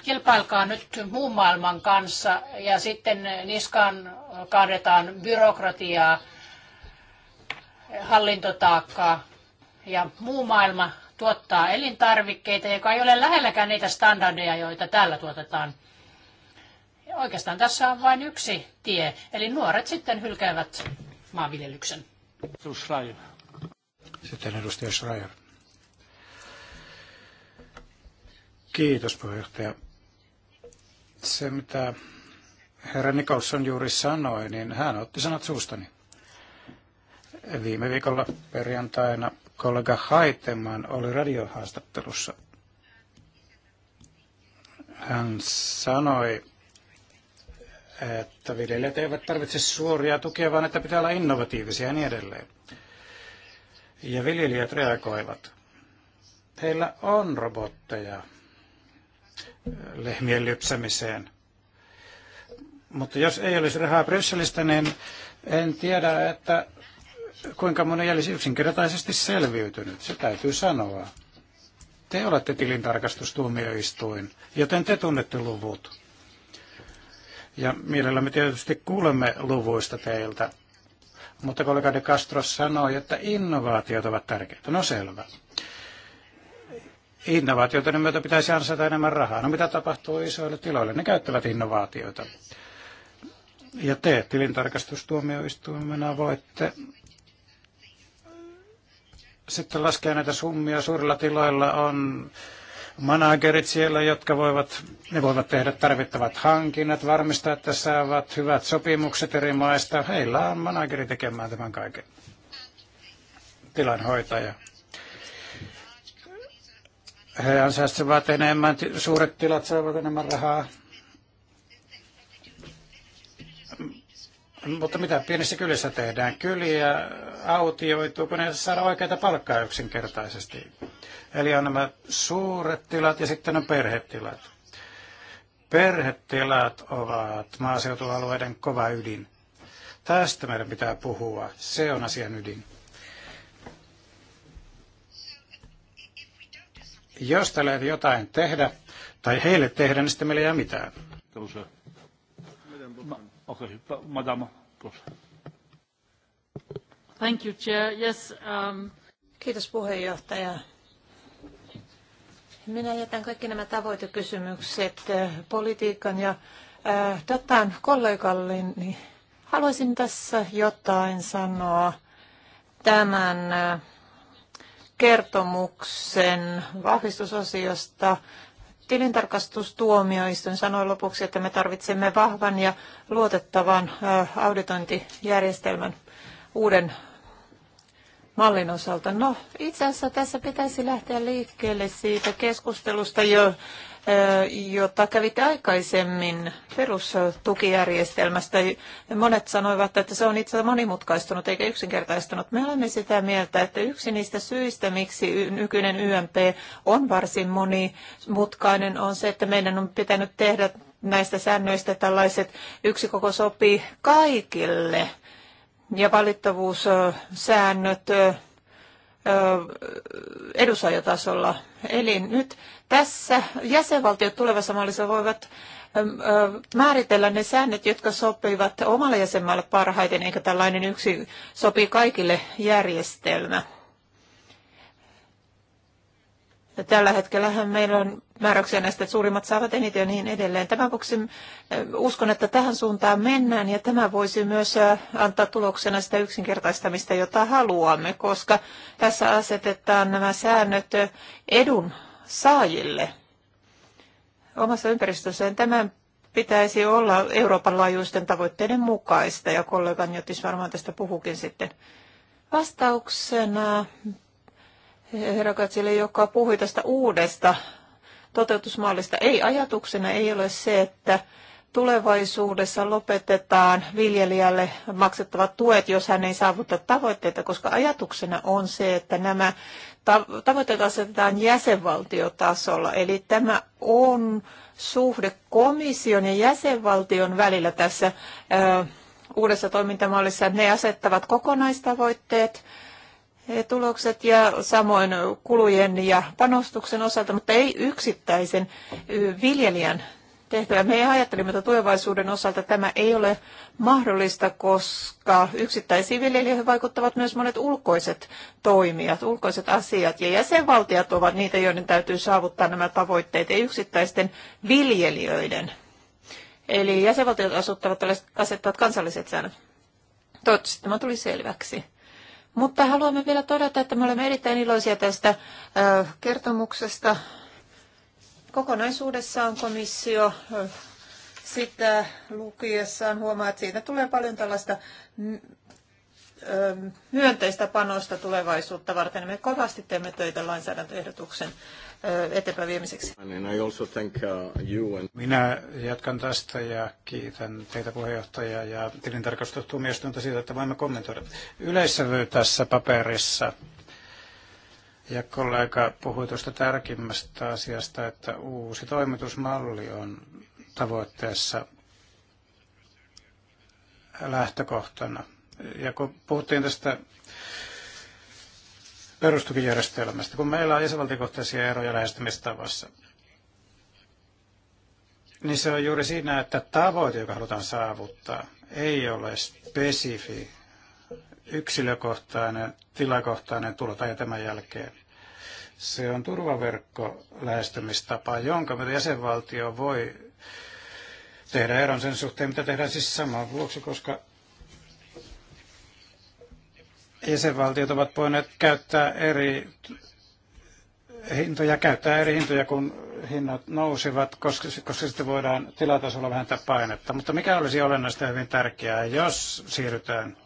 kilpailkaa nyt muun maailman kanssa ja sitten niskaan kaadetaan byrokratiaa, hallintotaakkaa ja muu maailma tuottaa elintarvikkeita, joka ei ole lähelläkään niitä standardeja, joita täällä tuotetaan. oikeastaan tässä on vain yksi tie, eli nuoret sitten hylkäävät maanviljelyksen. Sitten edustaja Schreier. Kiitos puheenjohtaja. Se mitä herra Nikolson juuri sanoi, niin hän otti sanat suustani. Viime viikolla perjantaina kollega Haiteman oli radiohaastattelussa. Hän sanoi, että viljelijät eivät tarvitse suoria tukia, vaan että pitää olla innovatiivisia ja niin edelleen. Ja viljelijät reagoivat. Heillä on robotteja, lehmien lypsämiseen. Mutta jos ei olisi rahaa Brysselistä, niin en tiedä, että kuinka moni olisi yksinkertaisesti selviytynyt. Se täytyy sanoa. Te olette tilintarkastustuomioistuin, joten te tunnette luvut. Ja mielellämme tietysti kuulemme luvuista teiltä. Mutta kollega de Castro sanoi, että innovaatiot ovat tärkeitä. No selvä innovaatioiden myötä pitäisi ansaita enemmän rahaa. No mitä tapahtuu isoille tiloille? Ne käyttävät innovaatioita. Ja te tilintarkastustuomioistuimena voitte sitten laskea näitä summia. Suurilla tiloilla on managerit siellä, jotka voivat, ne voivat tehdä tarvittavat hankinnat, varmistaa, että saavat hyvät sopimukset eri maista. Heillä on manageri tekemään tämän kaiken. Tilanhoitaja. He ansaitsevat enemmän, suuret tilat saavat enemmän rahaa. Mutta mitä pienissä kylissä tehdään? Kyliä autioituu, kun ei saada oikeita palkkaa yksinkertaisesti. Eli on nämä suuret tilat ja sitten on perhetilat. Perhetilat ovat maaseutualueiden kova ydin. Tästä meidän pitää puhua. Se on asian ydin. Jos tällä ei jotain tehdä tai heille tehdä, niin sitten meillä ei jää mitään. madame, Thank you, Chair. Yes, um... Kiitos puheenjohtaja. Minä jätän kaikki nämä tavoitekysymykset äh, politiikan ja äh, datan kollegalleni. Niin haluaisin tässä jotain sanoa tämän äh, kertomuksen vahvistusosiosta. Tilintarkastustuomioistuin sanoi lopuksi, että me tarvitsemme vahvan ja luotettavan auditointijärjestelmän uuden mallin osalta. No, itse asiassa tässä pitäisi lähteä liikkeelle siitä keskustelusta, jo, jota kävitte aikaisemmin perustukijärjestelmästä. Monet sanoivat, että se on itse asiassa monimutkaistunut eikä yksinkertaistunut. Me olemme sitä mieltä, että yksi niistä syistä, miksi nykyinen YMP on varsin monimutkainen, on se, että meidän on pitänyt tehdä näistä säännöistä tällaiset yksi koko sopii kaikille ja valittavuussäännöt edusajatasolla. Eli nyt tässä jäsenvaltiot tulevassa mallissa voivat määritellä ne säännöt, jotka sopivat omalle jäsenmaalle parhaiten, eikä tällainen yksi sopii kaikille järjestelmä. Tällä hetkellä meillä on määräyksiä näistä, että suurimmat saavat eniten ja niin edelleen. Tämän vuoksi eh, uskon, että tähän suuntaan mennään ja tämä voisi myös eh, antaa tuloksena sitä yksinkertaistamista, jota haluamme, koska tässä asetetaan nämä säännöt eh, edun saajille omassa ympäristössään. Tämän pitäisi olla Euroopan laajuisten tavoitteiden mukaista ja kollegan Jotis varmaan tästä puhukin sitten vastauksena herra Katsille, joka puhui tästä uudesta toteutusmallista. Ei ajatuksena ei ole se, että tulevaisuudessa lopetetaan viljelijälle maksettavat tuet, jos hän ei saavuta tavoitteita, koska ajatuksena on se, että nämä tavoitteet asetetaan jäsenvaltiotasolla. Eli tämä on suhde komission ja jäsenvaltion välillä tässä uudessa toimintamallissa. Ne asettavat kokonaistavoitteet Eh, tulokset ja samoin kulujen ja panostuksen osalta, mutta ei yksittäisen eh, viljelijän tehtävä. Me ajattelimme, että tulevaisuuden osalta tämä ei ole mahdollista, koska yksittäisiin viljelijöihin vaikuttavat myös monet ulkoiset toimijat, ulkoiset asiat ja jäsenvaltiot ovat niitä, joiden täytyy saavuttaa nämä tavoitteet ja yksittäisten viljelijöiden. Eli jäsenvaltiot asettavat kansalliset säännöt. Toivottavasti tämä tuli selväksi. Mutta haluamme vielä todeta, että me olemme erittäin iloisia tästä kertomuksesta. Kokonaisuudessaan komissio sitä lukiessaan huomaa, että siitä tulee paljon tällaista myönteistä panosta tulevaisuutta varten. Me kovasti teemme töitä lainsäädäntöehdotuksen eteenpäin viemiseksi. Uh, Minä jatkan tästä ja kiitän teitä puheenjohtajaa ja tilintarkastustuomioistuinta siitä, että voimme kommentoida. Yleissävy tässä paperissa ja kollega puhui tuosta tärkeimmästä asiasta, että uusi toimitusmalli on tavoitteessa lähtökohtana. Ja kun puhuttiin tästä perustukijärjestelmästä, kun meillä on jäsenvaltiokohtaisia eroja lähestymistavassa. Niin se on juuri siinä, että tavoite, joka halutaan saavuttaa, ei ole spesifi, yksilökohtainen, tilakohtainen tulo tai tämän jälkeen. Se on turvaverkko lähestymistapa, jonka jäsenvaltio voi tehdä eron sen suhteen, mitä tehdään siis saman vuoksi, koska jäsenvaltiot ovat voineet käyttää eri hintoja, käyttää eri hintoja, kun hinnat nousivat, koska, koska sitten voidaan tilatasolla vähentää painetta. Mutta mikä olisi olennaista hyvin tärkeää, jos siirrytään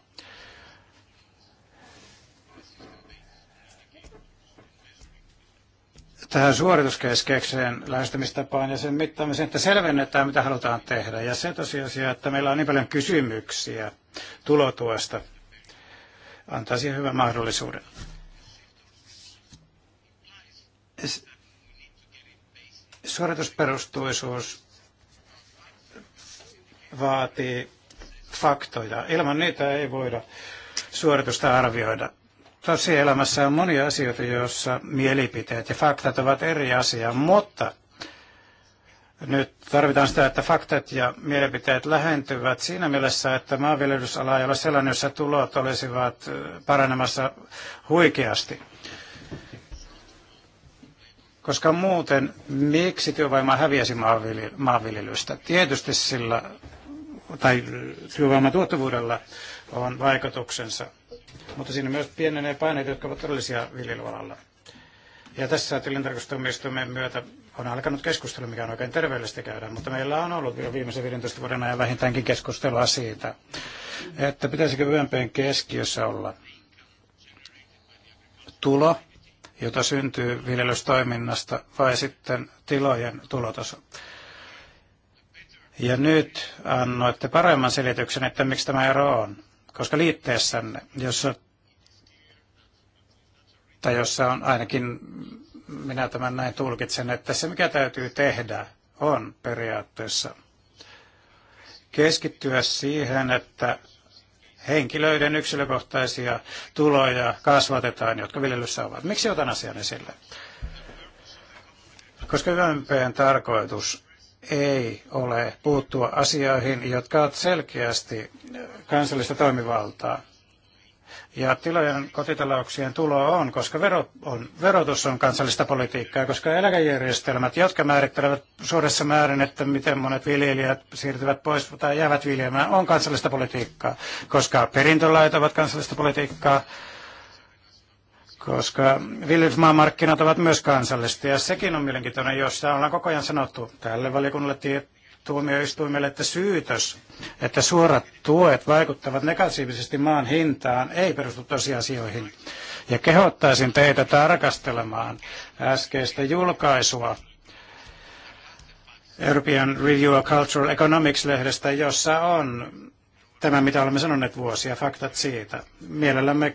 tähän suorituskeskeiseen lähestymistapaan ja sen mittaamiseen, että selvennetään, mitä halutaan tehdä. Ja se tosiasia, että meillä on niin paljon kysymyksiä tulotuesta – antaa siihen hyvän mahdollisuuden. Suoritusperustuisuus vaatii faktoja. Ilman niitä ei voida suoritusta arvioida. Tosielämässä on monia asioita, joissa mielipiteet ja faktat ovat eri asia, mutta nyt tarvitaan sitä, että faktat ja mielipiteet lähentyvät siinä mielessä, että maanviljelysala ei ole sellainen, jossa tulot olisivat paranemassa huikeasti. Koska muuten, miksi työvoima häviäisi maanviljelystä? Tietysti sillä, tai tuottavuudella on vaikutuksensa, mutta siinä myös pienenee paineet, jotka ovat todellisia viljelyalalla. Ja tässä tilintarkastumistumme myötä on alkanut keskustelu, mikä on oikein terveellistä käydä, mutta meillä on ollut jo viimeisen 15 vuoden ajan vähintäänkin keskustelua siitä, että pitäisikö YMPn keskiössä olla tulo, jota syntyy viljelystoiminnasta, vai sitten tilojen tulotaso. Ja nyt annoitte paremman selityksen, että miksi tämä ero on. Koska liitteessänne, jossa, tai jossa on ainakin minä tämän näin tulkitsen, että se mikä täytyy tehdä on periaatteessa keskittyä siihen, että henkilöiden yksilökohtaisia tuloja kasvatetaan, jotka viljelyssä ovat. Miksi otan asian esille? Koska YMPn tarkoitus ei ole puuttua asioihin, jotka ovat selkeästi kansallista toimivaltaa. Ja tilojen kotitalouksien tulo on, koska vero on, verotus on kansallista politiikkaa, koska eläkejärjestelmät, jotka määrittelevät suuressa määrin, että miten monet viljelijät siirtyvät pois tai jäävät viljelemään, on kansallista politiikkaa, koska perintölait ovat kansallista politiikkaa, koska viljelysmaamarkkinat ovat myös kansallista. Ja sekin on mielenkiintoinen, jossa ollaan koko ajan sanottu tälle valiokunnalle tuomioistuimelle, että syytös, että suorat tuet vaikuttavat negatiivisesti maan hintaan, ei perustu tosiasioihin. Ja kehottaisin teitä tarkastelemaan äskeistä julkaisua European Review of Cultural Economics-lehdestä, jossa on tämä, mitä olemme sanoneet vuosia, faktat siitä. Mielellämme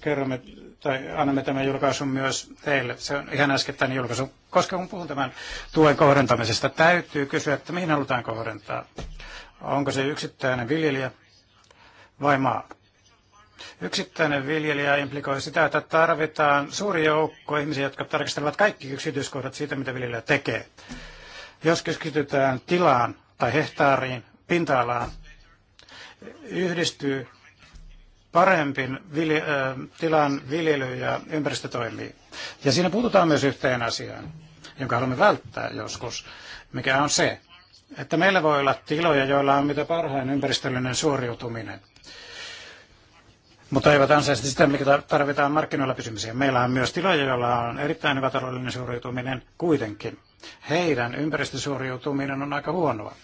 kerromme tai annamme tämän julkaisun myös teille. Se on ihan äskettäin julkaisu. Koska kun puhun tämän tuen kohdentamisesta, täytyy kysyä, että mihin halutaan kohdentaa. Onko se yksittäinen viljelijä vai maa? Yksittäinen viljelijä implikoi sitä, että tarvitaan suuri joukko ihmisiä, jotka tarkastelevat kaikki yksityiskohdat siitä, mitä viljelijä tekee. Jos keskitytään tilaan tai hehtaariin, pinta-alaan, yhdistyy parempi vilje, tilan viljely ja ympäristötoimii. Ja siinä puututaan myös yhteen asiaan, jonka haluamme välttää joskus, mikä on se, että meillä voi olla tiloja, joilla on mitä parhain ympäristöllinen suoriutuminen, mutta eivät ansaitse sitä, mikä tarvitaan markkinoilla pysymiseen. Meillä on myös tiloja, joilla on erittäin hyvä taloudellinen suoriutuminen kuitenkin. Heidän ympäristösuoriutuminen on aika huonoa.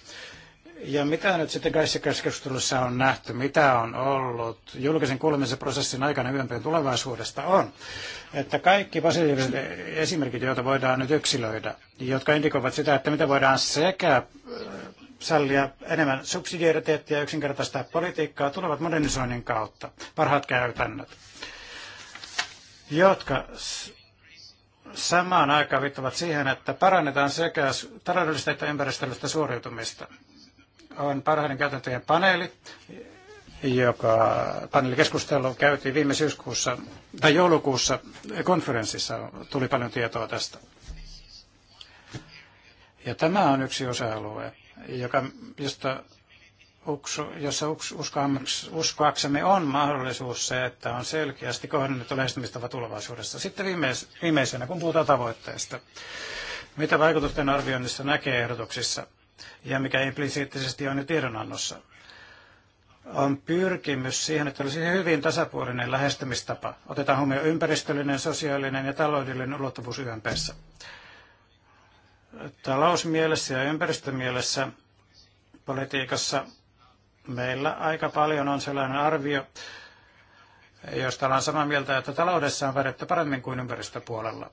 Ja mitä nyt sitten kaikissa keskustelussa on nähty, mitä on ollut julkisen kuulemisen prosessin aikana YMPn tulevaisuudesta on, että kaikki positiiviset esimerkit, joita voidaan nyt yksilöidä, jotka indikoivat sitä, että mitä voidaan sekä äh, sallia enemmän subsidiariteettia ja yksinkertaista politiikkaa, tulevat modernisoinnin kautta, parhaat käytännöt, jotka samaan aikaan viittavat siihen, että parannetaan sekä taloudellista että ympäristöllistä suoriutumista on parhaiden käytäntöjen paneeli, joka paneelikeskustelu käytiin viime syyskuussa tai joulukuussa konferenssissa. Tuli paljon tietoa tästä. Ja tämä on yksi osa-alue, joka, josta uksu, jossa uskoaksemme on mahdollisuus se, että on selkeästi kohdennettu lähestymistapa tulevaisuudessa. Sitten viimeis, viimeisenä, kun puhutaan tavoitteista. Mitä vaikutusten arvioinnissa näkee ehdotuksissa? ja mikä implisiittisesti on jo tiedonannossa, on pyrkimys siihen, että olisi hyvin tasapuolinen lähestymistapa. Otetaan huomioon ympäristöllinen, sosiaalinen ja taloudellinen ulottuvuus YMPssä. Talousmielessä ja ympäristömielessä politiikassa meillä aika paljon on sellainen arvio, josta ollaan samaa mieltä, että taloudessa on pärjätty paremmin kuin ympäristöpuolella.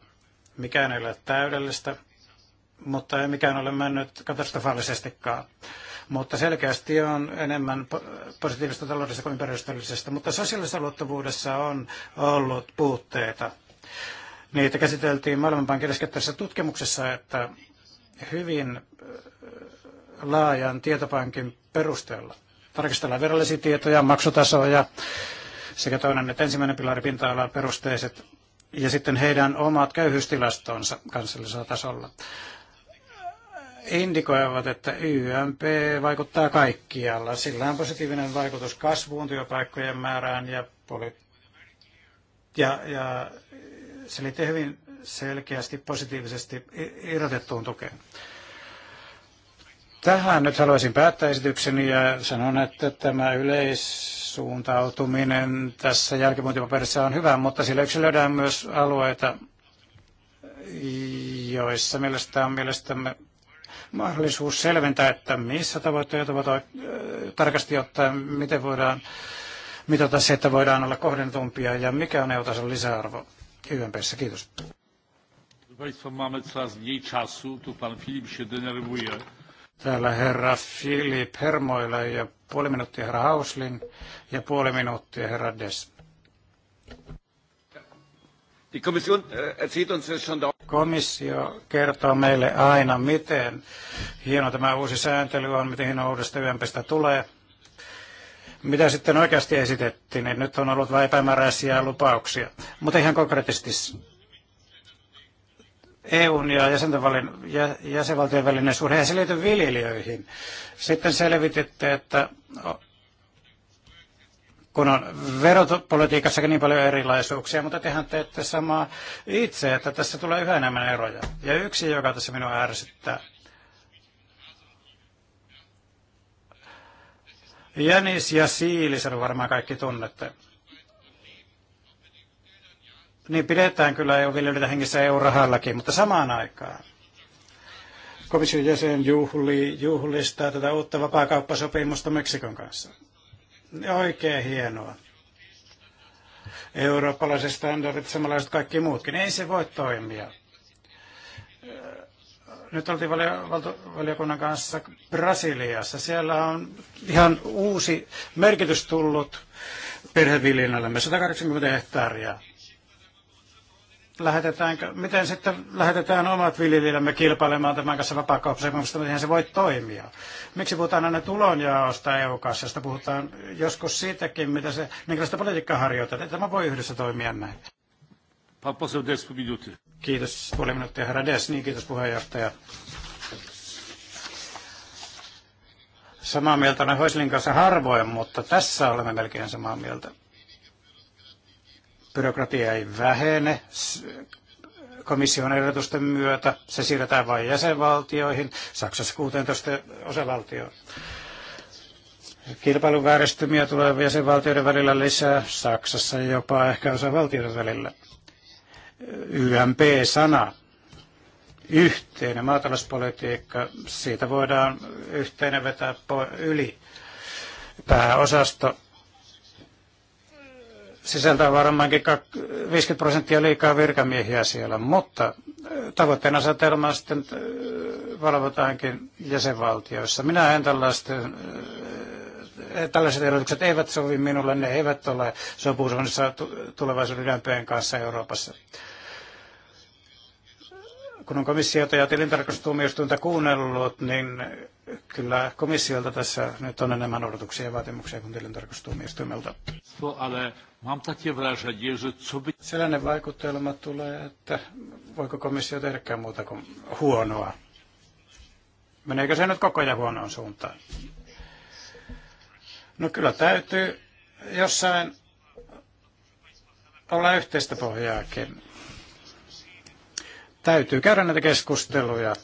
Mikään ei ole täydellistä, mutta ei mikään ole mennyt katastrofaalisestikaan. Mutta selkeästi on enemmän positiivista taloudesta kuin ympäristöllisestä. Mutta sosiaalisessa luottavuudessa on ollut puutteita. Niitä käsiteltiin Maailmanpankin äskettäisessä tutkimuksessa, että hyvin äh, laajan tietopankin perusteella. Tarkistellaan virallisia tietoja, maksutasoja sekä toinen että ensimmäinen pilari pinta ala perusteiset ja sitten heidän omat köyhyystilastonsa kansallisella tasolla indikoivat, että YMP vaikuttaa kaikkialla. Sillä on positiivinen vaikutus kasvuun, työpaikkojen määrään ja, poli- ja, ja se liittyy hyvin selkeästi positiivisesti irrotettuun tukeen. Tähän nyt haluaisin päättää esitykseni ja sanon, että tämä yleissuuntautuminen tässä jälkimuotipaperissa on hyvä, mutta sillä yksilöidään myös alueita, joissa mielestä on mielestämme mahdollisuus selventää, että missä tavoitteet ovat tarkasti ottaen, miten voidaan mitata se, että voidaan olla kohdentumpia ja mikä on EU-tason lisäarvo YMPssä. Kiitos. Täällä herra Filip Hermoila ja puoli minuuttia herra Hauslin ja puoli minuuttia herra Des. Äh, Komissio kertoo meille aina, miten hieno tämä uusi sääntely on, miten hieno uudesta ympäristä tulee. Mitä sitten oikeasti esitettiin, niin nyt on ollut vain epämääräisiä lupauksia. Mutta ihan konkreettisesti EUn ja jäsenvaltion välinen suhde, ei se liity viljelijöihin. Sitten selvititte, että kun on veropolitiikassakin niin paljon erilaisuuksia, mutta tehän teette samaa itse, että tässä tulee yhä enemmän eroja. Ja yksi, joka tässä minua ärsyttää, Jänis ja siili, sen varmaan kaikki tunnette. Niin pidetään kyllä EU-viljelijöitä hengissä EU-rahallakin, mutta samaan aikaan komission jäsen juhli, juhlistaa tätä uutta vapaakauppasopimusta Meksikon kanssa. Oikein hienoa. Eurooppalaiset standardit, samanlaiset kaikki muutkin. Ei se voi toimia. Nyt oltiin valiokunnan kanssa Brasiliassa. Siellä on ihan uusi merkitys tullut perheviljelijälle, 180 hehtaaria. Lähetetäänkö, miten sitten lähetetään omat viljelijämme kilpailemaan tämän kanssa vapaakauppasopimuksesta, miten se voi toimia? Miksi puhutaan aina tulonjaosta EU-kassasta, puhutaan joskus siitäkin, mitä se, minkälaista politiikkaa harjoitetaan. Tämä voi yhdessä toimia näin. Kiitos, puoli minuuttia herra Des. Niin, kiitos puheenjohtaja. Samaa mieltä olen Hoislin kanssa harvoin, mutta tässä olemme melkein samaa mieltä. Byrokratia ei vähene komission ehdotusten myötä. Se siirretään vain jäsenvaltioihin, Saksassa 16 osavaltioon. Kilpailun vääristymiä tulee jäsenvaltioiden välillä lisää, Saksassa jopa ehkä osavaltioiden välillä. YMP-sana, yhteinen maatalouspolitiikka, siitä voidaan yhteinen vetää yli pääosasto sisältää varmaankin 50 prosenttia liikaa virkamiehiä siellä, mutta tavoitteen asetelmaa sitten valvotaankin jäsenvaltioissa. Minä en tällaisten tällaiset edellytykset eivät sovi minulle, ne eivät ole sopusuunnissa tulevaisuuden ylempien kanssa Euroopassa. Kun on komissiota ja tilintarkastustuomioistuinta kuunnellut, niin Kyllä komissiolta tässä nyt on enemmän odotuksia ja vaatimuksia kuin tilintarkastustuomioistuimelta. Sellainen vaikutelma tulee, että voiko komissio tehdäkään muuta kuin huonoa. Meneekö se nyt koko ajan huonoon suuntaan? No kyllä täytyy jossain olla yhteistä pohjaakin. Täytyy käydä näitä keskusteluja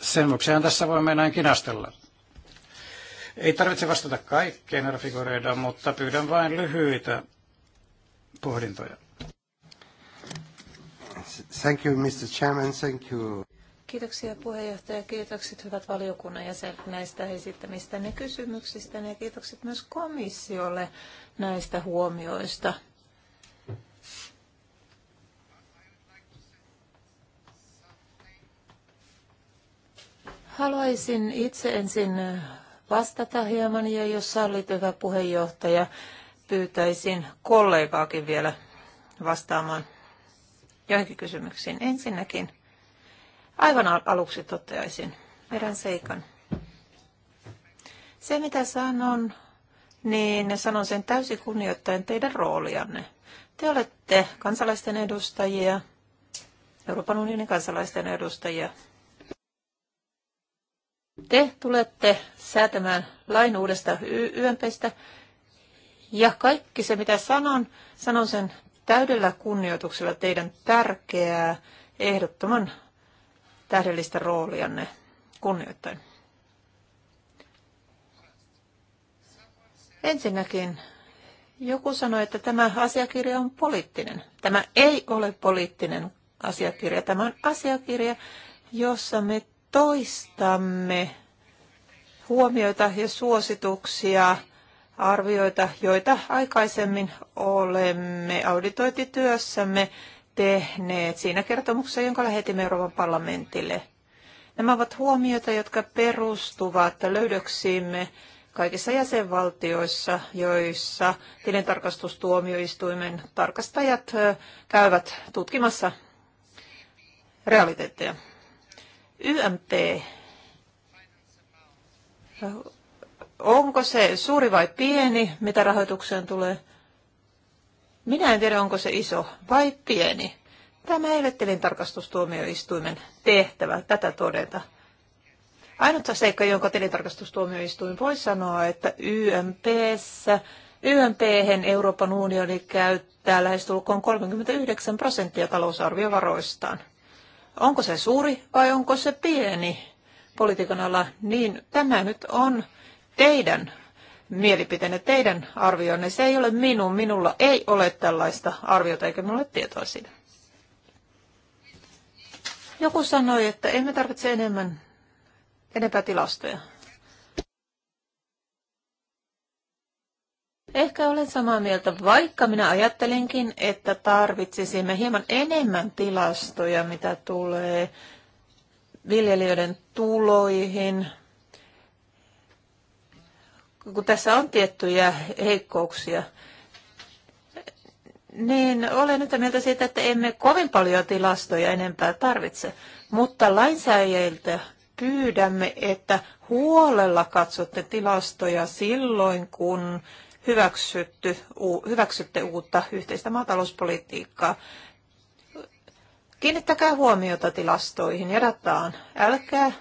sen vuoksihan tässä voimme näin kinastella. Ei tarvitse vastata kaikkeen, herra mutta pyydän vain lyhyitä pohdintoja. Thank you, Mr. Chairman. Thank you. Kiitoksia puheenjohtaja, kiitokset hyvät valiokunnan jäsenet näistä esittämistä ne kysymyksistä ja kiitokset myös komissiolle näistä huomioista. Haluaisin itse ensin vastata hieman ja jos sallit, hyvä puheenjohtaja, pyytäisin kollegaakin vielä vastaamaan joihinkin kysymyksiin. Ensinnäkin aivan aluksi toteaisin erään seikan. Se, mitä sanon, niin sanon sen täysin kunnioittaen teidän roolianne. Te olette kansalaisten edustajia, Euroopan unionin kansalaisten edustajia. Te tulette säätämään lain uudesta YMPstä ja kaikki se, mitä sanon, sanon sen täydellä kunnioituksella teidän tärkeää, ehdottoman tähdellistä roolianne kunnioittain. Ensinnäkin joku sanoi, että tämä asiakirja on poliittinen. Tämä ei ole poliittinen asiakirja. Tämä on asiakirja, jossa me toistamme huomioita ja suosituksia, arvioita, joita aikaisemmin olemme auditointityössämme tehneet siinä kertomuksessa, jonka lähetimme Euroopan parlamentille. Nämä ovat huomioita, jotka perustuvat löydöksiimme kaikissa jäsenvaltioissa, joissa tilintarkastustuomioistuimen tarkastajat käyvät tutkimassa realiteetteja. YMP, onko se suuri vai pieni, mitä rahoitukseen tulee? Minä en tiedä, onko se iso vai pieni. Tämä ei ole tilintarkastustuomioistuimen tehtävä tätä todeta. Ainut seikka, jonka tilintarkastustuomioistuin voi sanoa, että YMPssä, YMP Euroopan unioni käyttää lähestulkoon 39 prosenttia talousarviovaroistaan. Onko se suuri vai onko se pieni politiikan ala, niin tämä nyt on teidän mielipiteenne, teidän arvioinne. Se ei ole minun. Minulla ei ole tällaista arviota eikä minulla ole tietoa siitä. Joku sanoi, että emme tarvitse enemmän, enempää tilastoja. Ehkä olen samaa mieltä, vaikka minä ajattelenkin, että tarvitsisimme hieman enemmän tilastoja, mitä tulee viljelijöiden tuloihin, kun tässä on tiettyjä heikkouksia. Niin, olen yhtä mieltä siitä, että emme kovin paljon tilastoja enempää tarvitse, mutta lainsääjiltä pyydämme, että huolella katsotte tilastoja silloin, kun hyväksytty, hyväksytte uutta yhteistä maatalouspolitiikkaa. Kiinnittäkää huomiota tilastoihin ja dataan. Älkää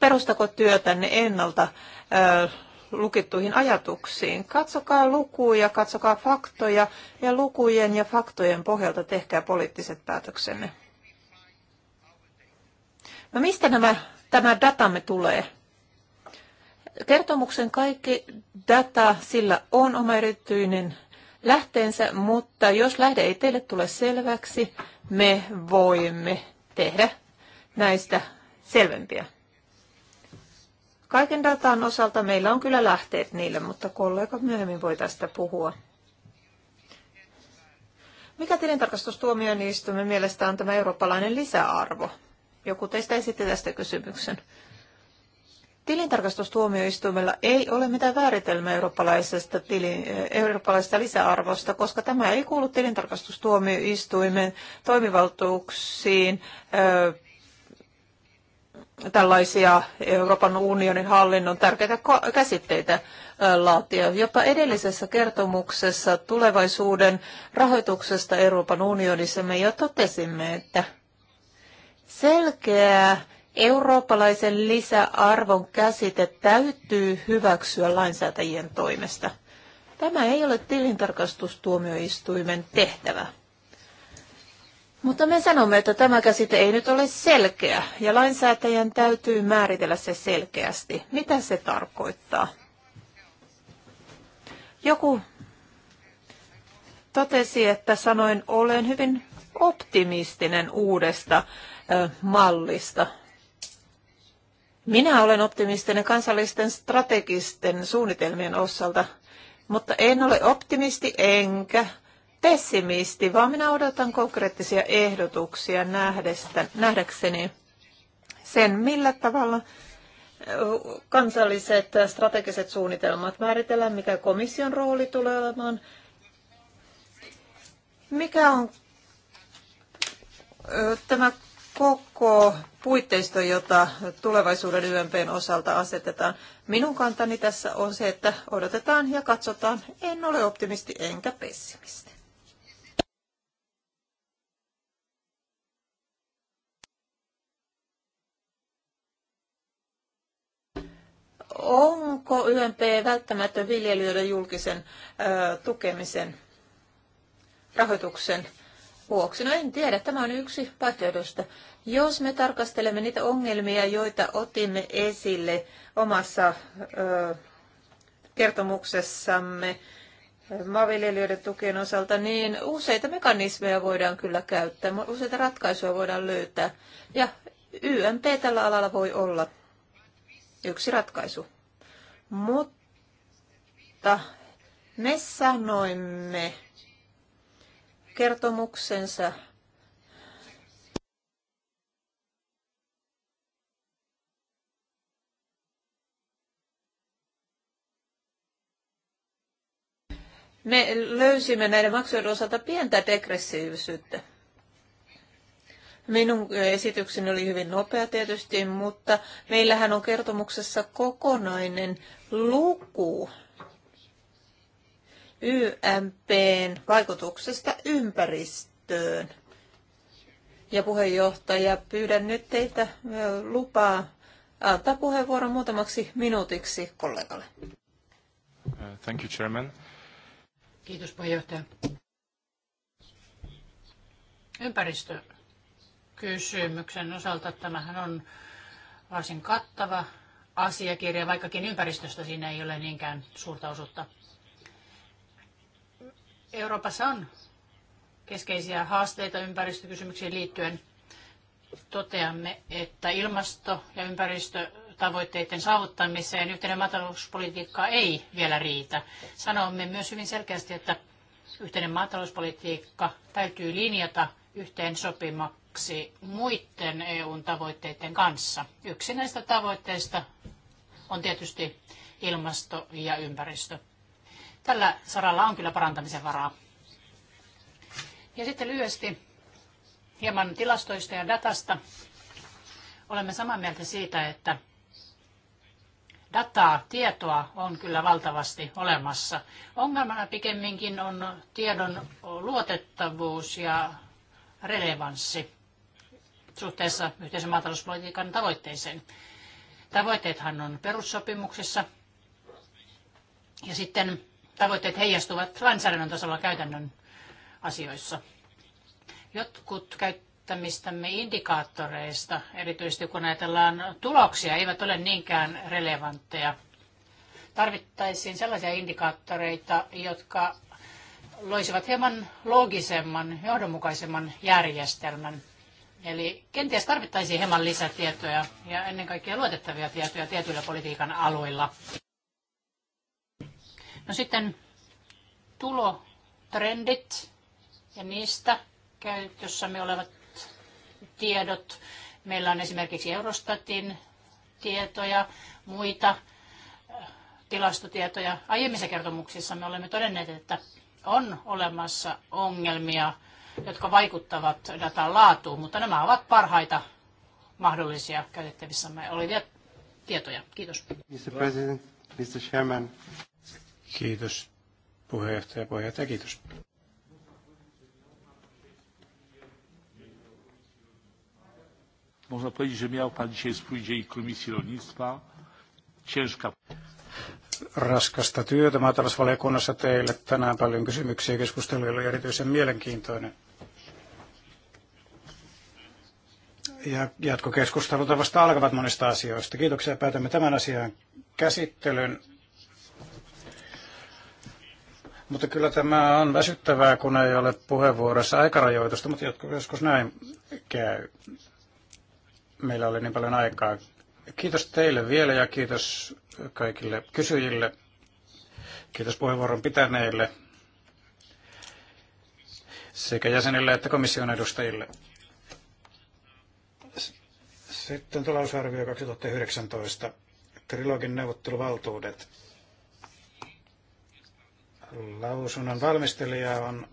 perustako työtänne ennalta ö, lukittuihin ajatuksiin. Katsokaa lukuja, katsokaa faktoja ja lukujen ja faktojen pohjalta tehkää poliittiset päätöksenne. No mistä nämä, tämä datamme tulee? Kertomuksen kaikki data, sillä on oma erityinen lähteensä, mutta jos lähde ei teille tule selväksi, me voimme tehdä näistä selvempiä. Kaiken datan osalta meillä on kyllä lähteet niille, mutta kollega myöhemmin voi tästä puhua. Mikä tilintarkastustuomioistuimen mielestä on tämä eurooppalainen lisäarvo? Joku teistä esitti tästä kysymyksen. Tilintarkastustuomioistuimella ei ole mitään määritelmää eurooppalaisesta, tili, eurooppalaisesta lisäarvosta, koska tämä ei kuulu tilintarkastustuomioistuimen toimivaltuuksiin tällaisia Euroopan unionin hallinnon tärkeitä käsitteitä laatia. Jopa edellisessä kertomuksessa tulevaisuuden rahoituksesta Euroopan unionissa me jo totesimme, että selkeää Eurooppalaisen lisäarvon käsite täytyy hyväksyä lainsäätäjien toimesta. Tämä ei ole tilintarkastustuomioistuimen tehtävä. Mutta me sanomme, että tämä käsite ei nyt ole selkeä, ja lainsäätäjän täytyy määritellä se selkeästi. Mitä se tarkoittaa? Joku totesi, että sanoin olen hyvin optimistinen uudesta mallista. Minä olen optimistinen kansallisten strategisten suunnitelmien osalta, mutta en ole optimisti enkä pessimisti, vaan minä odotan konkreettisia ehdotuksia nähdestä, nähdäkseni sen, millä tavalla kansalliset strategiset suunnitelmat määritellään, mikä komission rooli tulee olemaan, mikä on tämä koko puitteisto, jota tulevaisuuden YMPn osalta asetetaan. Minun kantani tässä on se, että odotetaan ja katsotaan. En ole optimisti enkä pessimisti. Onko YMP välttämätön viljelijöiden julkisen ö, tukemisen rahoituksen vuoksi. No en tiedä, tämä on yksi vaihtoehdosta. Jos me tarkastelemme niitä ongelmia, joita otimme esille omassa ö, kertomuksessamme maanviljelijöiden tukien osalta, niin useita mekanismeja voidaan kyllä käyttää, useita ratkaisuja voidaan löytää. Ja YMP tällä alalla voi olla yksi ratkaisu. Mutta me sanoimme, kertomuksensa me löysimme näiden maksujen osalta pientä degressiivisyyttä. Minun esitykseni oli hyvin nopea tietysti, mutta meillähän on kertomuksessa kokonainen luku YMPn vaikutuksesta ympäristöön. Ja puheenjohtaja, pyydän nyt teitä lupaa antaa puheenvuoron muutamaksi minuutiksi kollegalle. Uh, thank you, Chairman. Kiitos puheenjohtaja. Ympäristökysymyksen osalta tämähän on varsin kattava asiakirja, vaikkakin ympäristöstä siinä ei ole niinkään suurta osuutta. Euroopassa on keskeisiä haasteita ympäristökysymyksiin liittyen. Toteamme, että ilmasto- ja ympäristötavoitteiden saavuttamiseen yhteinen maatalouspolitiikka ei vielä riitä. Sanomme myös hyvin selkeästi, että yhteinen maatalouspolitiikka täytyy linjata yhteen sopimaksi muiden eu tavoitteiden kanssa. Yksi näistä tavoitteista on tietysti ilmasto ja ympäristö. Tällä saralla on kyllä parantamisen varaa. Ja sitten lyhyesti hieman tilastoista ja datasta. Olemme samaa mieltä siitä, että dataa, tietoa on kyllä valtavasti olemassa. Ongelmana pikemminkin on tiedon luotettavuus ja relevanssi suhteessa yhteisen maatalouspolitiikan tavoitteeseen. Tavoitteethan on perussopimuksessa ja sitten tavoitteet heijastuvat lainsäädännön tasolla käytännön asioissa. Jotkut käyttämistämme indikaattoreista, erityisesti kun ajatellaan tuloksia, eivät ole niinkään relevantteja. Tarvittaisiin sellaisia indikaattoreita, jotka loisivat hieman loogisemman, johdonmukaisemman järjestelmän. Eli kenties tarvittaisiin hieman lisätietoja ja ennen kaikkea luotettavia tietoja tietyillä politiikan alueilla. No sitten tulotrendit ja niistä käytössämme olevat tiedot. Meillä on esimerkiksi Eurostatin tietoja, muita äh, tilastotietoja. Aiemmissa kertomuksissa me olemme todenneet, että on olemassa ongelmia, jotka vaikuttavat datan laatuun, mutta nämä ovat parhaita mahdollisia käytettävissämme olevia tietoja. Kiitos. Mr. President, Mr. Chairman. Kiitos puheenjohtaja, puheenjohtaja, kiitos. Można powiedzieć, że miał Pan dzisiaj swój dzień Komisji Rolnictwa. Ciężka. Raskasta työtä maatalousvaliokunnassa teille tänään paljon kysymyksiä ja keskustelu oli erityisen mielenkiintoinen. Ja jatkokeskustelut vasta alkavat monista asioista. Kiitoksia. Päätämme tämän asian käsittelyn. Mutta kyllä tämä on väsyttävää, kun ei ole puheenvuorossa aikarajoitusta, mutta jotkut joskus näin käy. Meillä oli niin paljon aikaa. Kiitos teille vielä ja kiitos kaikille kysyjille. Kiitos puheenvuoron pitäneille sekä jäsenille että komission edustajille. Sitten talousarvio 2019, trilogin neuvotteluvaltuudet. Lausunnon valmistelija on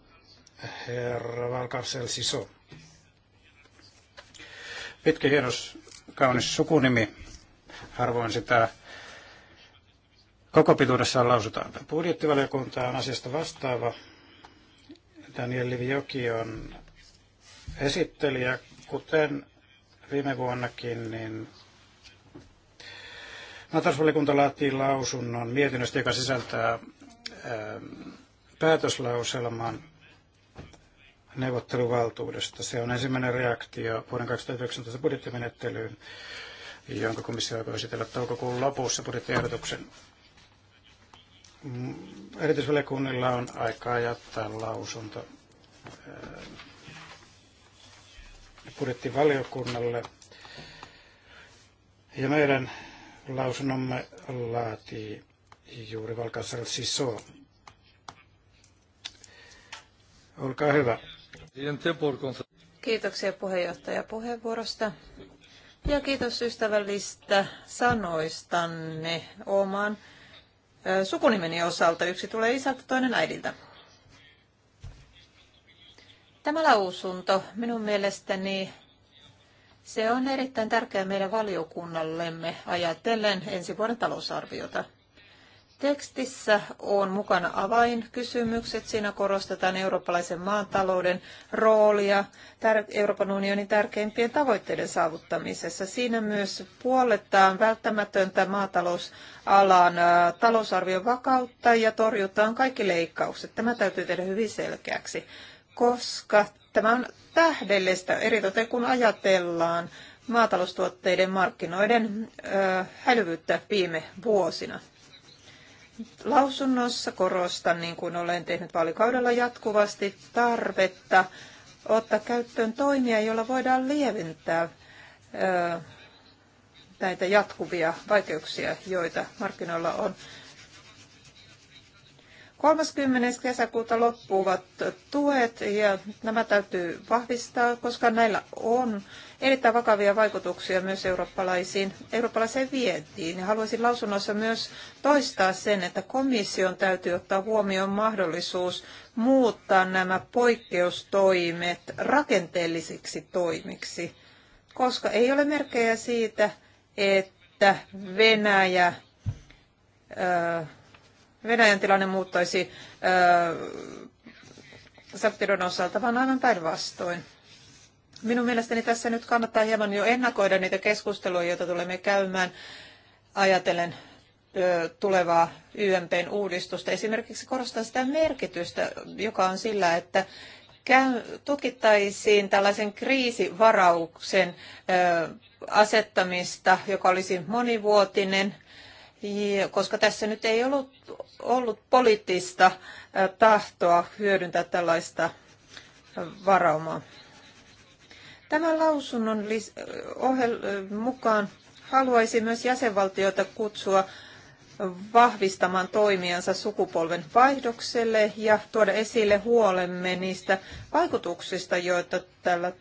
herra Valkarsel Siso. Pitkä, hienos, kaunis sukunimi. Harvoin sitä koko pituudessaan lausutaan. Budjettivaliokunta on asiasta vastaava. Daniel Livioki on esittelijä, kuten viime vuonnakin, niin Maatalousvaliokunta laatii lausunnon mietinnöstä, joka sisältää Ähm, päätöslauselman neuvotteluvaltuudesta. Se on ensimmäinen reaktio vuoden 2019 budjettimenettelyyn, jonka komissio voi esitellä toukokuun lopussa budjettiehdotuksen. Mm, erityisvaliokunnilla on aikaa jättää lausunto ähm, budjettivaliokunnalle. Ja meidän lausunnomme laatii juuri Valkaisar Siso. Olkaa hyvä. Kiitoksia puheenjohtaja puheenvuorosta. Ja kiitos ystävällistä sanoistanne oman sukunimeni osalta. Yksi tulee isältä, toinen äidiltä. Tämä lausunto minun mielestäni se on erittäin tärkeä meidän valiokunnallemme ajatellen ensi vuoden talousarviota. Tekstissä on mukana avainkysymykset. Siinä korostetaan eurooppalaisen maatalouden roolia Euroopan unionin tärkeimpien tavoitteiden saavuttamisessa. Siinä myös puolletaan välttämätöntä maatalousalan talousarvion vakautta ja torjutaan kaikki leikkaukset. Tämä täytyy tehdä hyvin selkeäksi, koska tämä on tähdellistä, eritoten kun ajatellaan maataloustuotteiden markkinoiden ö, hälyvyyttä viime vuosina. Lausunnossa korostan, niin kuin olen tehnyt vaalikaudella jatkuvasti, tarvetta ottaa käyttöön toimia, joilla voidaan lieventää näitä jatkuvia vaikeuksia, joita markkinoilla on. 30. kesäkuuta loppuvat tuet ja nämä täytyy vahvistaa, koska näillä on erittäin vakavia vaikutuksia myös eurooppalaisiin, eurooppalaiseen vientiin. Ja haluaisin lausunnossa myös toistaa sen, että komission täytyy ottaa huomioon mahdollisuus muuttaa nämä poikkeustoimet rakenteellisiksi toimiksi, koska ei ole merkkejä siitä, että Venäjä... Öö, Venäjän tilanne muuttaisi sanktioiden osalta, vaan aivan päinvastoin. Minun mielestäni tässä nyt kannattaa hieman jo ennakoida niitä keskusteluja, joita tulemme käymään ajatellen tulevaa YMPn uudistusta. Esimerkiksi korostaa sitä merkitystä, joka on sillä, että tukittaisiin tällaisen kriisivarauksen asettamista, joka olisi monivuotinen koska tässä nyt ei ollut, ollut poliittista tahtoa hyödyntää tällaista varaumaa. Tämän lausunnon mukaan haluaisi myös jäsenvaltioita kutsua vahvistamaan toimiansa sukupolven vaihdokselle ja tuoda esille huolemme niistä vaikutuksista, joita tällä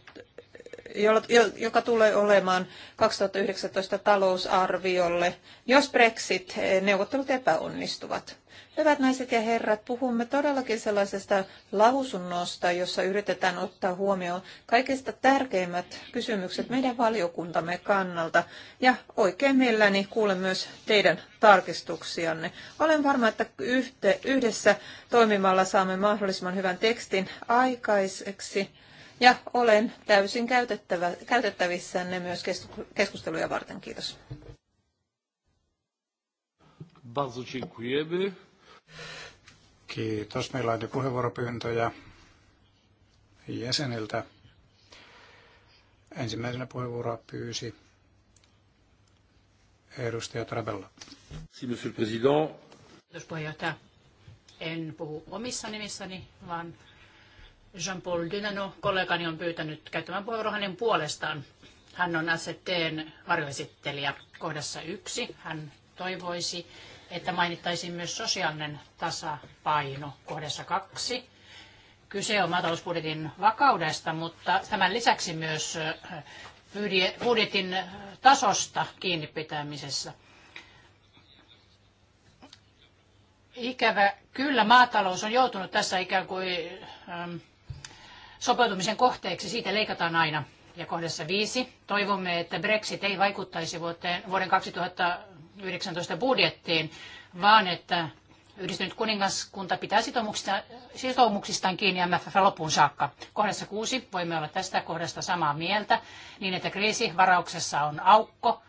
joka tulee olemaan 2019 talousarviolle, jos Brexit-neuvottelut eh, epäonnistuvat. Hyvät naiset ja herrat, puhumme todellakin sellaisesta lausunnosta, jossa yritetään ottaa huomioon kaikista tärkeimmät kysymykset meidän valiokuntamme kannalta. Ja oikein mielelläni kuulen myös teidän tarkistuksianne. Olen varma, että yhdessä toimimalla saamme mahdollisimman hyvän tekstin aikaiseksi ja olen täysin käytettävä, käytettävissänne myös keskusteluja varten. Kiitos. Bardzo dziękujemy. Kiitos. Meillä on puheenvuoropyyntöjä jäseniltä. Ensimmäisenä puheenvuoroa pyysi edustaja Trabella. Si, monsieur le président. Kiitos puheenjohtaja. En puhu omissa nimissäni, vaan Jean-Paul Dynano, kollegani, on pyytänyt käyttämään puheenvuoron hänen puolestaan. Hän on ACTn varjoesittelijä kohdassa yksi. Hän toivoisi, että mainittaisiin myös sosiaalinen tasapaino kohdassa kaksi. Kyse on maatalousbudjetin vakaudesta, mutta tämän lisäksi myös budjetin tasosta kiinni pitämisessä. Ikävä kyllä maatalous on joutunut tässä ikään kuin sopeutumisen kohteeksi, siitä leikataan aina. Ja kohdassa viisi, toivomme, että Brexit ei vaikuttaisi vuoteen, vuoden 2019 budjettiin, vaan että yhdistynyt kuningaskunta pitää sitoumuksista, sitoumuksistaan kiinni MFF loppuun saakka. Kohdassa kuusi voimme olla tästä kohdasta samaa mieltä, niin että kriisivarauksessa on aukko.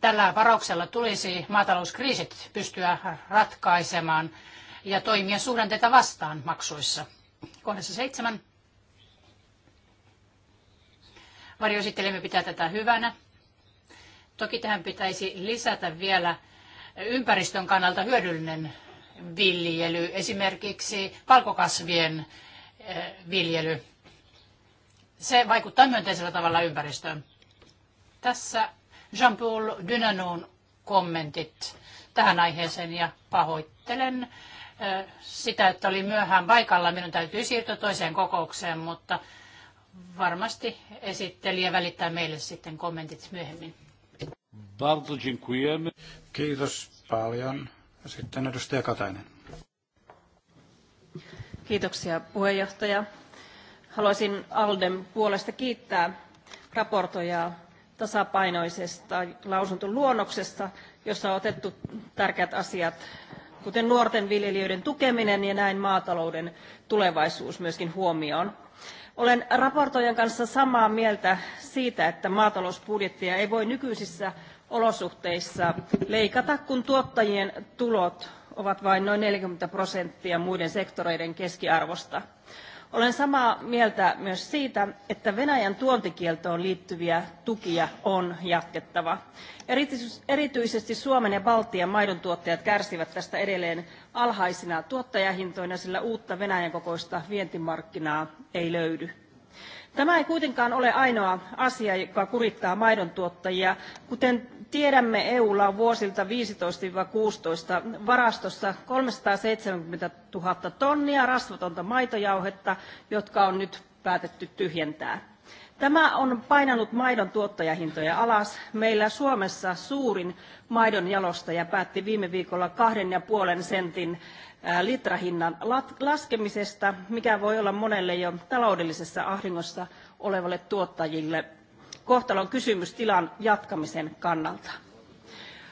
Tällä varauksella tulisi maatalouskriisit pystyä ratkaisemaan ja toimia suhdanteita vastaan maksuissa kohdassa seitsemän. Varjoesittelemme pitää tätä hyvänä. Toki tähän pitäisi lisätä vielä ympäristön kannalta hyödyllinen viljely, esimerkiksi palkokasvien eh, viljely. Se vaikuttaa myönteisellä tavalla ympäristöön. Tässä Jean-Paul Dynanon kommentit tähän aiheeseen ja pahoittelen sitä, että oli myöhään paikalla. Minun täytyy siirtyä toiseen kokoukseen, mutta varmasti esittelijä välittää meille sitten kommentit myöhemmin. Kiitos paljon. Sitten edustaja Katainen. Kiitoksia puheenjohtaja. Haluaisin Alden puolesta kiittää raportoijaa tasapainoisesta lausuntoluonnoksesta, jossa on otettu tärkeät asiat kuten nuorten viljelijöiden tukeminen ja näin maatalouden tulevaisuus myöskin huomioon. Olen raportoijan kanssa samaa mieltä siitä, että maatalousbudjettia ei voi nykyisissä olosuhteissa leikata, kun tuottajien tulot ovat vain noin 40 prosenttia muiden sektoreiden keskiarvosta. Olen samaa mieltä myös siitä, että Venäjän tuontikieltoon liittyviä tukia on jatkettava. Erityisesti Suomen ja Baltian maidon tuottajat kärsivät tästä edelleen alhaisina tuottajahintoina, sillä uutta Venäjän kokoista vientimarkkinaa ei löydy. Tämä ei kuitenkaan ole ainoa asia, joka kurittaa maidon tuottajia, kuten Tiedämme, EUlla on vuosilta 15-16 varastossa 370 000 tonnia rasvatonta maitojauhetta, jotka on nyt päätetty tyhjentää. Tämä on painanut maidon tuottajahintoja alas. Meillä Suomessa suurin maidon jalostaja päätti viime viikolla kahden ja puolen sentin litrahinnan laskemisesta, mikä voi olla monelle jo taloudellisessa ahdingossa olevalle tuottajille kohtalon kysymys tilan jatkamisen kannalta.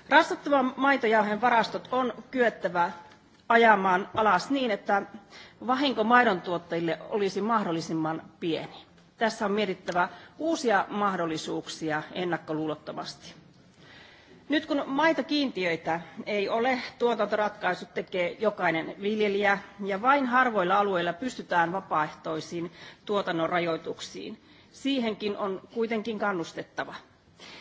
Rastattavan maitojauheen varastot on kyettävä ajamaan alas niin, että vahinko maidon tuottajille olisi mahdollisimman pieni. Tässä on mietittävä uusia mahdollisuuksia ennakkoluulottomasti. Nyt kun maitokiintiöitä ei ole, tuotantoratkaisut tekee jokainen viljelijä ja vain harvoilla alueilla pystytään vapaaehtoisiin tuotannon rajoituksiin. Siihenkin on kuitenkin kannustettava.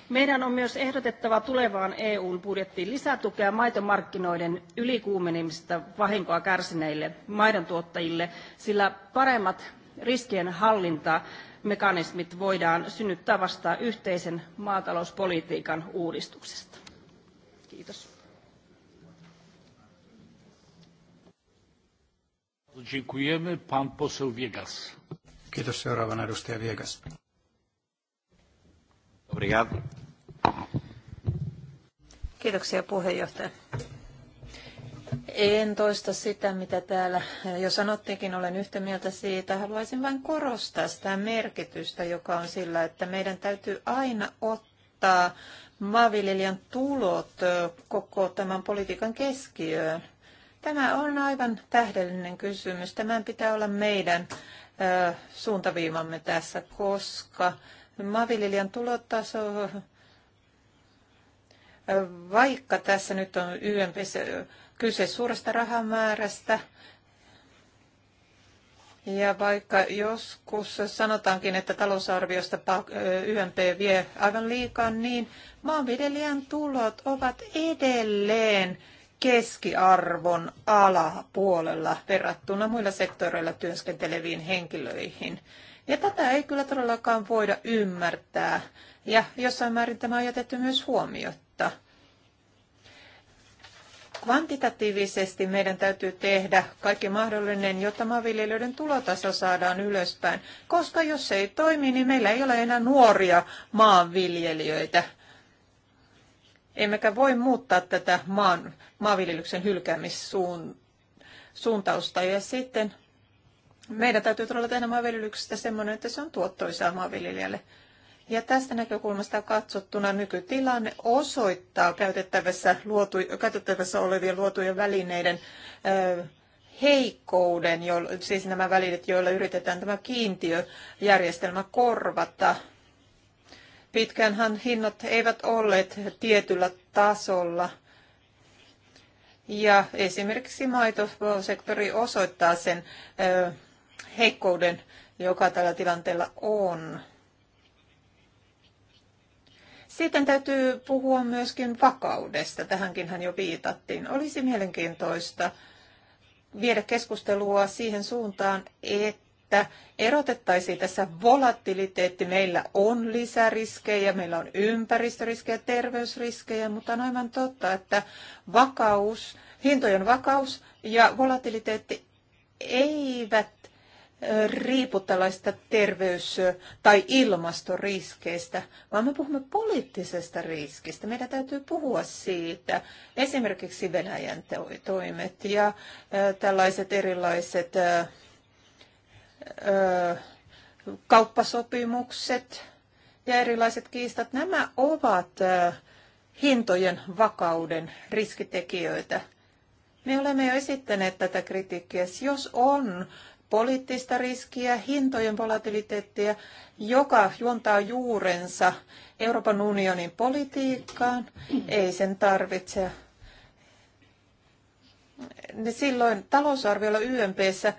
Meidän on myös ehdotettava tulevaan EUn budjettiin lisätukea maitomarkkinoiden ylikuumenemista vahinkoa kärsineille maidontuottajille, sillä paremmat riskien hallintamekanismit voidaan synnyttää vasta yhteisen maatalouspolitiikan uudistuksesta. Kiitos. Dziękujemy. Pan poseł Wiegas. Kiitos seuraavana edustaja Viekas. Obrigado. Kiitoksia puheenjohtaja. En toista sitä, mitä täällä jo sanottiinkin, olen yhtä mieltä siitä. Haluaisin vain korostaa sitä merkitystä, joka on sillä, että meidän täytyy aina ottaa maanviljelijän tulot koko tämän politiikan keskiöön. Tämä on aivan tähdellinen kysymys. Tämän pitää olla meidän suuntaviimamme tässä, koska maanviljelijän tulotaso, vaikka tässä nyt on YMP kyse suuresta rahamäärästä, ja vaikka joskus sanotaankin, että talousarviosta YMP vie aivan liikaa, niin maanviljelijän tulot ovat edelleen keskiarvon alapuolella verrattuna muilla sektoreilla työskenteleviin henkilöihin. Ja tätä ei kyllä todellakaan voida ymmärtää. Ja jossain määrin tämä on jätetty myös huomiotta. Kvantitatiivisesti meidän täytyy tehdä kaikki mahdollinen, jotta maanviljelijöiden tulotaso saadaan ylöspäin, koska jos se ei toimi, niin meillä ei ole enää nuoria maanviljelijöitä. Emmekä voi muuttaa tätä maan, maanviljelyksen hylkäämissuuntausta. Ja sitten meidän täytyy todella tehdä maanviljelyksestä semmoinen, että se on tuottoisaa maanviljelijälle. Ja tästä näkökulmasta katsottuna nykytilanne osoittaa käytettävissä, luotu, käytettävissä olevien luotujen välineiden ö, heikkouden, jo, siis nämä välineet, joilla yritetään tämä kiintiöjärjestelmä korvata Pitkäänhän hinnat eivät olleet tietyllä tasolla. Ja esimerkiksi maitosektori osoittaa sen heikkouden, joka tällä tilanteella on. Sitten täytyy puhua myöskin vakaudesta. Tähänkin hän jo viitattiin. Olisi mielenkiintoista viedä keskustelua siihen suuntaan, että että erotettaisiin tässä volatiliteetti. Meillä on lisäriskejä, meillä on ympäristöriskejä, terveysriskejä, mutta on aivan totta, että vakaus, hintojen vakaus ja volatiliteetti eivät riipu tällaista terveys- tai ilmastoriskeistä, vaan me puhumme poliittisesta riskistä. Meidän täytyy puhua siitä. Esimerkiksi Venäjän toimet ja tällaiset erilaiset kauppasopimukset ja erilaiset kiistat, nämä ovat hintojen vakauden riskitekijöitä. Me olemme jo esittäneet tätä kritiikkiä. Siis jos on poliittista riskiä, hintojen volatiliteettia, joka juontaa juurensa Euroopan unionin politiikkaan, ei sen tarvitse. Niin silloin talousarviolla YMPssä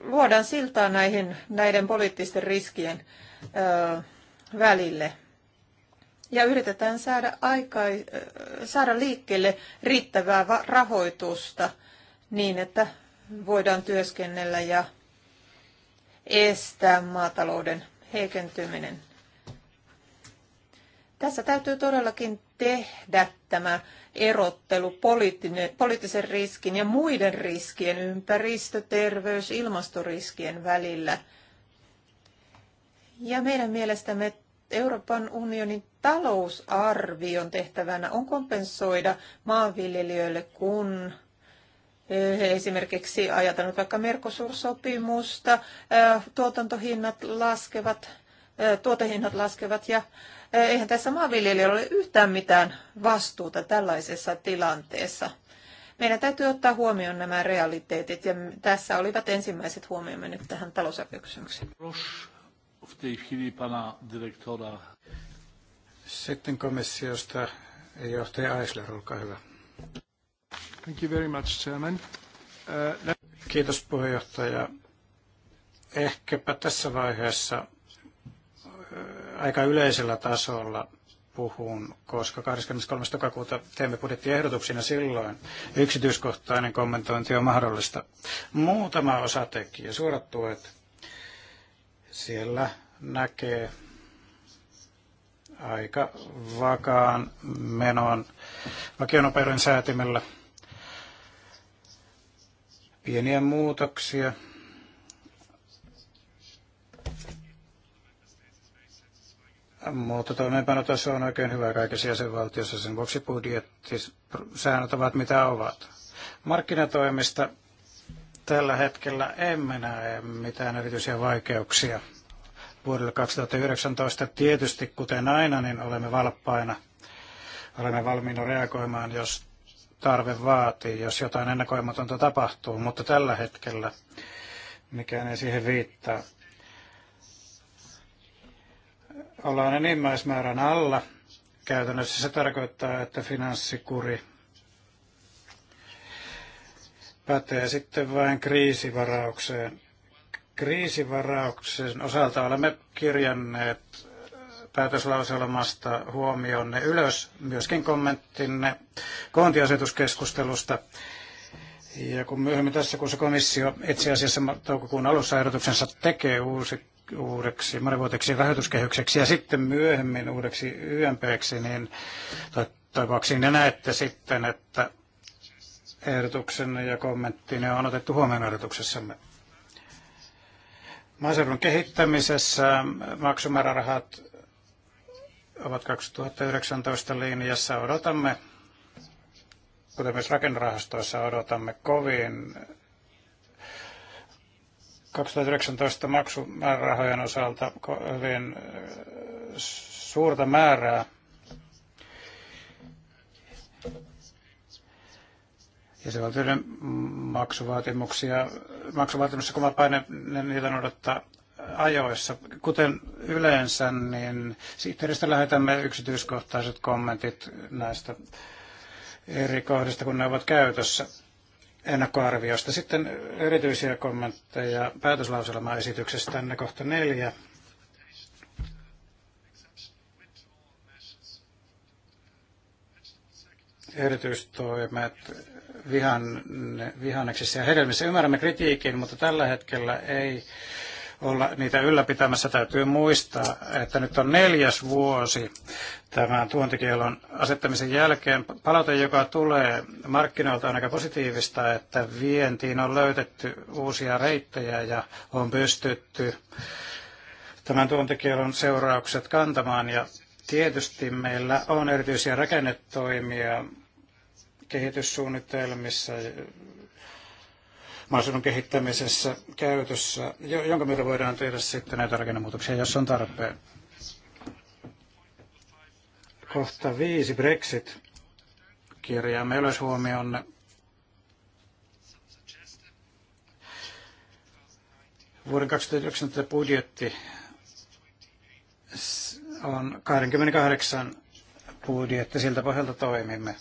luodaan siltaa näihin, näiden poliittisten riskien ö, välille. Ja yritetään saada, aika, saada liikkeelle riittävää rahoitusta niin, että voidaan työskennellä ja estää maatalouden heikentyminen. Tässä täytyy todellakin tehdä tämä erottelu poliittisen riskin ja muiden riskien, ympäristö-, terveys-, ilmastoriskien välillä. Ja meidän mielestämme Euroopan unionin talousarvion tehtävänä on kompensoida maanviljelijöille, kun esimerkiksi ajatellaan vaikka Mercosur-sopimusta, tuotantohinnat laskevat, tuotehinnat laskevat ja Eihän tässä maanviljelijöillä ole yhtään mitään vastuuta tällaisessa tilanteessa. Meidän täytyy ottaa huomioon nämä realiteetit ja tässä olivat ensimmäiset huomioimme nyt tähän talousarviokysymykseen. Sitten komissiosta johtaja Eisler, olkaa hyvä. Thank you very much, Chairman. Uh, Kiitos puheenjohtaja. Ehkäpä tässä vaiheessa aika yleisellä tasolla puhun, koska 23. lokakuuta teemme budjettiehdotuksina silloin. Yksityiskohtainen kommentointi on mahdollista. Muutama osatekijä, suorat tuet. Siellä näkee aika vakaan menon vakionopeuden säätimellä. Pieniä muutoksia Mutta toimeenpanotaso on oikein hyvä kaikessa jäsenvaltiossa, sen vuoksi budjettisäännöt ovat mitä ovat. Markkinatoimista tällä hetkellä emme näe mitään erityisiä vaikeuksia. Vuodelle 2019 tietysti, kuten aina, niin olemme valppaina. Olemme valmiina reagoimaan, jos tarve vaatii, jos jotain ennakoimatonta tapahtuu, mutta tällä hetkellä mikään ei siihen viittaa ollaan enimmäismäärän alla. Käytännössä se tarkoittaa, että finanssikuri pätee sitten vain kriisivaraukseen. Kriisivarauksen osalta olemme kirjanneet päätöslauselmasta huomionne ylös, myöskin kommenttinne koontiasetuskeskustelusta. Ja kun myöhemmin tässä, kun se komissio itse asiassa toukokuun alussa ehdotuksensa tekee uusi uudeksi monivuoteksi rahoituskehykseksi ja sitten myöhemmin uudeksi YMPksi, niin toivottavaksi ne näette sitten, että ehdotuksen ja ne on otettu huomioon ehdotuksessamme. Maaseudun kehittämisessä maksumäärärahat ovat 2019 linjassa. Odotamme, kuten myös rakennerahastoissa odotamme kovin 2019 maksumäärärahojen osalta hyvin suurta määrää. valtioiden maksuvaatimuksia, maksuvaatimuksia kun paine, niitä noudattaa ajoissa. Kuten yleensä, niin sihteeristä lähetämme yksityiskohtaiset kommentit näistä eri kohdista, kun ne ovat käytössä ennakkoarviosta. Sitten erityisiä kommentteja päätöslauselmaesityksestä tänne kohta neljä. Erityistoimet vihan, vihanneksissa ja hedelmissä. Ymmärrämme kritiikin, mutta tällä hetkellä ei olla niitä ylläpitämässä. Täytyy muistaa, että nyt on neljäs vuosi tämän tuontikielon asettamisen jälkeen. Palaute, joka tulee markkinoilta, on aika positiivista, että vientiin on löytetty uusia reittejä ja on pystytty tämän tuontikielon seuraukset kantamaan. Ja tietysti meillä on erityisiä rakennetoimia kehityssuunnitelmissa maaseudun kehittämisessä käytössä, jonka myötä voidaan tehdä sitten näitä rakennemuutoksia, jos on tarpeen. Kohta viisi Brexit kirjaamme ylös huomioon vuoden 2019 budjetti on 28 budjetti, siltä pohjalta toimimme.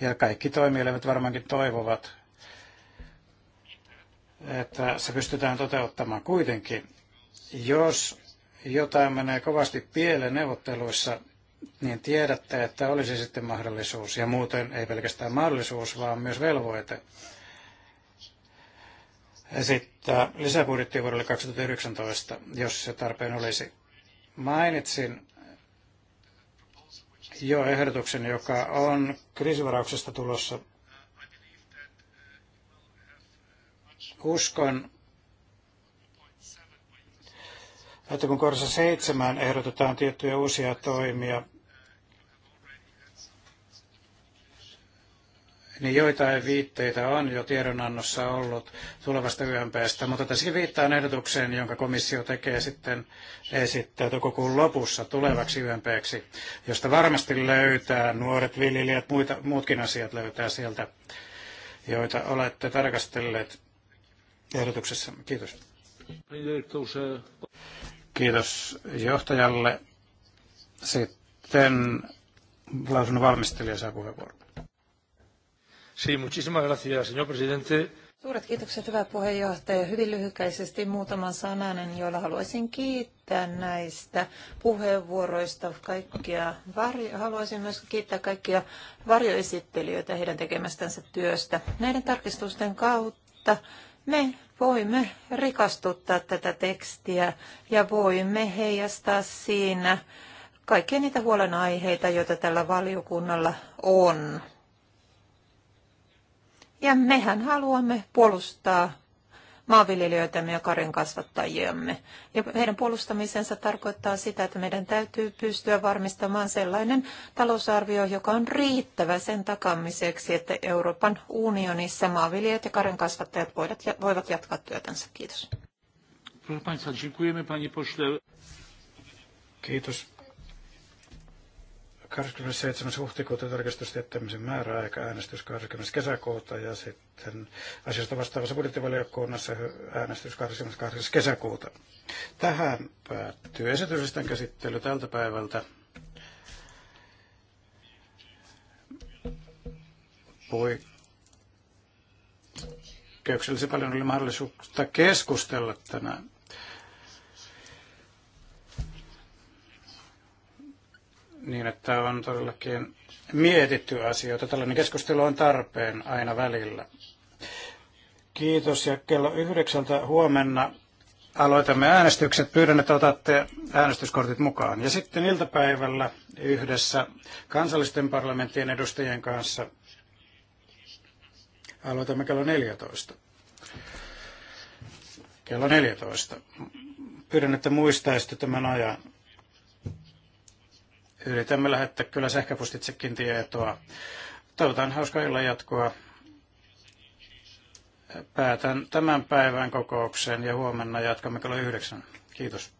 Ja kaikki toimielimet varmaankin toivovat, että se pystytään toteuttamaan kuitenkin. Jos jotain menee kovasti pieleen neuvotteluissa, niin tiedätte, että olisi sitten mahdollisuus, ja muuten ei pelkästään mahdollisuus, vaan myös velvoite esittää lisäbudjettia vuodelle 2019, jos se tarpeen olisi. Mainitsin jo ehdotuksen, joka on kriisivarauksesta tulossa. Uskon, että kun korsa seitsemään ehdotetaan tiettyjä uusia toimia, niin joitain viitteitä on jo tiedonannossa ollut tulevasta YMPstä, mutta tässäkin viittaan ehdotukseen, jonka komissio tekee sitten esittää toukokuun lopussa tulevaksi YMPksi, josta varmasti löytää nuoret viljelijät, muita, muutkin asiat löytää sieltä, joita olette tarkastelleet ehdotuksessa. Kiitos. Kiitos johtajalle. Sitten lausunnon valmistelija saa puheenvuoron. Suuret kiitokset, hyvä puheenjohtaja. Hyvin lyhykäisesti muutaman sananen, jolla haluaisin kiittää näistä puheenvuoroista. Kaikkia varjo, haluaisin myös kiittää kaikkia varjoesittelijöitä heidän tekemästänsä työstä. Näiden tarkistusten kautta me voimme rikastuttaa tätä tekstiä ja voimme heijastaa siinä kaikkia niitä huolenaiheita, joita tällä valiokunnalla on. Ja mehän haluamme puolustaa maanviljelijöitämme ja karjan kasvattajiamme. Ja heidän puolustamisensa tarkoittaa sitä, että meidän täytyy pystyä varmistamaan sellainen talousarvio, joka on riittävä sen takamiseksi, että Euroopan unionissa maanviljelijät ja karjan kasvattajat voivat jatkaa työtänsä. Kiitos. Kiitos. 27. huhtikuuta tarkistustiettämisen määräaika äänestys 20. kesäkuuta ja sitten asiasta vastaavassa budjettivaliokunnassa äänestys 28. kesäkuuta. Tähän päättyy esityslistan käsittely tältä päivältä. Poikkeuksellisen paljon oli mahdollisuutta keskustella tänään. niin, että on todellakin mietitty asioita. Tällainen keskustelu on tarpeen aina välillä. Kiitos ja kello yhdeksältä huomenna aloitamme äänestykset. Pyydän, että otatte äänestyskortit mukaan. Ja sitten iltapäivällä yhdessä kansallisten parlamenttien edustajien kanssa aloitamme kello 14. Kello 14. Pyydän, että muistaisitte tämän ajan. Yritämme lähettää kyllä sähköpostitsekin tietoa. Toivotan hauskaa illan jatkoa. Päätän tämän päivän kokouksen ja huomenna jatkamme kello yhdeksän. Kiitos.